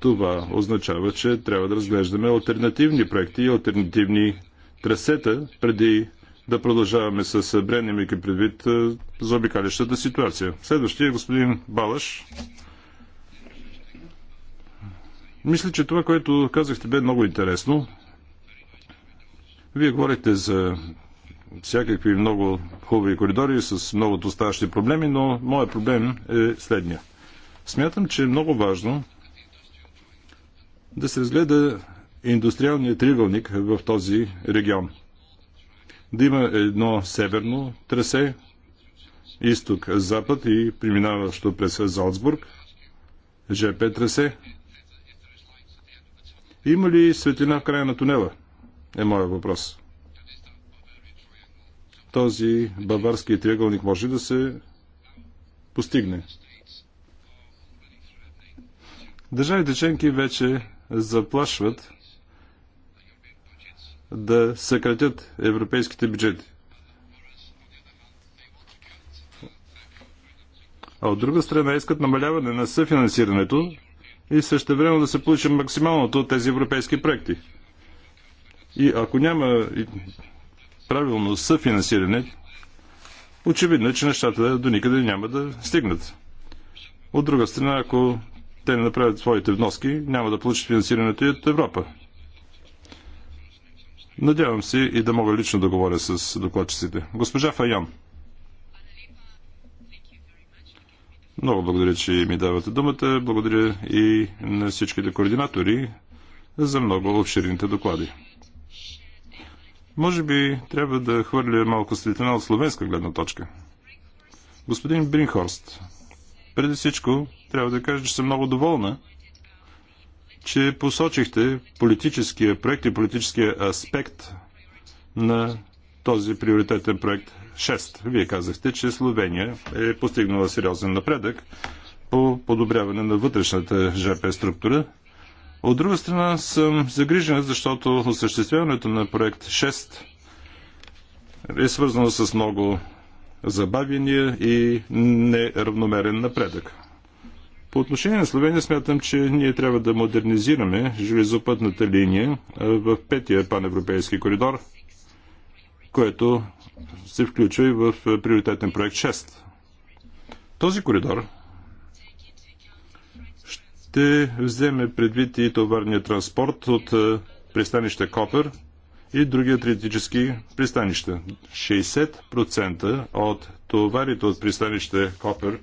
Това означава, че трябва да разглеждаме альтернативни проекти и альтернативни трасета, преди да продължаваме с Брен, имайки предвид за обикалищата ситуация. Следващия е господин Балаш. Мисля, че това, което казахте, бе много интересно. Вие говорите за всякакви много хубави коридори с много доставащи проблеми, но моят проблем е следния. Смятам, че е много важно да се разгледа индустриалният тригълник в този регион. Да има едно северно трасе, изток-запад и преминаващо през Залцбург, ЖП трасе. Има ли светлина в края на тунела? е моят въпрос. Този баварски триъгълник може да се постигне. Държавите членки вече заплашват да съкратят европейските бюджети. А от друга страна искат намаляване на съфинансирането и също време да се получи максималното от тези европейски проекти. И ако няма правилно съфинансиране, очевидно е, че нещата до никъде няма да стигнат. От друга страна, ако те не направят своите вноски, няма да получат финансирането и от Европа. Надявам се и да мога лично да говоря с докладчиците. Госпожа Файон. Много благодаря, че ми давате думата. Благодаря и на всичките координатори за много обширните доклади. Може би трябва да хвърля малко светлина от словенска гледна точка. Господин Бринхорст, преди всичко трябва да кажа, че съм много доволна, че посочихте политическия проект и политическия аспект на този приоритетен проект 6. Вие казахте, че Словения е постигнала сериозен напредък по подобряване на вътрешната ЖП структура от друга страна съм загрижен, защото осъществяването на проект 6 е свързано с много забавения и неравномерен напредък. По отношение на Словения смятам, че ние трябва да модернизираме железопътната линия в петия паневропейски коридор, което се включва и в приоритетен проект 6. Този коридор ще вземе предвид и товарния транспорт от е, пристанище Копър и други атлетически пристанища. 60% от товарите от пристанище Копър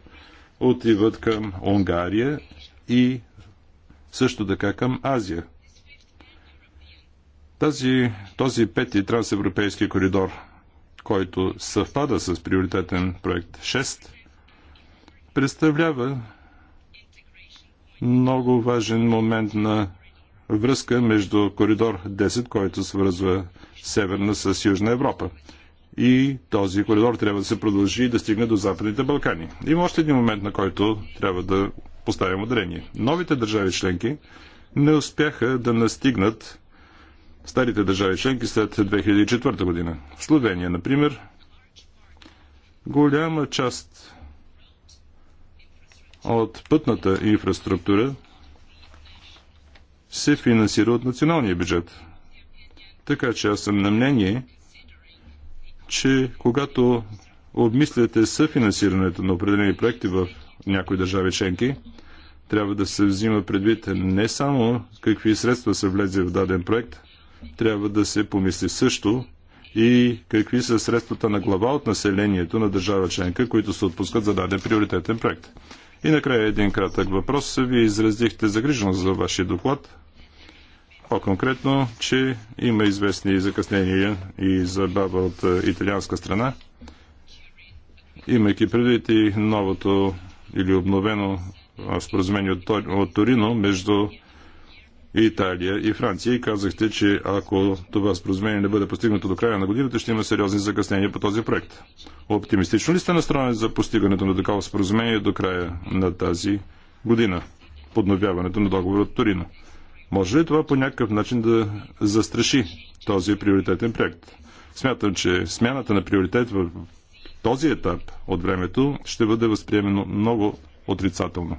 отиват към Унгария и също така към Азия. Тази, този пети трансевропейски коридор, който съвпада с приоритетен проект 6, представлява много важен момент на връзка между коридор 10, който свързва Северна с Южна Европа. И този коридор трябва да се продължи и да стигне до Западните Балкани. Има още един момент, на който трябва да поставим ударение. Новите държави членки не успяха да настигнат старите държави членки след 2004 година. В Словения, например, голяма част от пътната инфраструктура се финансира от националния бюджет. Така че аз съм на мнение, че когато обмисляте съфинансирането на определени проекти в някои държави членки, трябва да се взима предвид не само какви средства са влезе в даден проект, трябва да се помисли също и какви са средствата на глава от населението на държава членка, които се отпускат за даден приоритетен проект. И накрая един кратък въпрос. Вие изразихте загриженост за вашия доклад. По-конкретно, че има известни закъснения и забава от е, италианска страна, имайки предвид и новото или обновено споразумение от, от Торино между Италия и Франция и казахте, че ако това споразумение не бъде постигнато до края на годината, ще има сериозни закъснения по този проект. Оптимистично ли сте настроени за постигането на такова споразумение до края на тази година? Подновяването на договора от Торино. Може ли това по някакъв начин да застраши този приоритетен проект? Смятам, че смяната на приоритет в този етап от времето ще бъде възприемено много отрицателно.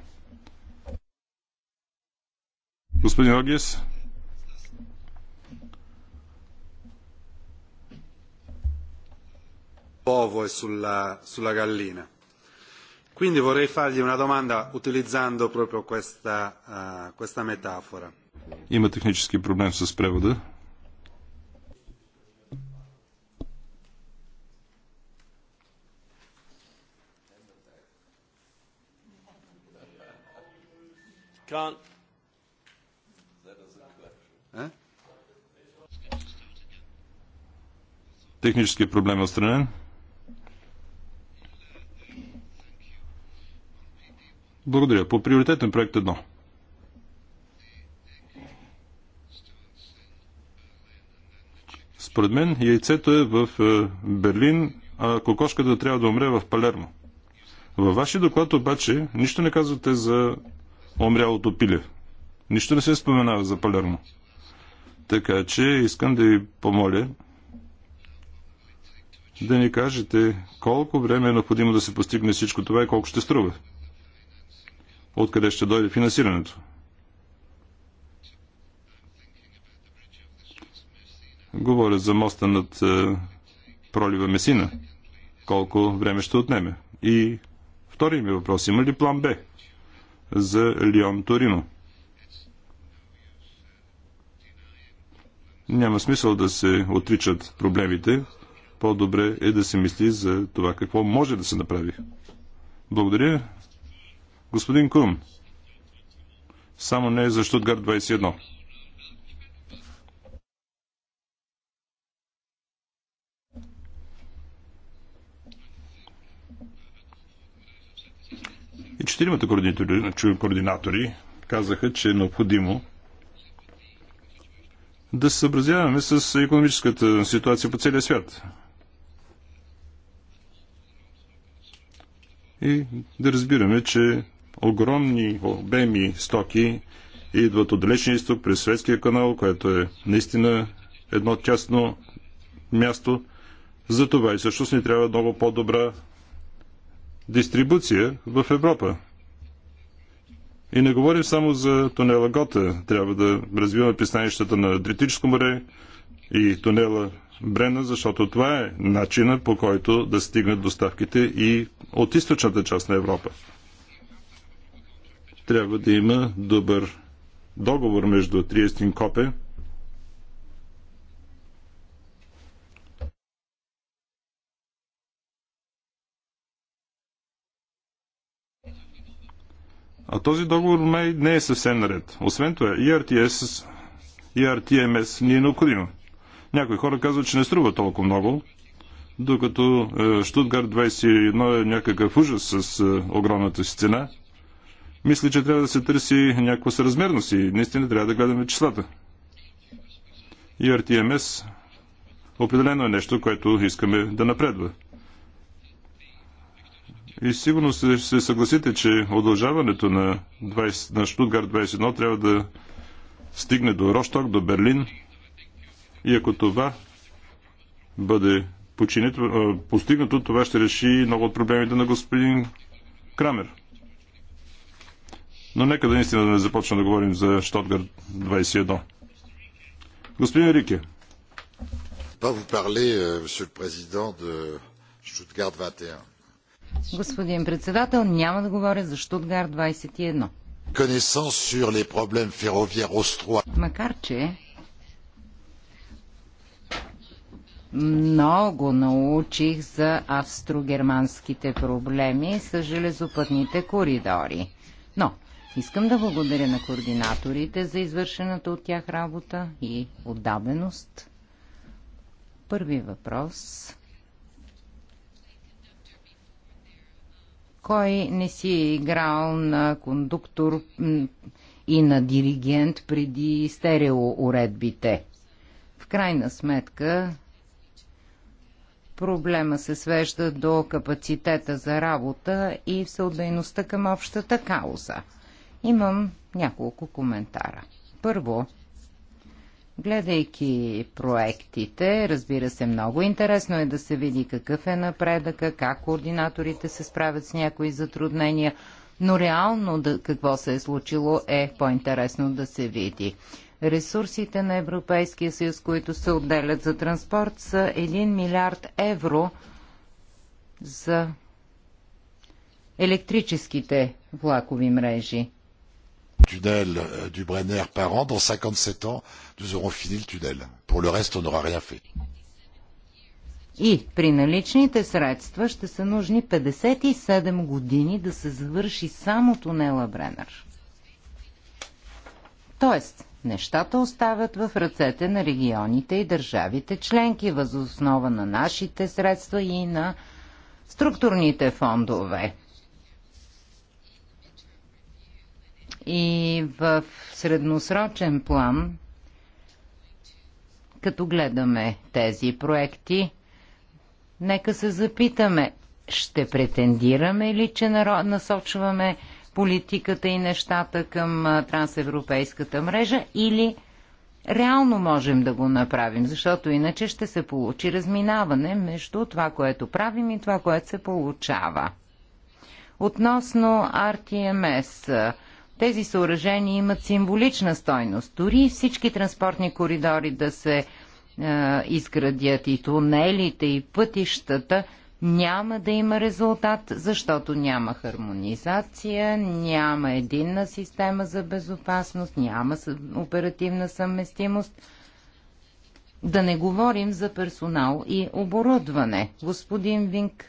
Господин Огис. Ovo e sulla, sulla gallina. Quindi vorrei fargli una domanda utilizzando proprio questa, uh, questa metafora. Има технически проблем с превода. Can't Технически проблем е отстранен. Благодаря. По приоритетен проект 1. Според мен яйцето е в е, Берлин, а кокошката трябва да умре в Палермо. Във вашия доклад обаче нищо не казвате за умрялото пиле. Нищо не се споменава за Палермо. Така че искам да ви помоля да ни кажете колко време е необходимо да се постигне всичко това и колко ще струва. Откъде ще дойде финансирането? Говоря за моста над е, пролива Месина. Колко време ще отнеме? И втори ми въпрос. Има ли план Б за Лион Торино? Няма смисъл да се отричат проблемите по-добре е да се мисли за това какво може да се направи. Благодаря. Господин Кум, само не за Штутгар 21. И четиримата координатори, координатори казаха, че е необходимо да се съобразяваме с економическата ситуация по целия свят. и да разбираме, че огромни обеми стоки идват от Далечния изток през Светския канал, което е наистина едно тясно място. За това и всъщност ни трябва много по-добра дистрибуция в Европа. И не говорим само за тунела Гота. Трябва да развиваме пристанищата на Дритическо море и тунела Брена, защото това е начина по който да стигнат доставките и от източната част на Европа. Трябва да има добър договор между Триестин Копе А този договор май не е съвсем наред. Освен това, ERTS, ERTMS ни е необходимо. Някои хора казват, че не струва толкова много, докато е, Штутгарт 21 е някакъв ужас с е, огромната си цена. Мисля, че трябва да се търси някаква съразмерност и наистина трябва да гледаме числата. И RTMS определено е нещо, което искаме да напредва. И сигурно се, се съгласите, че удължаването на, 20, на Штутгарт 21 трябва да стигне до Рошток, до Берлин – и ако това бъде починето, постигнато, това ще реши много от проблемите на господин Крамер. Но нека да наистина да не започна да говорим за Штотгард 21. Господин Рике. Euh, господин председател, няма да говоря за Штутгарт 21. Макар че много научих за австрогерманските проблеми с железопътните коридори. Но искам да благодаря на координаторите за извършената от тях работа и отдаденост. Първи въпрос. Кой не си е играл на кондуктор и на диригент преди стереоуредбите? В крайна сметка Проблема се свежда до капацитета за работа и всеотдейността към общата кауза. Имам няколко коментара. Първо, гледайки проектите, разбира се, много интересно е да се види какъв е напредъка, как координаторите се справят с някои затруднения, но реално да, какво се е случило е по-интересно да се види. Ресурсите на Европейския съюз, които се отделят за транспорт, са 1 милиард евро за електрическите влакови мрежи. Тунел э, du Brenner par an, dans 57 ans, nous aurons fini le tunnel. Pour le reste, on n'aura rien fait. И при наличните средства ще са нужни 57 години да се завърши само тунела Бренер. Тоест, Нещата остават в ръцете на регионите и държавите членки, възоснова на нашите средства и на структурните фондове. И в средносрочен план, като гледаме тези проекти, нека се запитаме, ще претендираме ли, че насочваме политиката и нещата към трансевропейската мрежа или реално можем да го направим, защото иначе ще се получи разминаване между това, което правим и това, което се получава. Относно RTMS, тези съоръжения имат символична стойност. Дори всички транспортни коридори да се е, изградят и тунелите, и пътищата – няма да има резултат, защото няма хармонизация, няма единна система за безопасност, няма оперативна съвместимост. Да не говорим за персонал и оборудване. Господин Винк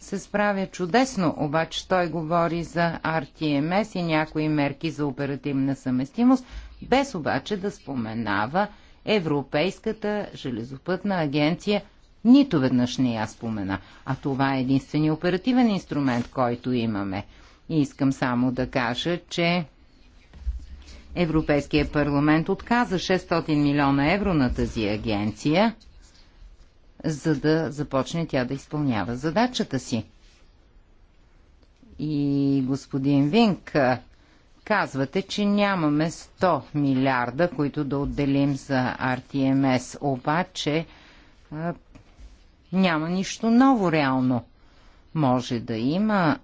се справя чудесно, обаче той говори за RTMS и някои мерки за оперативна съместимост, без обаче да споменава Европейската железопътна агенция – нито веднъж не я спомена. А това е единствения оперативен инструмент, който имаме. И искам само да кажа, че Европейския парламент отказа 600 милиона евро на тази агенция, за да започне тя да изпълнява задачата си. И господин Винк, казвате, че нямаме 100 милиарда, които да отделим за RTMS, обаче няма нищо ново реално. Може да има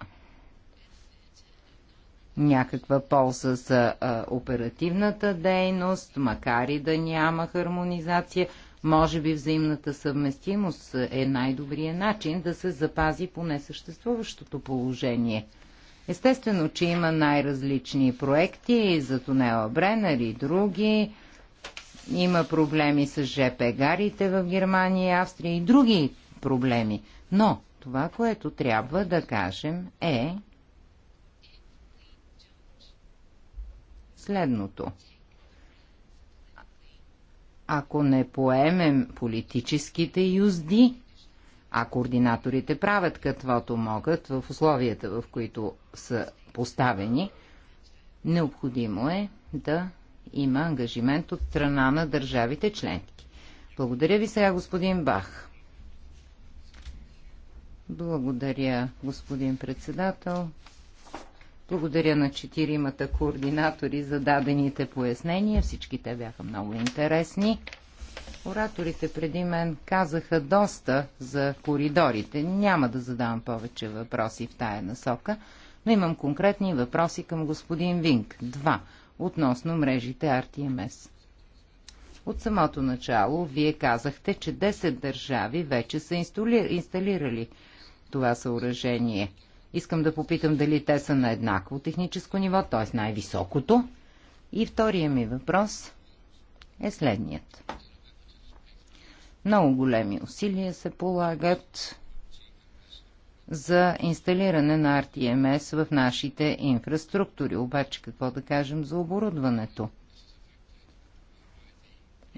някаква полза за а, оперативната дейност, макар и да няма хармонизация, може би взаимната съвместимост е най-добрият начин да се запази поне съществуващото положение. Естествено, че има най-различни проекти за тунела Бренер и други. Има проблеми с ЖП гарите в Германия, и Австрия и други проблеми. Но това, което трябва да кажем е следното. Ако не поемем политическите юзди, а координаторите правят каквото могат в условията, в които са поставени, необходимо е да има ангажимент от страна на държавите членки. Благодаря ви сега, господин Бах. Благодаря, господин председател. Благодаря на четиримата координатори за дадените пояснения. Всички те бяха много интересни. Ораторите преди мен казаха доста за коридорите. Няма да задавам повече въпроси в тая насока, но имам конкретни въпроси към господин Винк. Два относно мрежите RTMS. От самото начало вие казахте, че 10 държави вече са инсталирали това съоръжение. Искам да попитам дали те са на еднакво техническо ниво, т.е. най-високото. И втория ми въпрос е следният. Много големи усилия се полагат за инсталиране на RTMS в нашите инфраструктури. Обаче какво да кажем за оборудването?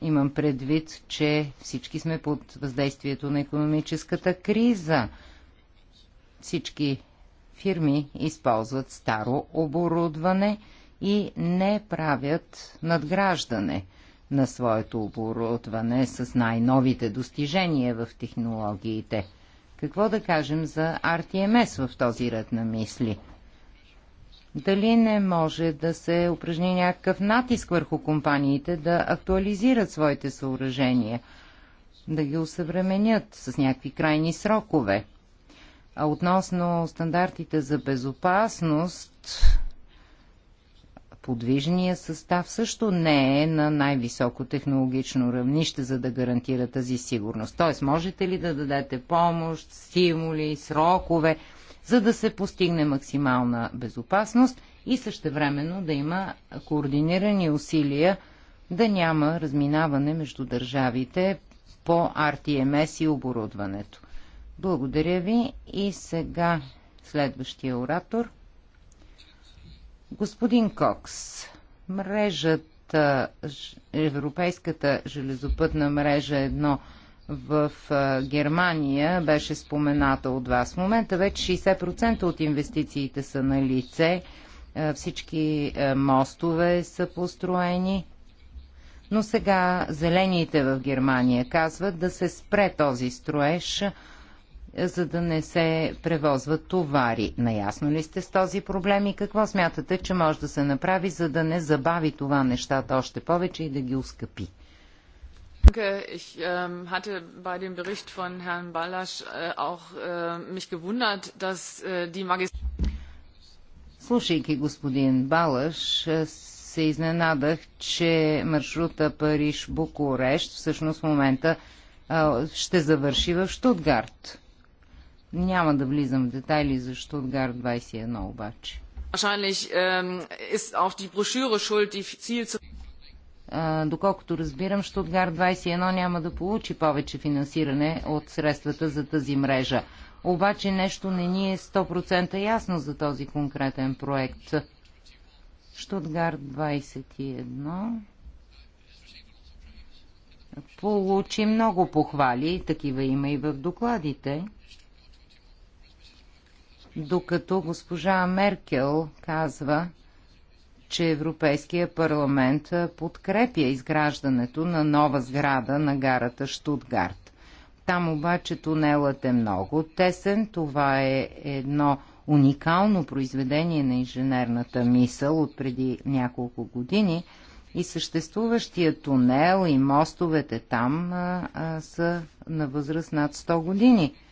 Имам предвид, че всички сме под въздействието на економическата криза. Всички фирми използват старо оборудване и не правят надграждане на своето оборудване с най-новите достижения в технологиите – какво да кажем за RTMS в този ред на мисли? Дали не може да се упражни някакъв натиск върху компаниите да актуализират своите съоръжения, да ги усъвременят с някакви крайни срокове? А относно стандартите за безопасност, подвижния състав също не е на най-високо технологично равнище, за да гарантира тази сигурност. Т.е. можете ли да дадете помощ, стимули, срокове, за да се постигне максимална безопасност и същевременно да има координирани усилия да няма разминаване между държавите по RTMS и оборудването. Благодаря ви и сега следващия оратор. Господин Кокс, мрежата, европейската железопътна мрежа едно в Германия беше спомената от вас. В момента вече 60% от инвестициите са на лице, всички мостове са построени. Но сега зелените в Германия казват да се спре този строеж, за да не се превозват товари. Наясно ли сте с този проблем и какво смятате, че може да се направи, за да не забави това нещата още повече и да ги ускъпи? Ich ähm, hatte bei dem Bericht von Herrn äh, auch äh, mich gewundert, dass äh, die Слушайки господин Балаш, се изненадах, че маршрута Париж-Букурещ всъщност в момента ще завърши в Штутгарт. Няма да влизам в детайли за Штутгар 21 обаче. Доколкото разбирам, Штутгар 21 няма да получи повече финансиране от средствата за тази мрежа. Обаче нещо не ни е 100% ясно за този конкретен проект. Штутгар 21 получи много похвали, такива има и в докладите докато госпожа Меркел казва, че Европейския парламент подкрепя изграждането на нова сграда на гарата Штутгарт. Там обаче тунелът е много тесен. Това е едно уникално произведение на инженерната мисъл от преди няколко години и съществуващия тунел и мостовете там а, а, са на възраст над 100 години –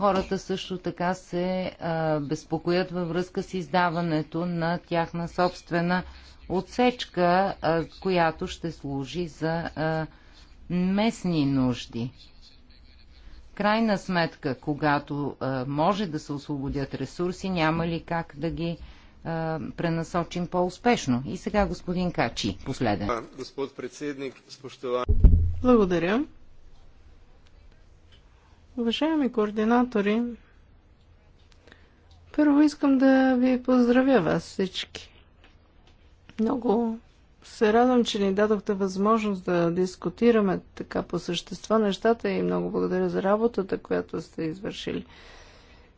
Хората също така се а, безпокоят във връзка с издаването на тяхна собствена отсечка, а, която ще служи за а, местни нужди. Крайна сметка, когато а, може да се освободят ресурси, няма ли как да ги а, пренасочим по-успешно? И сега господин Качи, последен. Господ председник, Благодаря. Уважаеми координатори, първо искам да ви поздравя вас всички. Много се радвам, че ни дадохте възможност да дискутираме така по същество нещата и много благодаря за работата, която сте извършили.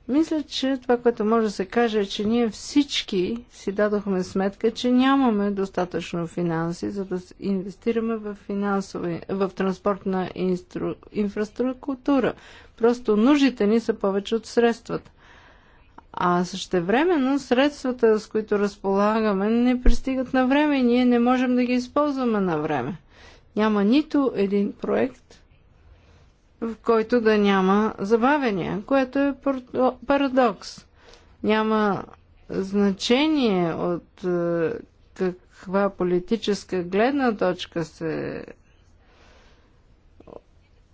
Мисля, че това, което може да се каже, е, че ние всички си дадохме сметка, че нямаме достатъчно финанси, за да инвестираме в, финансови, в транспортна инстру, инфраструктура. Просто нуждите ни са повече от средствата. А същевременно средствата, с които разполагаме, не пристигат на време и ние не можем да ги използваме на време. Няма нито един проект, в който да няма забавения, което е парадокс. Няма значение от е, каква политическа гледна точка се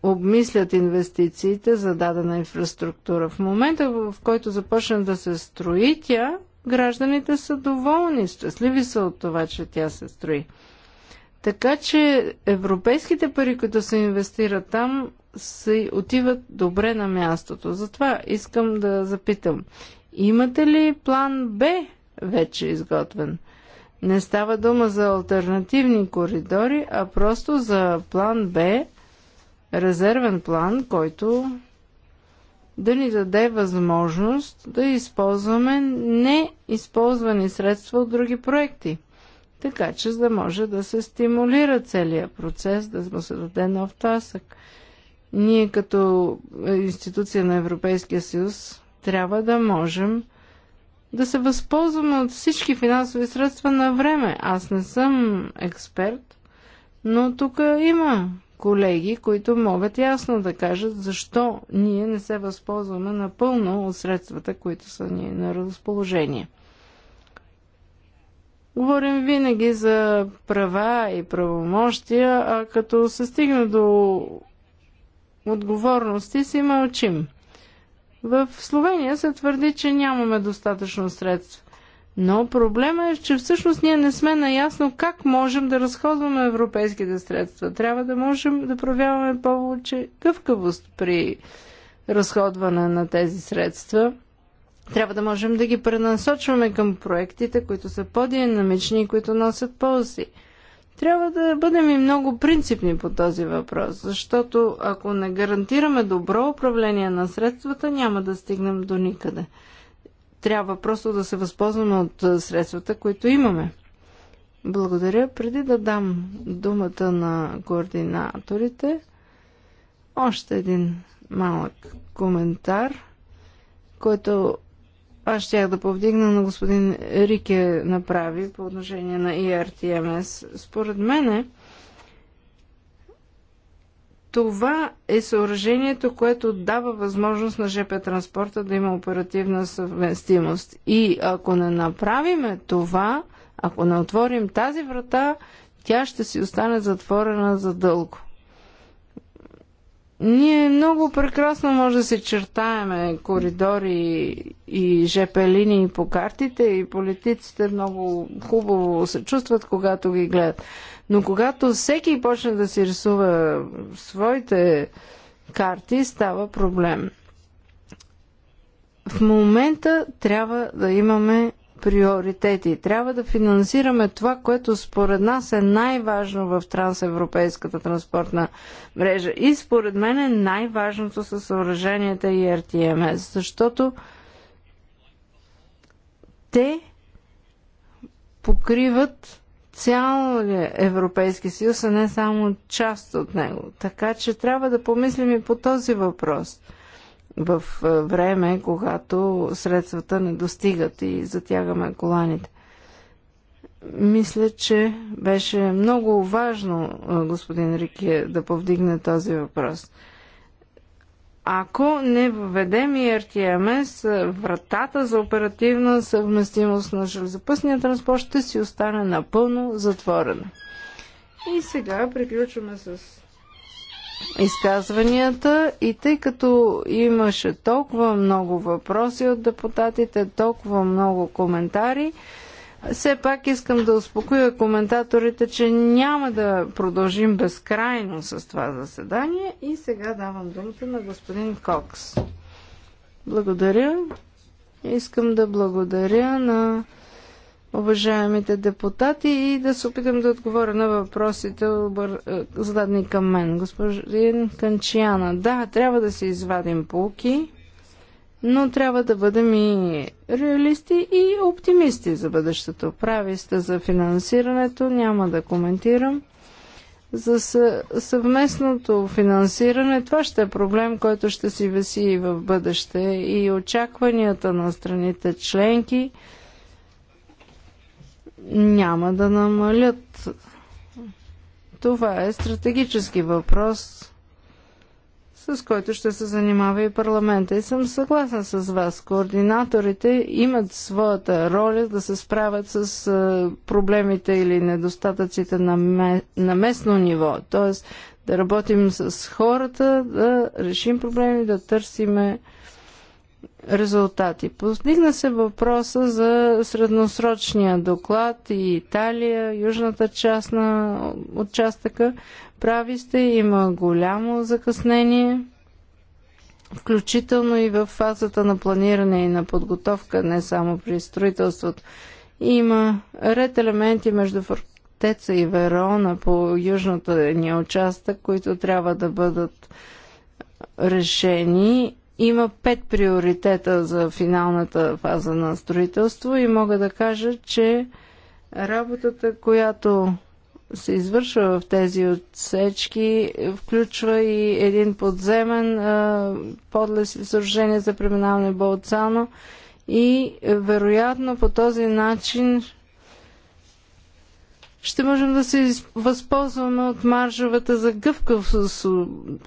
обмислят инвестициите за дадена инфраструктура. В момента, в който започне да се строи тя, гражданите са доволни, щастливи са от това, че тя се строи. Така че европейските пари, които се инвестират там, се отиват добре на мястото. Затова искам да запитам. Имате ли план Б вече изготвен? Не става дума за альтернативни коридори, а просто за план Б, резервен план, който да ни даде възможност да използваме неизползвани средства от други проекти. Така че, за да може да се стимулира целият процес, да му се даде нов тасък. Ние като институция на Европейския съюз трябва да можем да се възползваме от всички финансови средства на време. Аз не съм експерт, но тук има колеги, които могат ясно да кажат защо ние не се възползваме напълно от средствата, които са ни на разположение. Говорим винаги за права и правомощия, а като се стигне до отговорности си мълчим. В Словения се твърди, че нямаме достатъчно средства. Но проблема е, че всъщност ние не сме наясно как можем да разходваме европейските средства. Трябва да можем да проявяваме повече гъвкавост при разходване на тези средства. Трябва да можем да ги пренасочваме към проектите, които са по-динамични и които носят ползи. Трябва да бъдем и много принципни по този въпрос, защото ако не гарантираме добро управление на средствата, няма да стигнем до никъде. Трябва просто да се възползваме от средствата, които имаме. Благодаря. Преди да дам думата на координаторите, още един малък коментар, който аз щях да повдигна, но господин Рике направи по отношение на ERTMS. Според мене, това е съоръжението, което дава възможност на ЖП транспорта да има оперативна съвместимост. И ако не направиме това, ако не отворим тази врата, тя ще си остане затворена за дълго. Ние много прекрасно може да се чертаеме коридори и ЖП линии по картите и политиците много хубаво се чувстват, когато ги гледат. Но когато всеки почне да си рисува своите карти, става проблем. В момента трябва да имаме приоритети. Трябва да финансираме това, което според нас е най-важно в трансевропейската транспортна мрежа. И според мен е най-важното със съоръженията и РТМС, защото те покриват цялия Европейски съюз, а не само част от него. Така че трябва да помислим и по този въпрос – в е, време, когато средствата не достигат и затягаме коланите. Мисля, че беше много важно, е, господин Рике, да повдигне този въпрос. Ако не въведем и РТМС, е, вратата за оперативна съвместимост на железопътния транспорт ще си остане напълно затворена. И сега приключваме с изказванията и тъй като имаше толкова много въпроси от депутатите, толкова много коментари, все пак искам да успокоя коментаторите, че няма да продължим безкрайно с това заседание и сега давам думата на господин Кокс. Благодаря. Искам да благодаря на уважаемите депутати и да се опитам да отговоря на въпросите, е, зададени към мен. Господин Канчияна, да, трябва да се извадим полки, но трябва да бъдем и реалисти и оптимисти за бъдещето. Прави сте за финансирането, няма да коментирам. За съвместното финансиране това ще е проблем, който ще си веси и в бъдеще и очакванията на страните членки – няма да намалят. Това е стратегически въпрос, с който ще се занимава и парламента. И съм съгласна с вас. Координаторите имат своята роля да се справят с проблемите или недостатъците на, ме, на местно ниво. Тоест да работим с хората, да решим проблеми, да търсиме резултати. Постигна се въпроса за средносрочния доклад и Италия, южната част на участъка. Прави сте, има голямо закъснение, включително и в фазата на планиране и на подготовка, не само при строителството. Има ред елементи между Фортеца и Верона по южната ни участък, които трябва да бъдат решени има пет приоритета за финалната фаза на строителство и мога да кажа, че работата, която се извършва в тези отсечки, включва и един подземен подлез и съоръжение за преминаване Болцано и вероятно по този начин ще можем да се възползваме от маржовата за гъвкавост,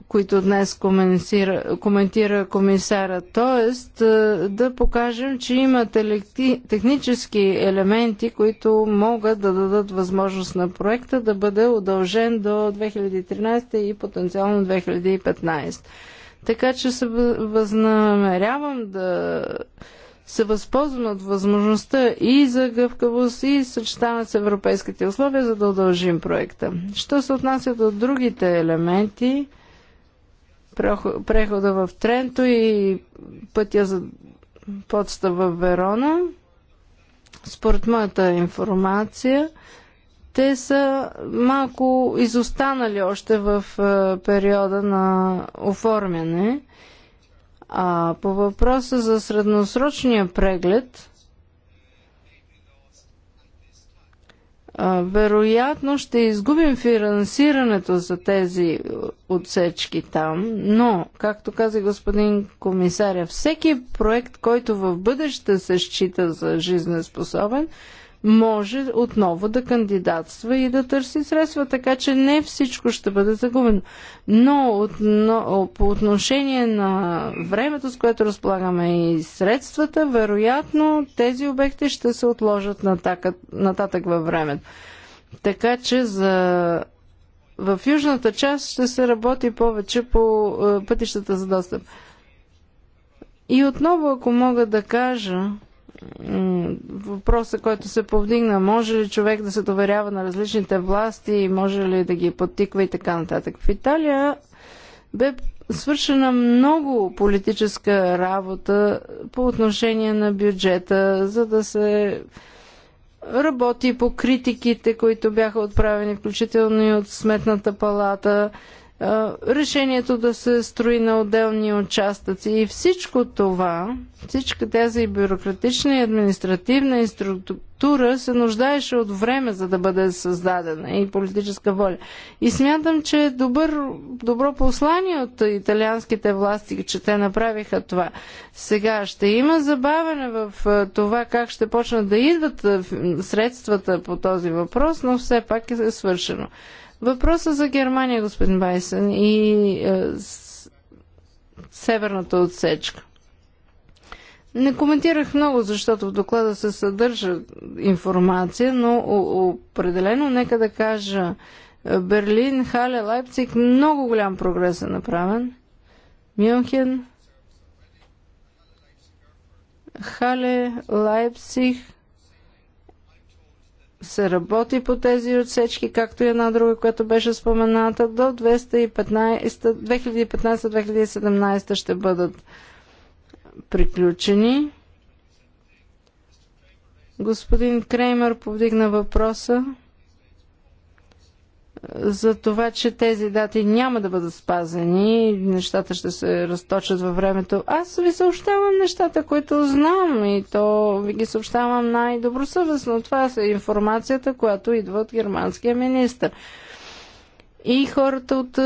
които днес коментира, комисара. Тоест е, да покажем, че има технически елементи, които могат да дадат възможност на проекта да бъде удължен до 2013 и потенциално 2015. Така че се възнамерявам да се възползваме от възможността и за гъвкавост, и съчетаваме с европейските условия, за да удължим проекта. Що се отнася до другите елементи, прехода в Тренто и пътя за подста в Верона, според моята информация, те са малко изостанали още в е, периода на оформяне а по въпроса за средносрочния преглед, вероятно ще изгубим финансирането за тези отсечки там, но, както каза господин комисаря, всеки проект, който в бъдеще се счита за жизнеспособен, способен, може отново да кандидатства и да търси средства, така че не всичко ще бъде загубено. Но но по отношение на времето, с което разполагаме и средствата, вероятно тези обекти ще се отложат нататък, нататък във времето. Така че за в южната част ще се работи повече по е, пътищата за достъп. И отново, ако мога да кажа, въпроса, който се повдигна, може ли човек да се доверява на различните власти, може ли да ги подтиква и така нататък. В Италия бе свършена много политическа работа по отношение на бюджета, за да се работи по критиките, които бяха отправени, включително и от Сметната палата решението да се строи на отделни участъци и всичко това, всичка тази бюрократична и административна инструктура се нуждаеше от време, за да бъде създадена и политическа воля. И смятам, че е добър, добро послание от италианските власти, че те направиха това. Сега ще има забавене в това как ще почнат да идват средствата по този въпрос, но все пак е свършено. Въпросът за Германия, господин Байсен, и е, с... северната отсечка. Не коментирах много, защото в доклада се съдържа информация, но определено нека да кажа е, Берлин, Хале, Лайпциг, много голям прогрес е направен. Мюнхен, Хале, Лайпциг, се работи по тези отсечки, както и една друга, която беше спомената, до 2015-2017 ще бъдат приключени. Господин Креймер повдигна въпроса за това, че тези дати няма да бъдат спазени, нещата ще се разточат във времето. Аз ви съобщавам нещата, които знам и то ви ги съобщавам най-добросъвестно. Това е информацията, която идва от германския министр. И хората от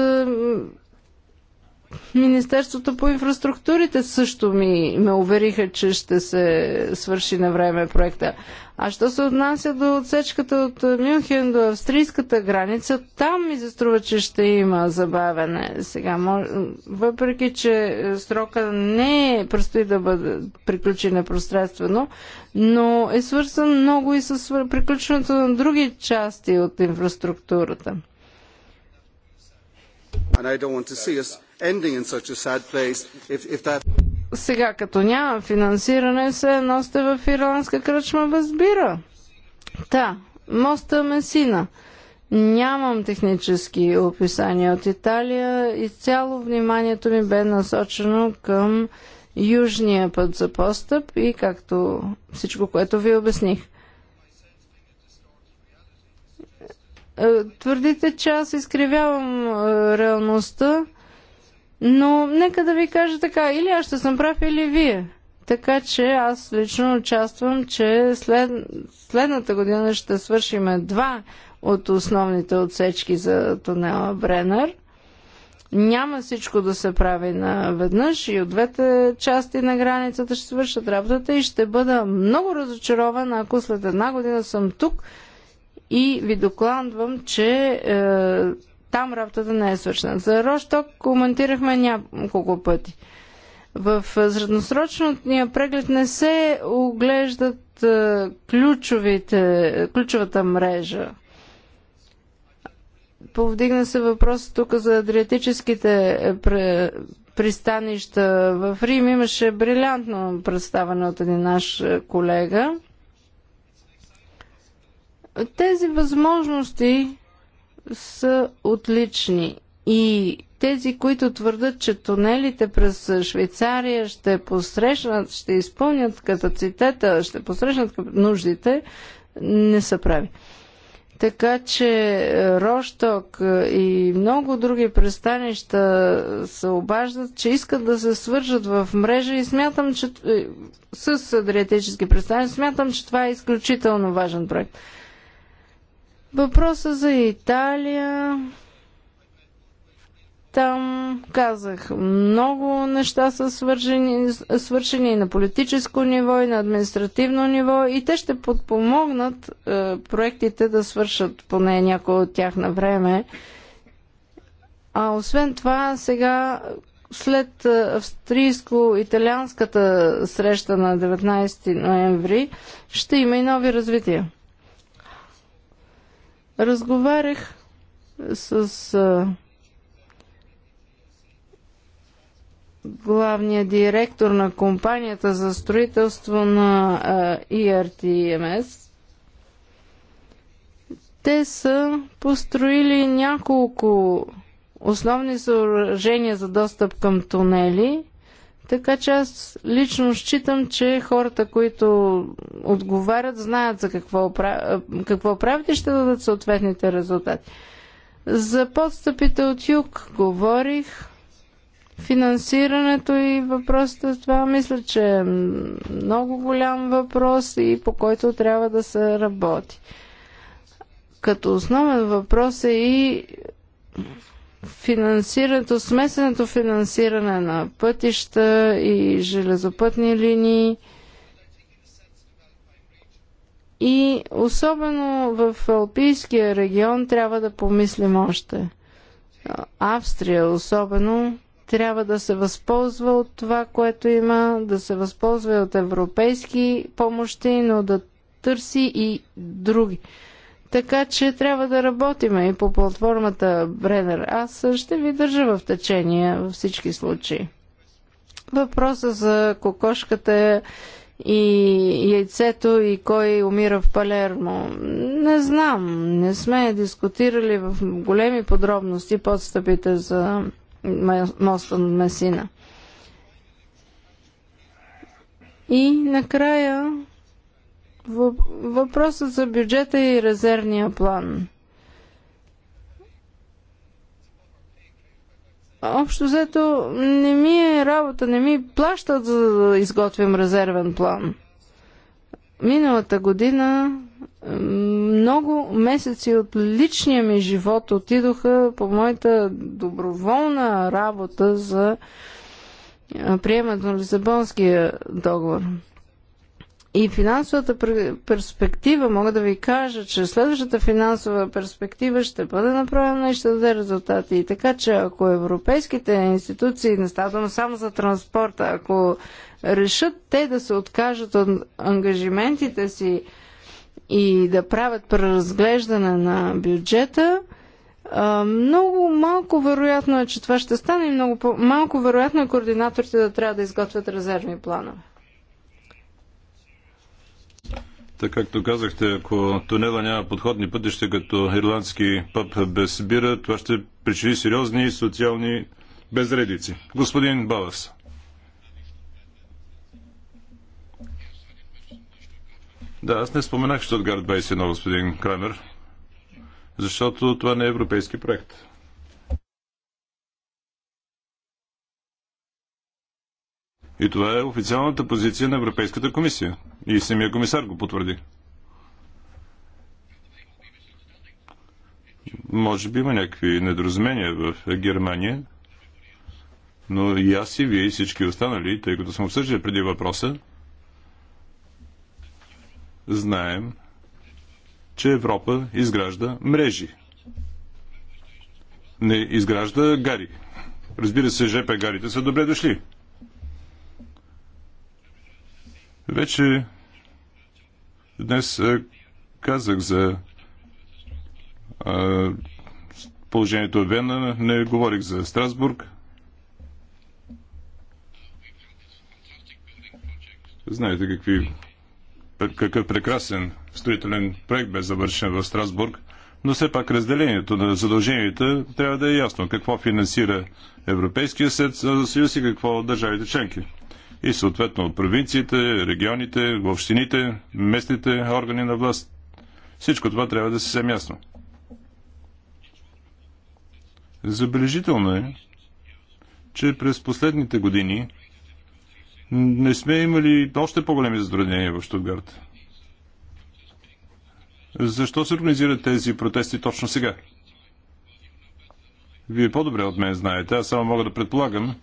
Министерството по инфраструктурите също ми ме увериха, че ще се свърши на време проекта. А що се отнася до отсечката от Мюнхен до австрийската граница, там ми се струва, че ще има забавене. Сега, мож... въпреки, че срока не е предстои да бъде приключи непространствено, но е свързан много и с приключването на други части от инфраструктурата. And I don't want to see us сега, като няма финансиране, все едно сте в ирландска кръчма възбира. Та, моста Месина. Нямам технически описания от Италия. Изцяло вниманието ми бе насочено към южния път за постъп и както всичко, което ви обясних. Е, твърдите, че аз изкривявам е, реалността. Но нека да ви кажа така, или аз ще съм прав, или вие. Така че аз лично участвам, че след, следната година ще свършим два от основните отсечки за тунела Бренер. Няма всичко да се прави наведнъж и от двете части на границата ще свършат работата и ще бъда много разочарован, ако след една година съм тук и ви докладвам, че е, там работата не е свършена. За Рошток коментирахме няколко пъти. В средносрочния преглед не се оглеждат ключовите, ключовата мрежа. Повдигна се въпрос тук за адриатическите е, пристанища в Рим. Имаше брилянтно представане от един наш е, колега. Тези възможности са отлични. И тези, които твърдат, че тунелите през Швейцария ще посрещнат, ще изпълнят капацитета, ще посрещнат нуждите, не са прави. Така че е, Рошток е, и много други пристанища се обаждат, че искат да се свържат в мрежа и смятам, че е, с адриатически пристанища смятам, че това е изключително важен проект. Въпроса за Италия. Там казах, много неща са свършени, свършени и на политическо ниво, и на административно ниво, и те ще подпомогнат е, проектите да свършат поне някои от тях на време. А освен това, сега след е, австрийско-италианската среща на 19 ноември ще има и нови развития. Разговарях с главния директор на компанията за строителство на ERTMS. Те са построили няколко основни съоръжения за достъп към тунели – така че аз лично считам, че хората, които отговарят, знаят за какво, какво правят и ще дадат съответните резултати. За подстъпите от юг говорих, финансирането и въпросите с това, мисля, че е много голям въпрос и по който трябва да се работи. Като основен въпрос е и финансирането, смесеното финансиране на пътища и железопътни линии и особено в Алпийския регион трябва да помислим още. Австрия особено трябва да се възползва от това, което има, да се възползва от европейски помощи, но да търси и други. Така че трябва да работиме и по платформата Бренер. Аз ще ви държа в течение във всички случаи. Въпроса за кокошката и яйцето и кой умира в Палермо. Не знам. Не сме дискутирали в големи подробности подстъпите за моста на Месина. И накрая Въпросът за бюджета и резервния план. Общо взето не ми е работа, не ми плащат за да изготвим резервен план. Миналата година много месеци от личния ми живот отидоха по моята доброволна работа за приемат на Лисабонския договор и финансовата перспектива, мога да ви кажа, че следващата финансова перспектива ще бъде направена и ще даде резултати. И така, че ако европейските институции, не става само за транспорта, ако решат те да се откажат от ангажиментите си и да правят преразглеждане на бюджета, много малко вероятно е, че това ще стане и много малко вероятно е координаторите да трябва да изготвят резервни планове. Така както казахте, ако тунела няма подходни пътища като ирландски пъп без бира, това ще причини сериозни социални безредици. Господин Балас. Да, аз не споменах Штутгарт 21, господин Крамер, защото това не е европейски проект. И това е официалната позиция на Европейската комисия. И самия комисар го потвърди. Може би има някакви недоразумения в Германия, но и аз и вие и всички останали, тъй като сме обсъждали преди въпроса, знаем, че Европа изгражда мрежи. Не изгражда гари. Разбира се, ЖП гарите са добре дошли. Вече днес казах за положението в Вена, не говорих за Страсбург. Знаете какви, какъв прекрасен строителен проект бе завършен в Страсбург, но все пак разделението на задълженията трябва да е ясно. Какво финансира Европейския съюз и какво държавите членки и съответно от провинциите, регионите, общините, местните органи на власт. Всичко това трябва да се съвсем ясно. Забележително е, че през последните години не сме имали още по-големи затруднения в Штутгарт. Защо се организират тези протести точно сега? Вие по-добре от мен знаете, аз само мога да предполагам,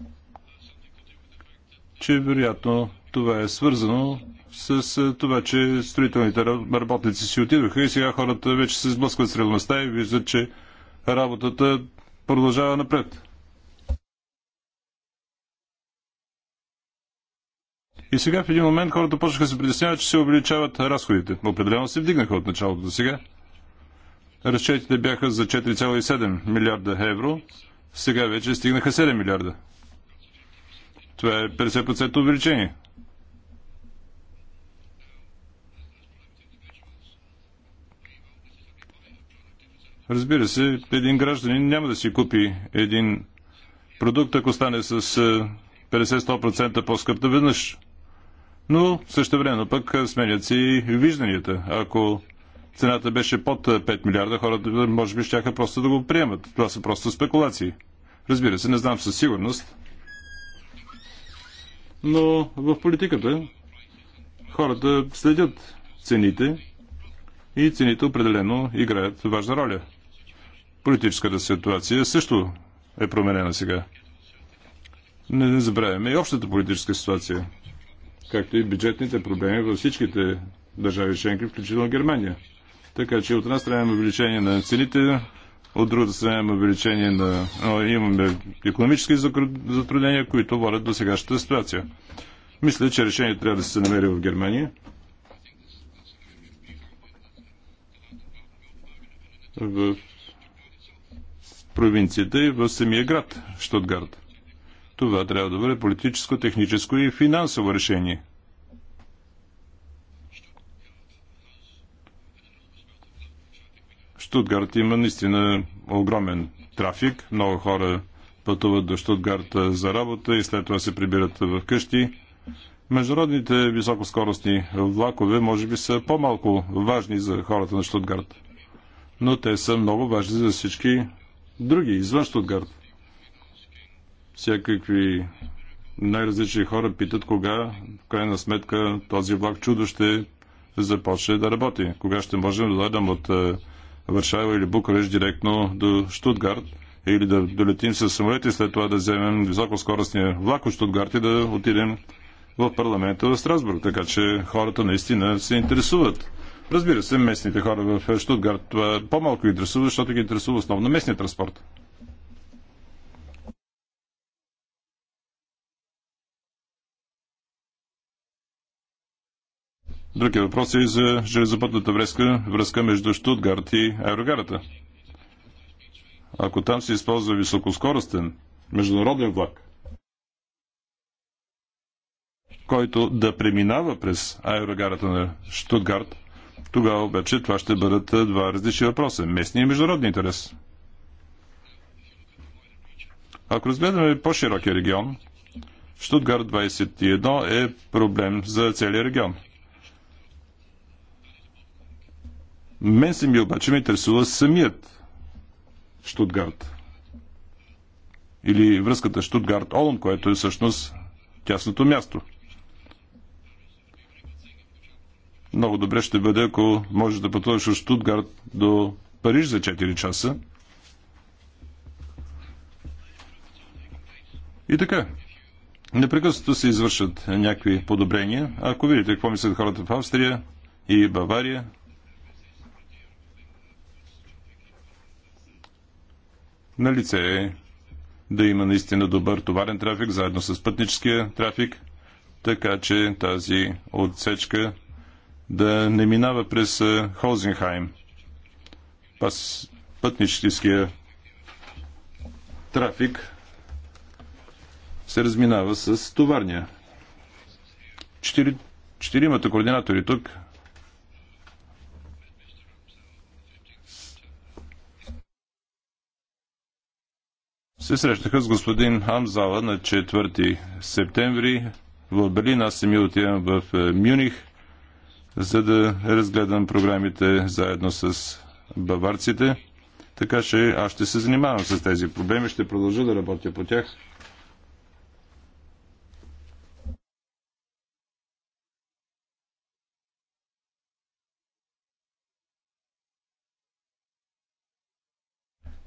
че вероятно това е свързано с това, че строителните работници си отидоха и сега хората вече се сблъскват с реалността и виждат, че работата продължава напред. И сега в един момент хората почнаха да се притесняват, че се увеличават разходите. Определено се вдигнаха от началото до сега. Разчетите бяха за 4,7 милиарда евро, сега вече стигнаха 7 милиарда. Това е 50% увеличение. Разбира се, един гражданин няма да си купи един продукт, ако стане с 50-100% по-скъп да веднъж. Но също време пък е, сменят си и вижданията. Ако цената беше под 5 е, милиарда, хората е, може би ще просто да го приемат. Това са просто спекулации. Разбира се, не знам със сигурност, но в политиката хората следят цените и цените определено играят важна роля. Политическата ситуация също е променена сега. Не, не забравяме и общата политическа ситуация, както и бюджетните проблеми във всичките държави членки, включително Германия. Така че от една страна имаме увеличение на цените, от другата страна имаме увеличение на... имаме економически затруднения, които водят до сегашната ситуация. Мисля, че решението трябва да се намери в Германия. В провинцията и в самия град Штутгарт. Това трябва да бъде политическо, техническо и финансово решение – Штутгарт има наистина огромен трафик. Много хора пътуват до Штутгарт за работа и след това се прибират в къщи. Международните високоскоростни влакове може би са по-малко важни за хората на Штутгарт, но те са много важни за всички други извън Штутгарт. Всякакви най-различни хора питат кога, в крайна сметка, този влак чудо ще започне да работи. Кога ще можем да дойдем от Варшава или Букареш директно до Штутгарт или да долетим с самолет и след това да вземем високоскоростния влак от Штутгарт и да отидем в парламента в Страсбург. Така че хората наистина се интересуват. Разбира се, местните хора в Штутгарт това по-малко интересува, защото ги интересува основно местния транспорт. Други въпрос е за железопътната връзка, връзка между Штутгарт и аерогарата. Ако там се използва високоскоростен международен влак, който да преминава през аерогарата на Штутгарт, тогава обаче това ще бъдат два различни въпроса. Местния и международния интерес. Ако разгледаме по-широкия регион, Штутгарт 21 е проблем за целия регион – Мен се ми обаче ме интересува самият Штутгарт. Или връзката Штутгарт-Олън, което е всъщност тясното място. Много добре ще бъде, ако можеш да пътуваш от Штутгарт до Париж за 4 часа. И така, непрекъснато се извършат някакви подобрения. Ако видите какво мислят хората в Австрия и Бавария, на лице е да има наистина добър товарен трафик, заедно с пътническия трафик, така че тази отсечка да не минава през Холзенхайм. Пас пътническия трафик се разминава с товарния. Четири, четиримата координатори тук се срещнаха с господин Амзала на 4 септември в Берлин. Аз сами отивам в е, Мюних, за да разгледам програмите заедно с баварците. Така че аз ще се занимавам с тези проблеми, ще продължа да работя по тях.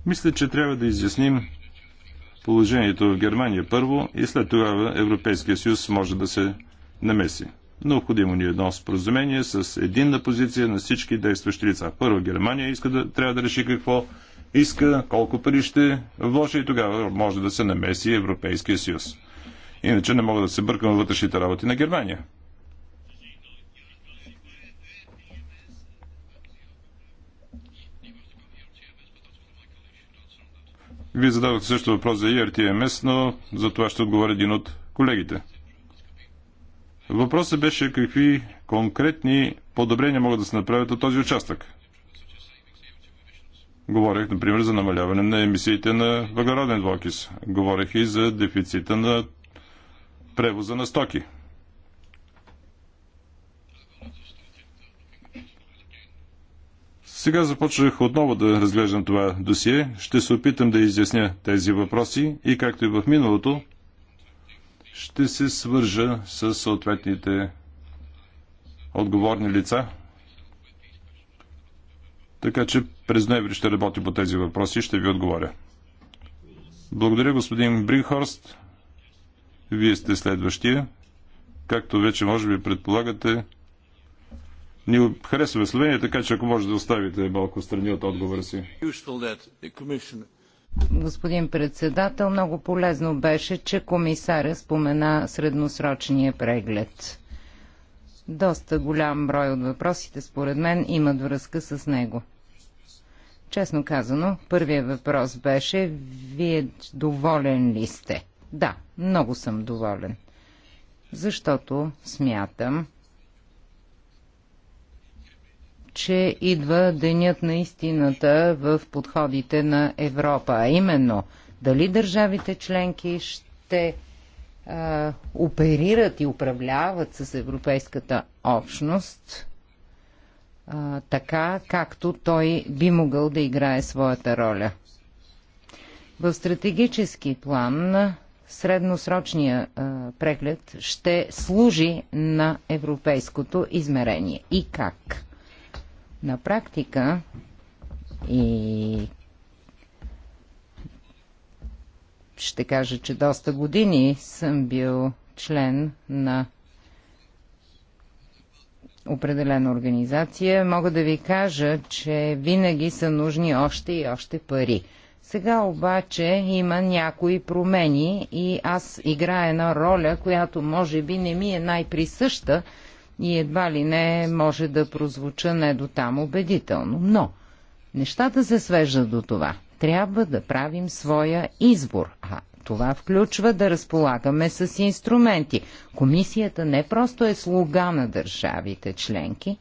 Мисля, че трябва да изясним положението в Германия първо и след тогава Европейския съюз може да се намеси. Необходимо ни е едно споразумение с единна позиция на всички действащи лица. Първо Германия иска да, трябва да реши какво иска, колко пари ще вложи и тогава може да се намеси Европейския съюз. Иначе не мога да се бъркам вътрешните работи на Германия. Вие зададохте също въпрос за ERTMS, но за това ще отговори един от колегите. Въпросът беше какви конкретни подобрения могат да се направят от този участък. Говорех, например, за намаляване на емисиите на въглероден двокис. Говорех и за дефицита на превоза на стоки. Сега започнах отново да разглеждам това досие. Ще се опитам да изясня тези въпроси и както и в миналото, ще се свържа с съответните отговорни лица. Така че през ноември ще работя по тези въпроси и ще ви отговоря. Благодаря, господин Бринхорст. Вие сте следващия. Както вече може би предполагате, ни харесва Словения, така че ако може да оставите малко страни от отговора си. Господин председател, много полезно беше, че комисаря спомена средносрочния преглед. Доста голям брой от въпросите, според мен, имат връзка с него. Честно казано, първият въпрос беше, вие доволен ли сте? Да, много съм доволен. Защото смятам, че идва денят на истината в подходите на Европа, а именно дали държавите членки ще а, оперират и управляват с Европейската общност а, така, както той би могъл да играе своята роля. В стратегически план средносрочния а, преглед ще служи на европейското измерение. И как? На практика и ще кажа, че доста години съм бил член на определена организация, мога да ви кажа, че винаги са нужни още и още пари. Сега обаче има някои промени и аз играя една роля, която може би не ми е най-присъща, и едва ли не може да прозвуча не до там убедително. Но нещата се свеждат до това. Трябва да правим своя избор, а това включва да разполагаме с инструменти. Комисията не просто е слуга на държавите членки,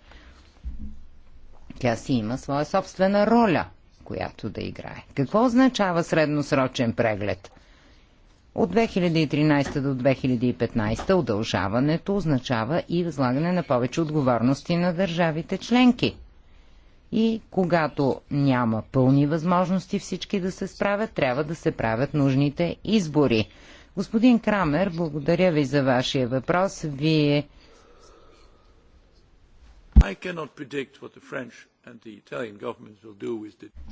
тя си има своя собствена роля, която да играе. Какво означава средносрочен преглед? От 2013 до 2015 удължаването означава и възлагане на повече отговорности на държавите членки. И когато няма пълни възможности всички да се справят, трябва да се правят нужните избори. Господин Крамер, благодаря ви за вашия въпрос. Вие I cannot predict what the French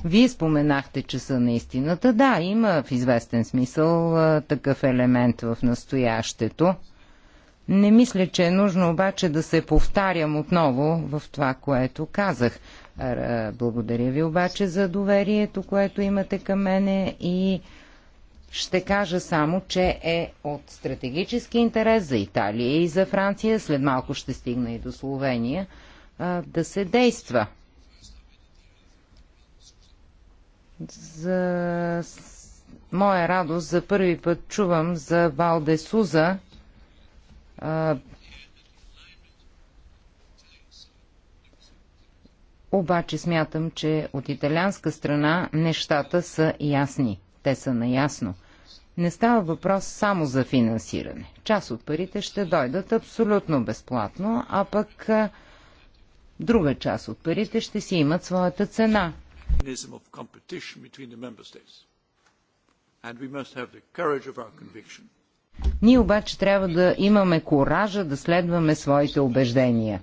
вие споменахте часа на истината. Да, има в известен смисъл такъв елемент в настоящето. Не мисля, че е нужно обаче да се повтарям отново в това, което казах. Благодаря ви обаче за доверието, което имате към мене и ще кажа само, че е от стратегически интерес за Италия и за Франция, след малко ще стигна и до Словения, да се действа За моя радост за първи път чувам за Валде Суза. обаче смятам, че от италианска страна нещата са ясни. Те са наясно. Не става въпрос само за финансиране. Част от парите ще дойдат абсолютно безплатно, а пък друга част от парите ще си имат своята цена mechanism of competition between the member states. And we must have the courage of our conviction. Ние обаче трябва да имаме коража да следваме своите убеждения.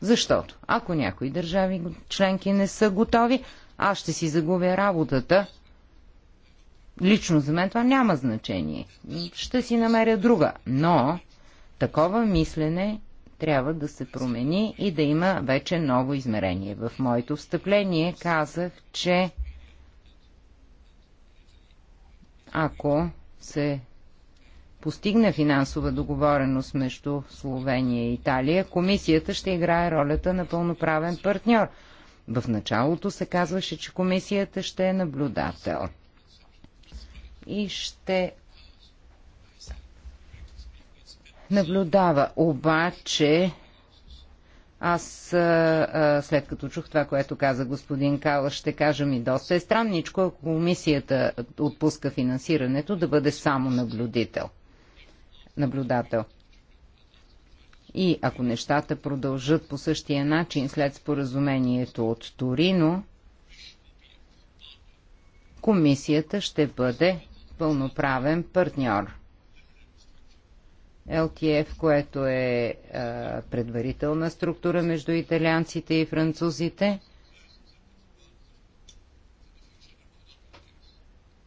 Защото ако някои държави членки не са готови, аз ще си загубя работата. Лично за мен това няма значение. Ще си намеря друга. Но такова мислене трябва да се промени и да има вече ново измерение. В моето встъпление казах, че ако се постигне финансова договореност между Словения и Италия, комисията ще играе ролята на пълноправен партньор. В началото се казваше, че комисията ще е наблюдател и ще наблюдава. Обаче, аз, а, след като чух това, което каза господин Кала, ще кажа ми доста е странничко, ако комисията отпуска финансирането, да бъде само наблюдител. Наблюдател. И ако нещата продължат по същия начин след споразумението от Торино, комисията ще бъде пълноправен партньор. LTF, което е а, предварителна структура между италианците и французите.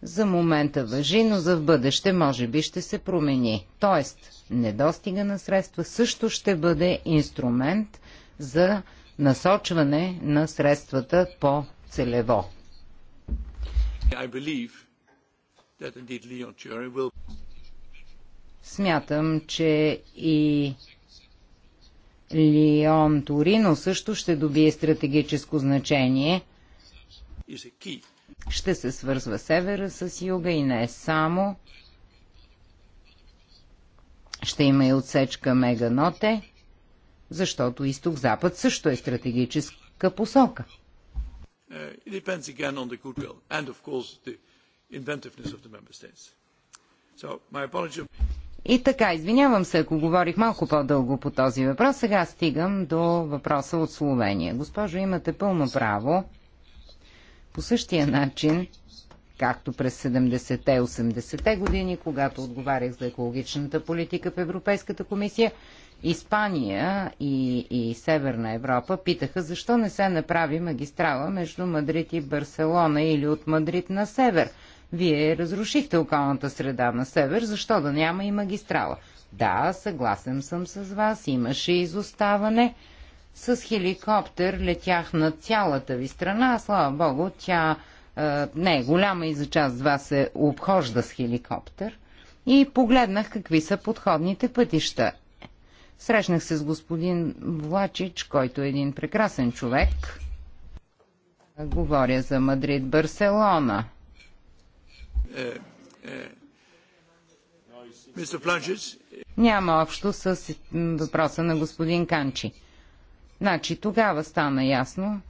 За момента въжи, но за в бъдеще може би ще се промени. Тоест, недостига на средства също ще бъде инструмент за насочване на средствата по целево. Will... Смятам, че и Лион Торино също ще добие стратегическо значение. Ще се свързва севера с юга и не само. Ще има и отсечка Меганоте, защото изток-запад също е стратегическа посока. Uh, и така, извинявам се, ако говорих малко по-дълго по този въпрос. Сега стигам до въпроса от Словения. Госпожо, имате пълно право. По същия начин, както през 70-те, 80-те години, когато отговарях за екологичната политика в Европейската комисия, Испания и, и Северна Европа питаха защо не се направи магистрала между Мадрид и Барселона или от Мадрид на север – вие разрушихте околната среда на север, защо да няма и магистрала? Да, съгласен съм с вас, имаше изоставане. С хеликоптер летях на цялата ви страна, слава богу, тя е, не е голяма и за част два се обхожда с хеликоптер. И погледнах какви са подходните пътища. Срещнах се с господин Влачич, който е един прекрасен човек. Говоря за Мадрид-Барселона. Няма общо с е, въпроса на господин Канчи. Значи тогава стана ясно,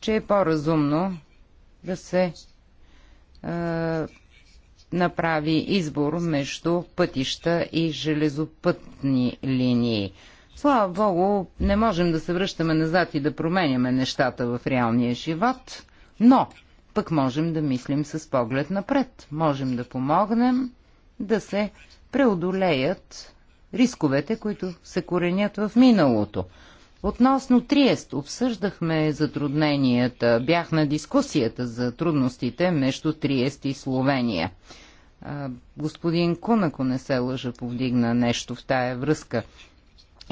че е по-разумно да се е, направи избор между пътища и железопътни линии. Слава Богу, не можем да се връщаме назад и да променяме нещата в реалния живот, но пък можем да мислим с поглед напред. Можем да помогнем да се преодолеят рисковете, които се коренят в миналото. Относно Триест обсъждахме затрудненията, бях на дискусията за трудностите между Триест и Словения. А, господин Кун, ако не се лъжа, повдигна нещо в тая връзка.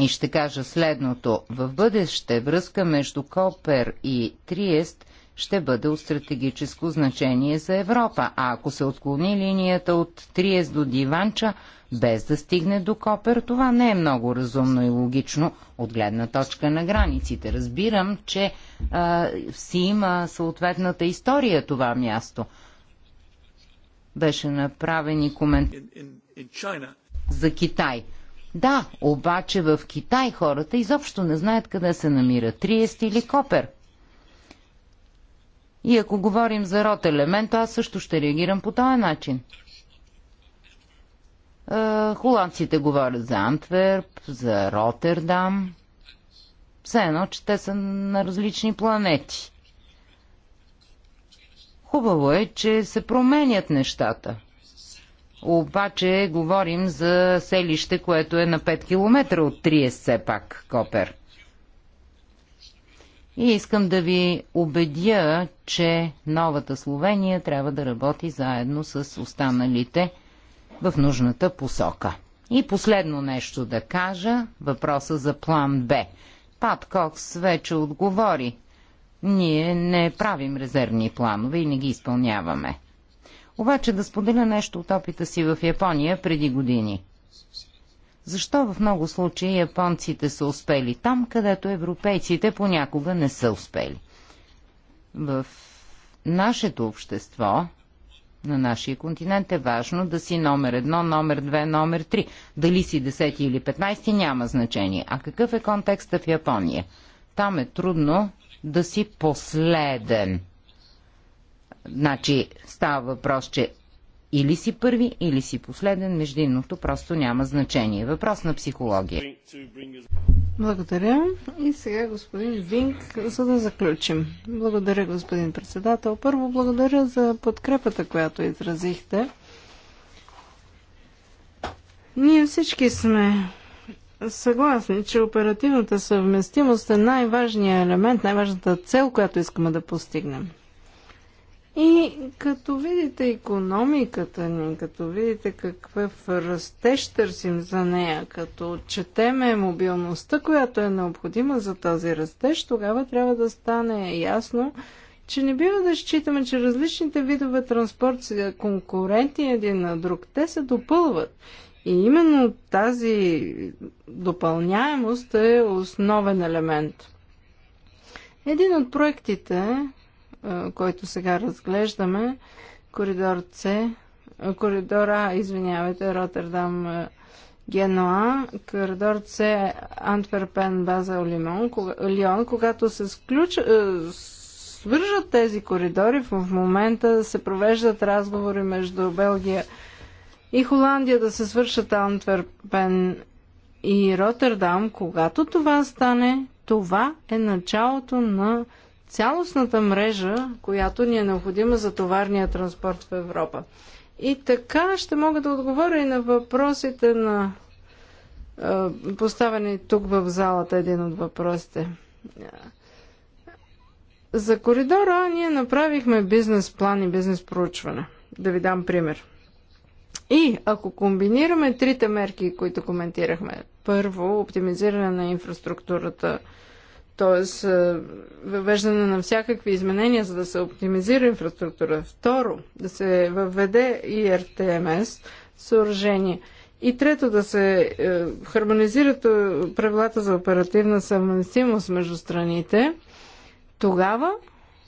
И ще кажа следното. В бъдеще връзка между Копер и Триест ще бъде от стратегическо значение за Европа. А ако се отклони линията от Триест до Диванча, без да стигне до Копер, това не е много разумно и логично от гледна точка на границите. Разбирам, че а, си има съответната история това място. Беше направен и коментар за Китай. Да, обаче в Китай хората изобщо не знаят къде се намира Триест или Копер. И ако говорим за род елемент, аз също ще реагирам по този начин. Е, холандците говорят за Антверп, за Ротердам. Все едно, че те са на различни планети. Хубаво е, че се променят нещата. Обаче говорим за селище, което е на 5 км от 30 все пак, Копер. И искам да ви убедя, че новата Словения трябва да работи заедно с останалите в нужната посока. И последно нещо да кажа, въпроса за план Б. Пат Кокс вече отговори. Ние не правим резервни планове и не ги изпълняваме. Обаче да споделя нещо от опита си в Япония преди години – защо в много случаи японците са успели там, където европейците понякога не са успели? В нашето общество, на нашия континент е важно да си номер едно, номер две, номер три. Дали си 10 или 15 няма значение. А какъв е контекста в Япония? Там е трудно да си последен. Значи става въпрос, че или си първи, или си последен, междинното просто няма значение. Въпрос на психология. Благодаря. И сега господин Винк, за да заключим. Благодаря, господин председател. Първо благодаря за подкрепата, която изразихте. Ние всички сме съгласни, че оперативната съвместимост е най-важният елемент, най-важната цел, която искаме да постигнем. И като видите економиката ни, като видите какъв растеж търсим за нея, като четеме мобилността, която е необходима за този растеж, тогава трябва да стане ясно, че не бива да считаме, че различните видове транспорт са конкуренти един на друг. Те се допълват. И именно тази допълняемост е основен елемент. Един от проектите, който сега разглеждаме, коридор С, коридор А, извинявайте, Роттердам Генуа, коридор С, е Антверпен, База Лимон, Лион, когато се сключ, свържат тези коридори, в момента се провеждат разговори между Белгия и Холандия да се свършат Антверпен и Роттердам. Когато това стане, това е началото на цялостната мрежа, която ни е необходима за товарния транспорт в Европа. И така ще мога да отговоря и на въпросите на поставени тук в залата един от въпросите. За коридора ние направихме бизнес план и бизнес проучване. Да ви дам пример. И ако комбинираме трите мерки, които коментирахме, първо оптимизиране на инфраструктурата, т.е. въвеждане на всякакви изменения, за да се оптимизира инфраструктура. Второ, да се въведе и РТМС съоръжение. И трето, да се е, хармонизират е, правилата за оперативна съвместимост между страните. Тогава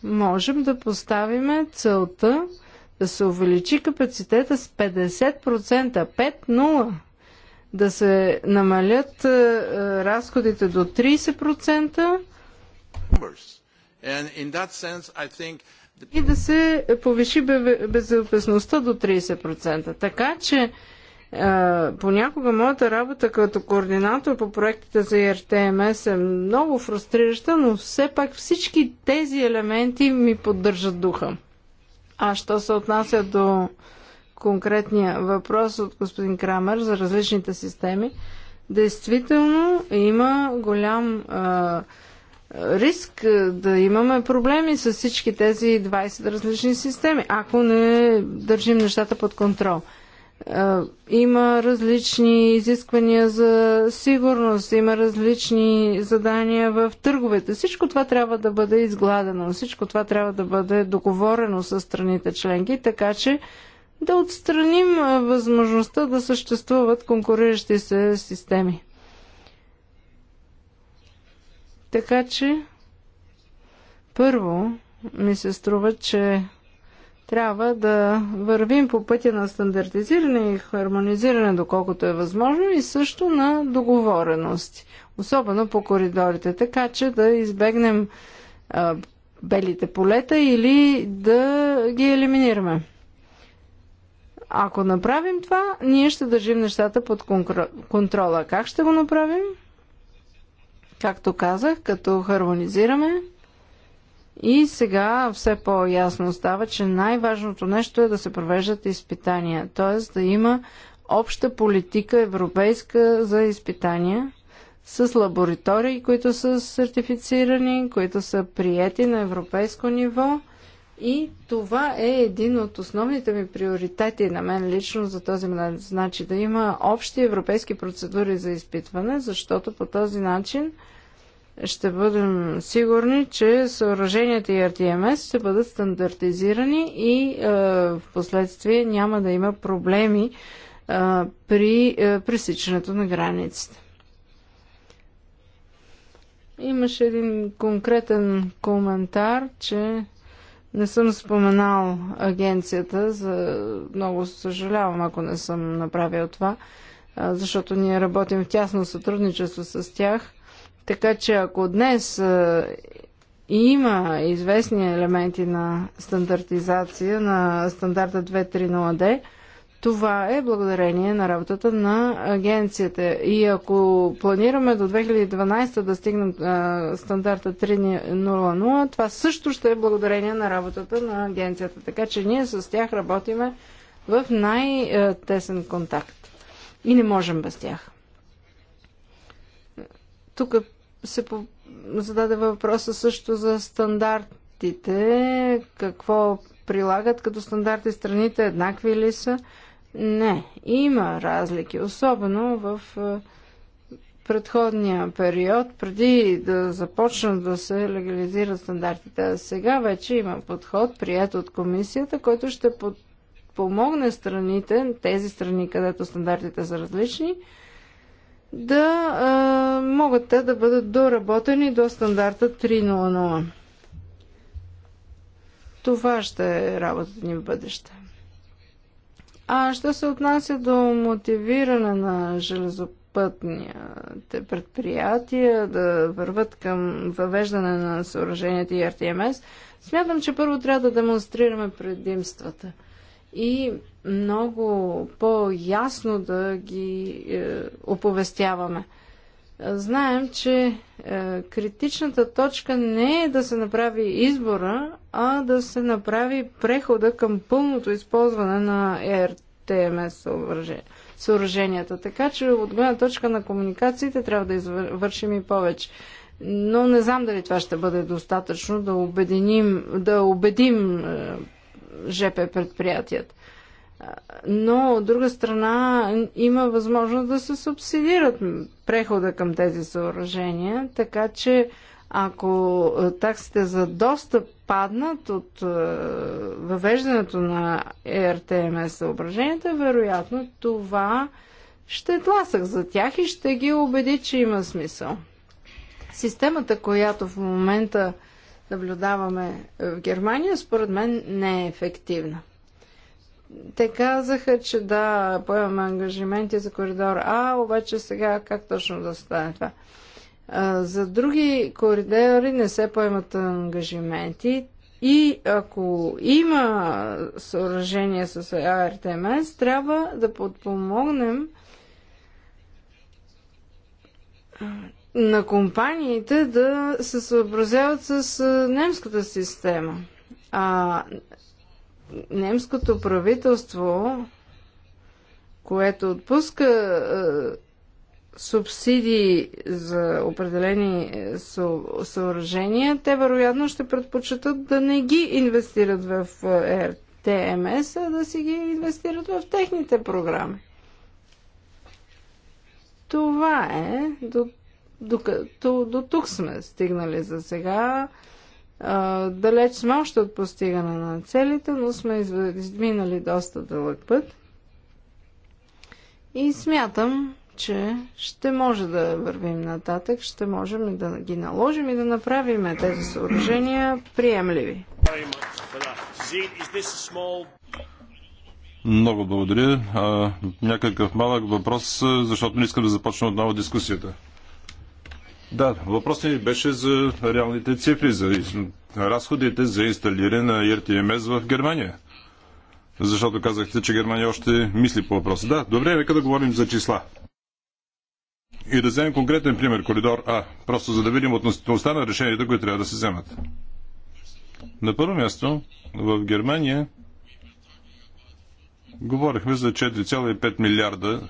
можем да поставим целта да се увеличи капацитета с 50%, 5-0 да се намалят е, е, разходите до 30% и да се повиши безопасността до 30%. Така че е, понякога моята работа като координатор по проектите за РТМС е много фрустрираща, но все пак всички тези елементи ми поддържат духа. А що се отнася до конкретния въпрос от господин Крамер за различните системи, действително има голям а, риск да имаме проблеми с всички тези 20 различни системи, ако не държим нещата под контрол. А, има различни изисквания за сигурност, има различни задания в търговете. Всичко това трябва да бъде изгладено, всичко това трябва да бъде договорено с страните членки, така че да отстраним възможността да съществуват конкуриращи се системи. Така че, първо, ми се струва, че трябва да вървим по пътя на стандартизиране и хармонизиране, доколкото е възможно, и също на договорености, особено по коридорите, така че да избегнем а, белите полета или да ги елиминираме. Ако направим това, ние ще държим нещата под контрола. Как ще го направим? Както казах, като хармонизираме. И сега все по-ясно става, че най-важното нещо е да се провеждат изпитания, т.е. да има обща политика европейска за изпитания с лаборатории, които са сертифицирани, които са приети на европейско ниво и това е един от основните ми приоритети на мен лично за този момент. Значи да има общи европейски процедури за изпитване, защото по този начин ще бъдем сигурни, че съоръженията и RTMS ще бъдат стандартизирани и е, в последствие няма да има проблеми е, при е, пресичането на границите. Имаше един конкретен коментар, че не съм споменал агенцията, за... много съжалявам, ако не съм направил това, защото ние работим в тясно сътрудничество с тях. Така че ако днес има известни елементи на стандартизация на стандарта 230D, това е благодарение на работата на агенцията. И ако планираме до 2012 да стигнем а, стандарта 3.00, това също ще е благодарение на работата на агенцията. Така че ние с тях работиме в най-тесен контакт. И не можем без тях. Тук се по... зададе въпроса също за стандартите. Какво прилагат като стандарти страните, еднакви ли са? Не, има разлики, особено в е, предходния период, преди да започнат да се легализират стандартите. А сега вече има подход, прият от комисията, който ще помогне страните, тези страни, където стандартите са различни, да а, е, могат те да бъдат доработени до стандарта 3.0.0. Това ще е работата ни в бъдеще. А що се отнася до мотивиране на железопътните предприятия да върват към въвеждане на съоръженията и РТМС, смятам, че първо трябва да демонстрираме предимствата и много по-ясно да ги е, оповестяваме. Знаем, че е, критичната точка не е да се направи избора, а да се направи прехода към пълното използване на ЕРТМС съоръженията. Така че от гледна точка на комуникациите трябва да извършим и повече. Но не знам дали това ще бъде достатъчно да, обединим, да убедим е, ЖП предприятията но от друга страна има възможност да се субсидират прехода към тези съоръжения, така че ако е, таксите за достъп паднат от е, въвеждането на ЕРТМС съображенията, вероятно това ще е тласък за тях и ще ги убеди, че има смисъл. Системата, която в момента наблюдаваме е, в Германия, според мен не е ефективна те казаха, че да, поемаме ангажименти за коридор А, обаче сега как точно да стане това? За други коридори не се поемат ангажименти и ако има съоръжение с АРТМС, трябва да подпомогнем на компаниите да се съобразяват с немската система. А немското правителство, което отпуска е, субсидии за определени е, съоръжения, те вероятно ще предпочитат да не ги инвестират в е, РТМС, а да си ги инвестират в техните програми. Това е. До, до, до, до тук сме стигнали за сега. Далеч сме още от постигане на целите, но сме изминали доста дълъг път. И смятам, че ще може да вървим нататък, ще можем и да ги наложим и да направим тези съоръжения приемливи. Много благодаря. някакъв малък въпрос, защото не искам да започна отново дискусията. Да, въпросът ми беше за реалните цифри, за разходите за инсталиране на RTMS в Германия. Защото казахте, че Германия още мисли по въпроса. Да, добре, нека да говорим за числа. И да вземем конкретен пример, коридор А, просто за да видим относителността на решенията, които трябва да се вземат. На първо място, в Германия говорихме за 4,5 милиарда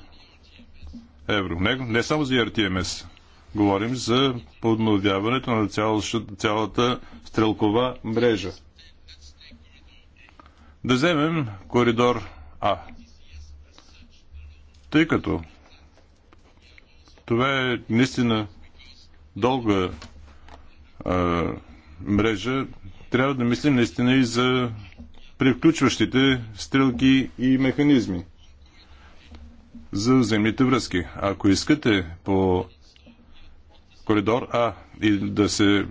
евро. Не, не само за RTMS. Говорим за подновяването на цялата стрелкова мрежа. Да вземем коридор А. Тъй като това е наистина дълга а, мрежа, трябва да мислим наистина и за превключващите стрелки и механизми за взаимните връзки. Ако искате по коридор А и да се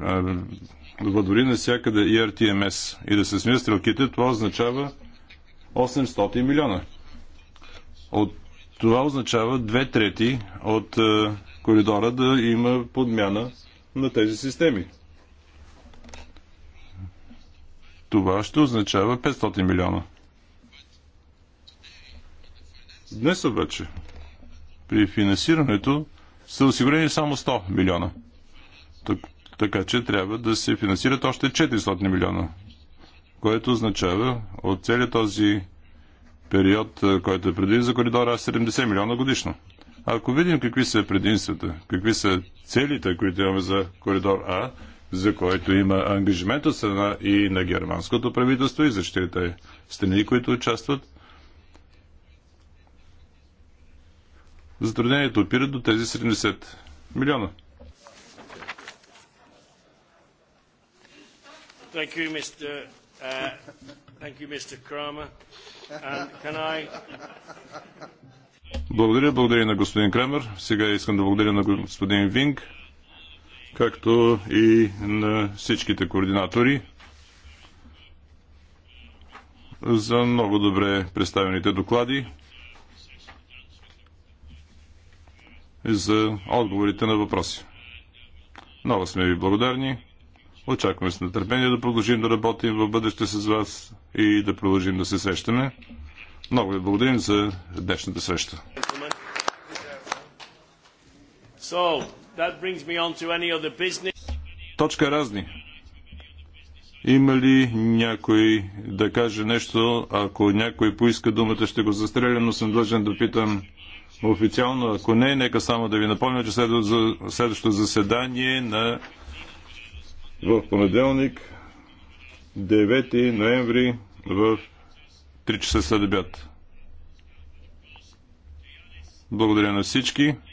въдвори навсякъде ERTMS и да се сменят стрелките, това означава 800 милиона. От това означава две трети от коридора да има подмяна на тези системи. Това ще означава 500 милиона. Днес обаче, при финансирането са осигурени само 100 милиона. Так, така че трябва да се финансират още 400 милиона, което означава от целият този период, който е предвиден за коридора, 70 милиона годишно. Ако видим какви са предимствата, какви са целите, които имаме за коридор А, за който има ангажимент от страна и на германското правителство и защита страни, които участват, затруднението опира до тези 70 милиона. Thank you, Mr. Uh, thank you, Mr. Kramer. And um, can I... Благодаря, благодаря на господин Крамер. Сега искам да благодаря на господин Винг, както и на всичките координатори за много добре представените доклади. за отговорите на въпроси. Много сме ви благодарни. Очакваме с нетърпение да продължим да работим в бъдеще с вас и да продължим да се срещаме. Много ви благодарим за днешната среща. Точка разни. Има ли някой да каже нещо? Ако някой поиска думата, ще го застреля, но съм длъжен да питам официално. Ако не, нека само да ви напомня, че за, следващото заседание на в понеделник 9 ноември в 3 часа след обяд. Благодаря на всички.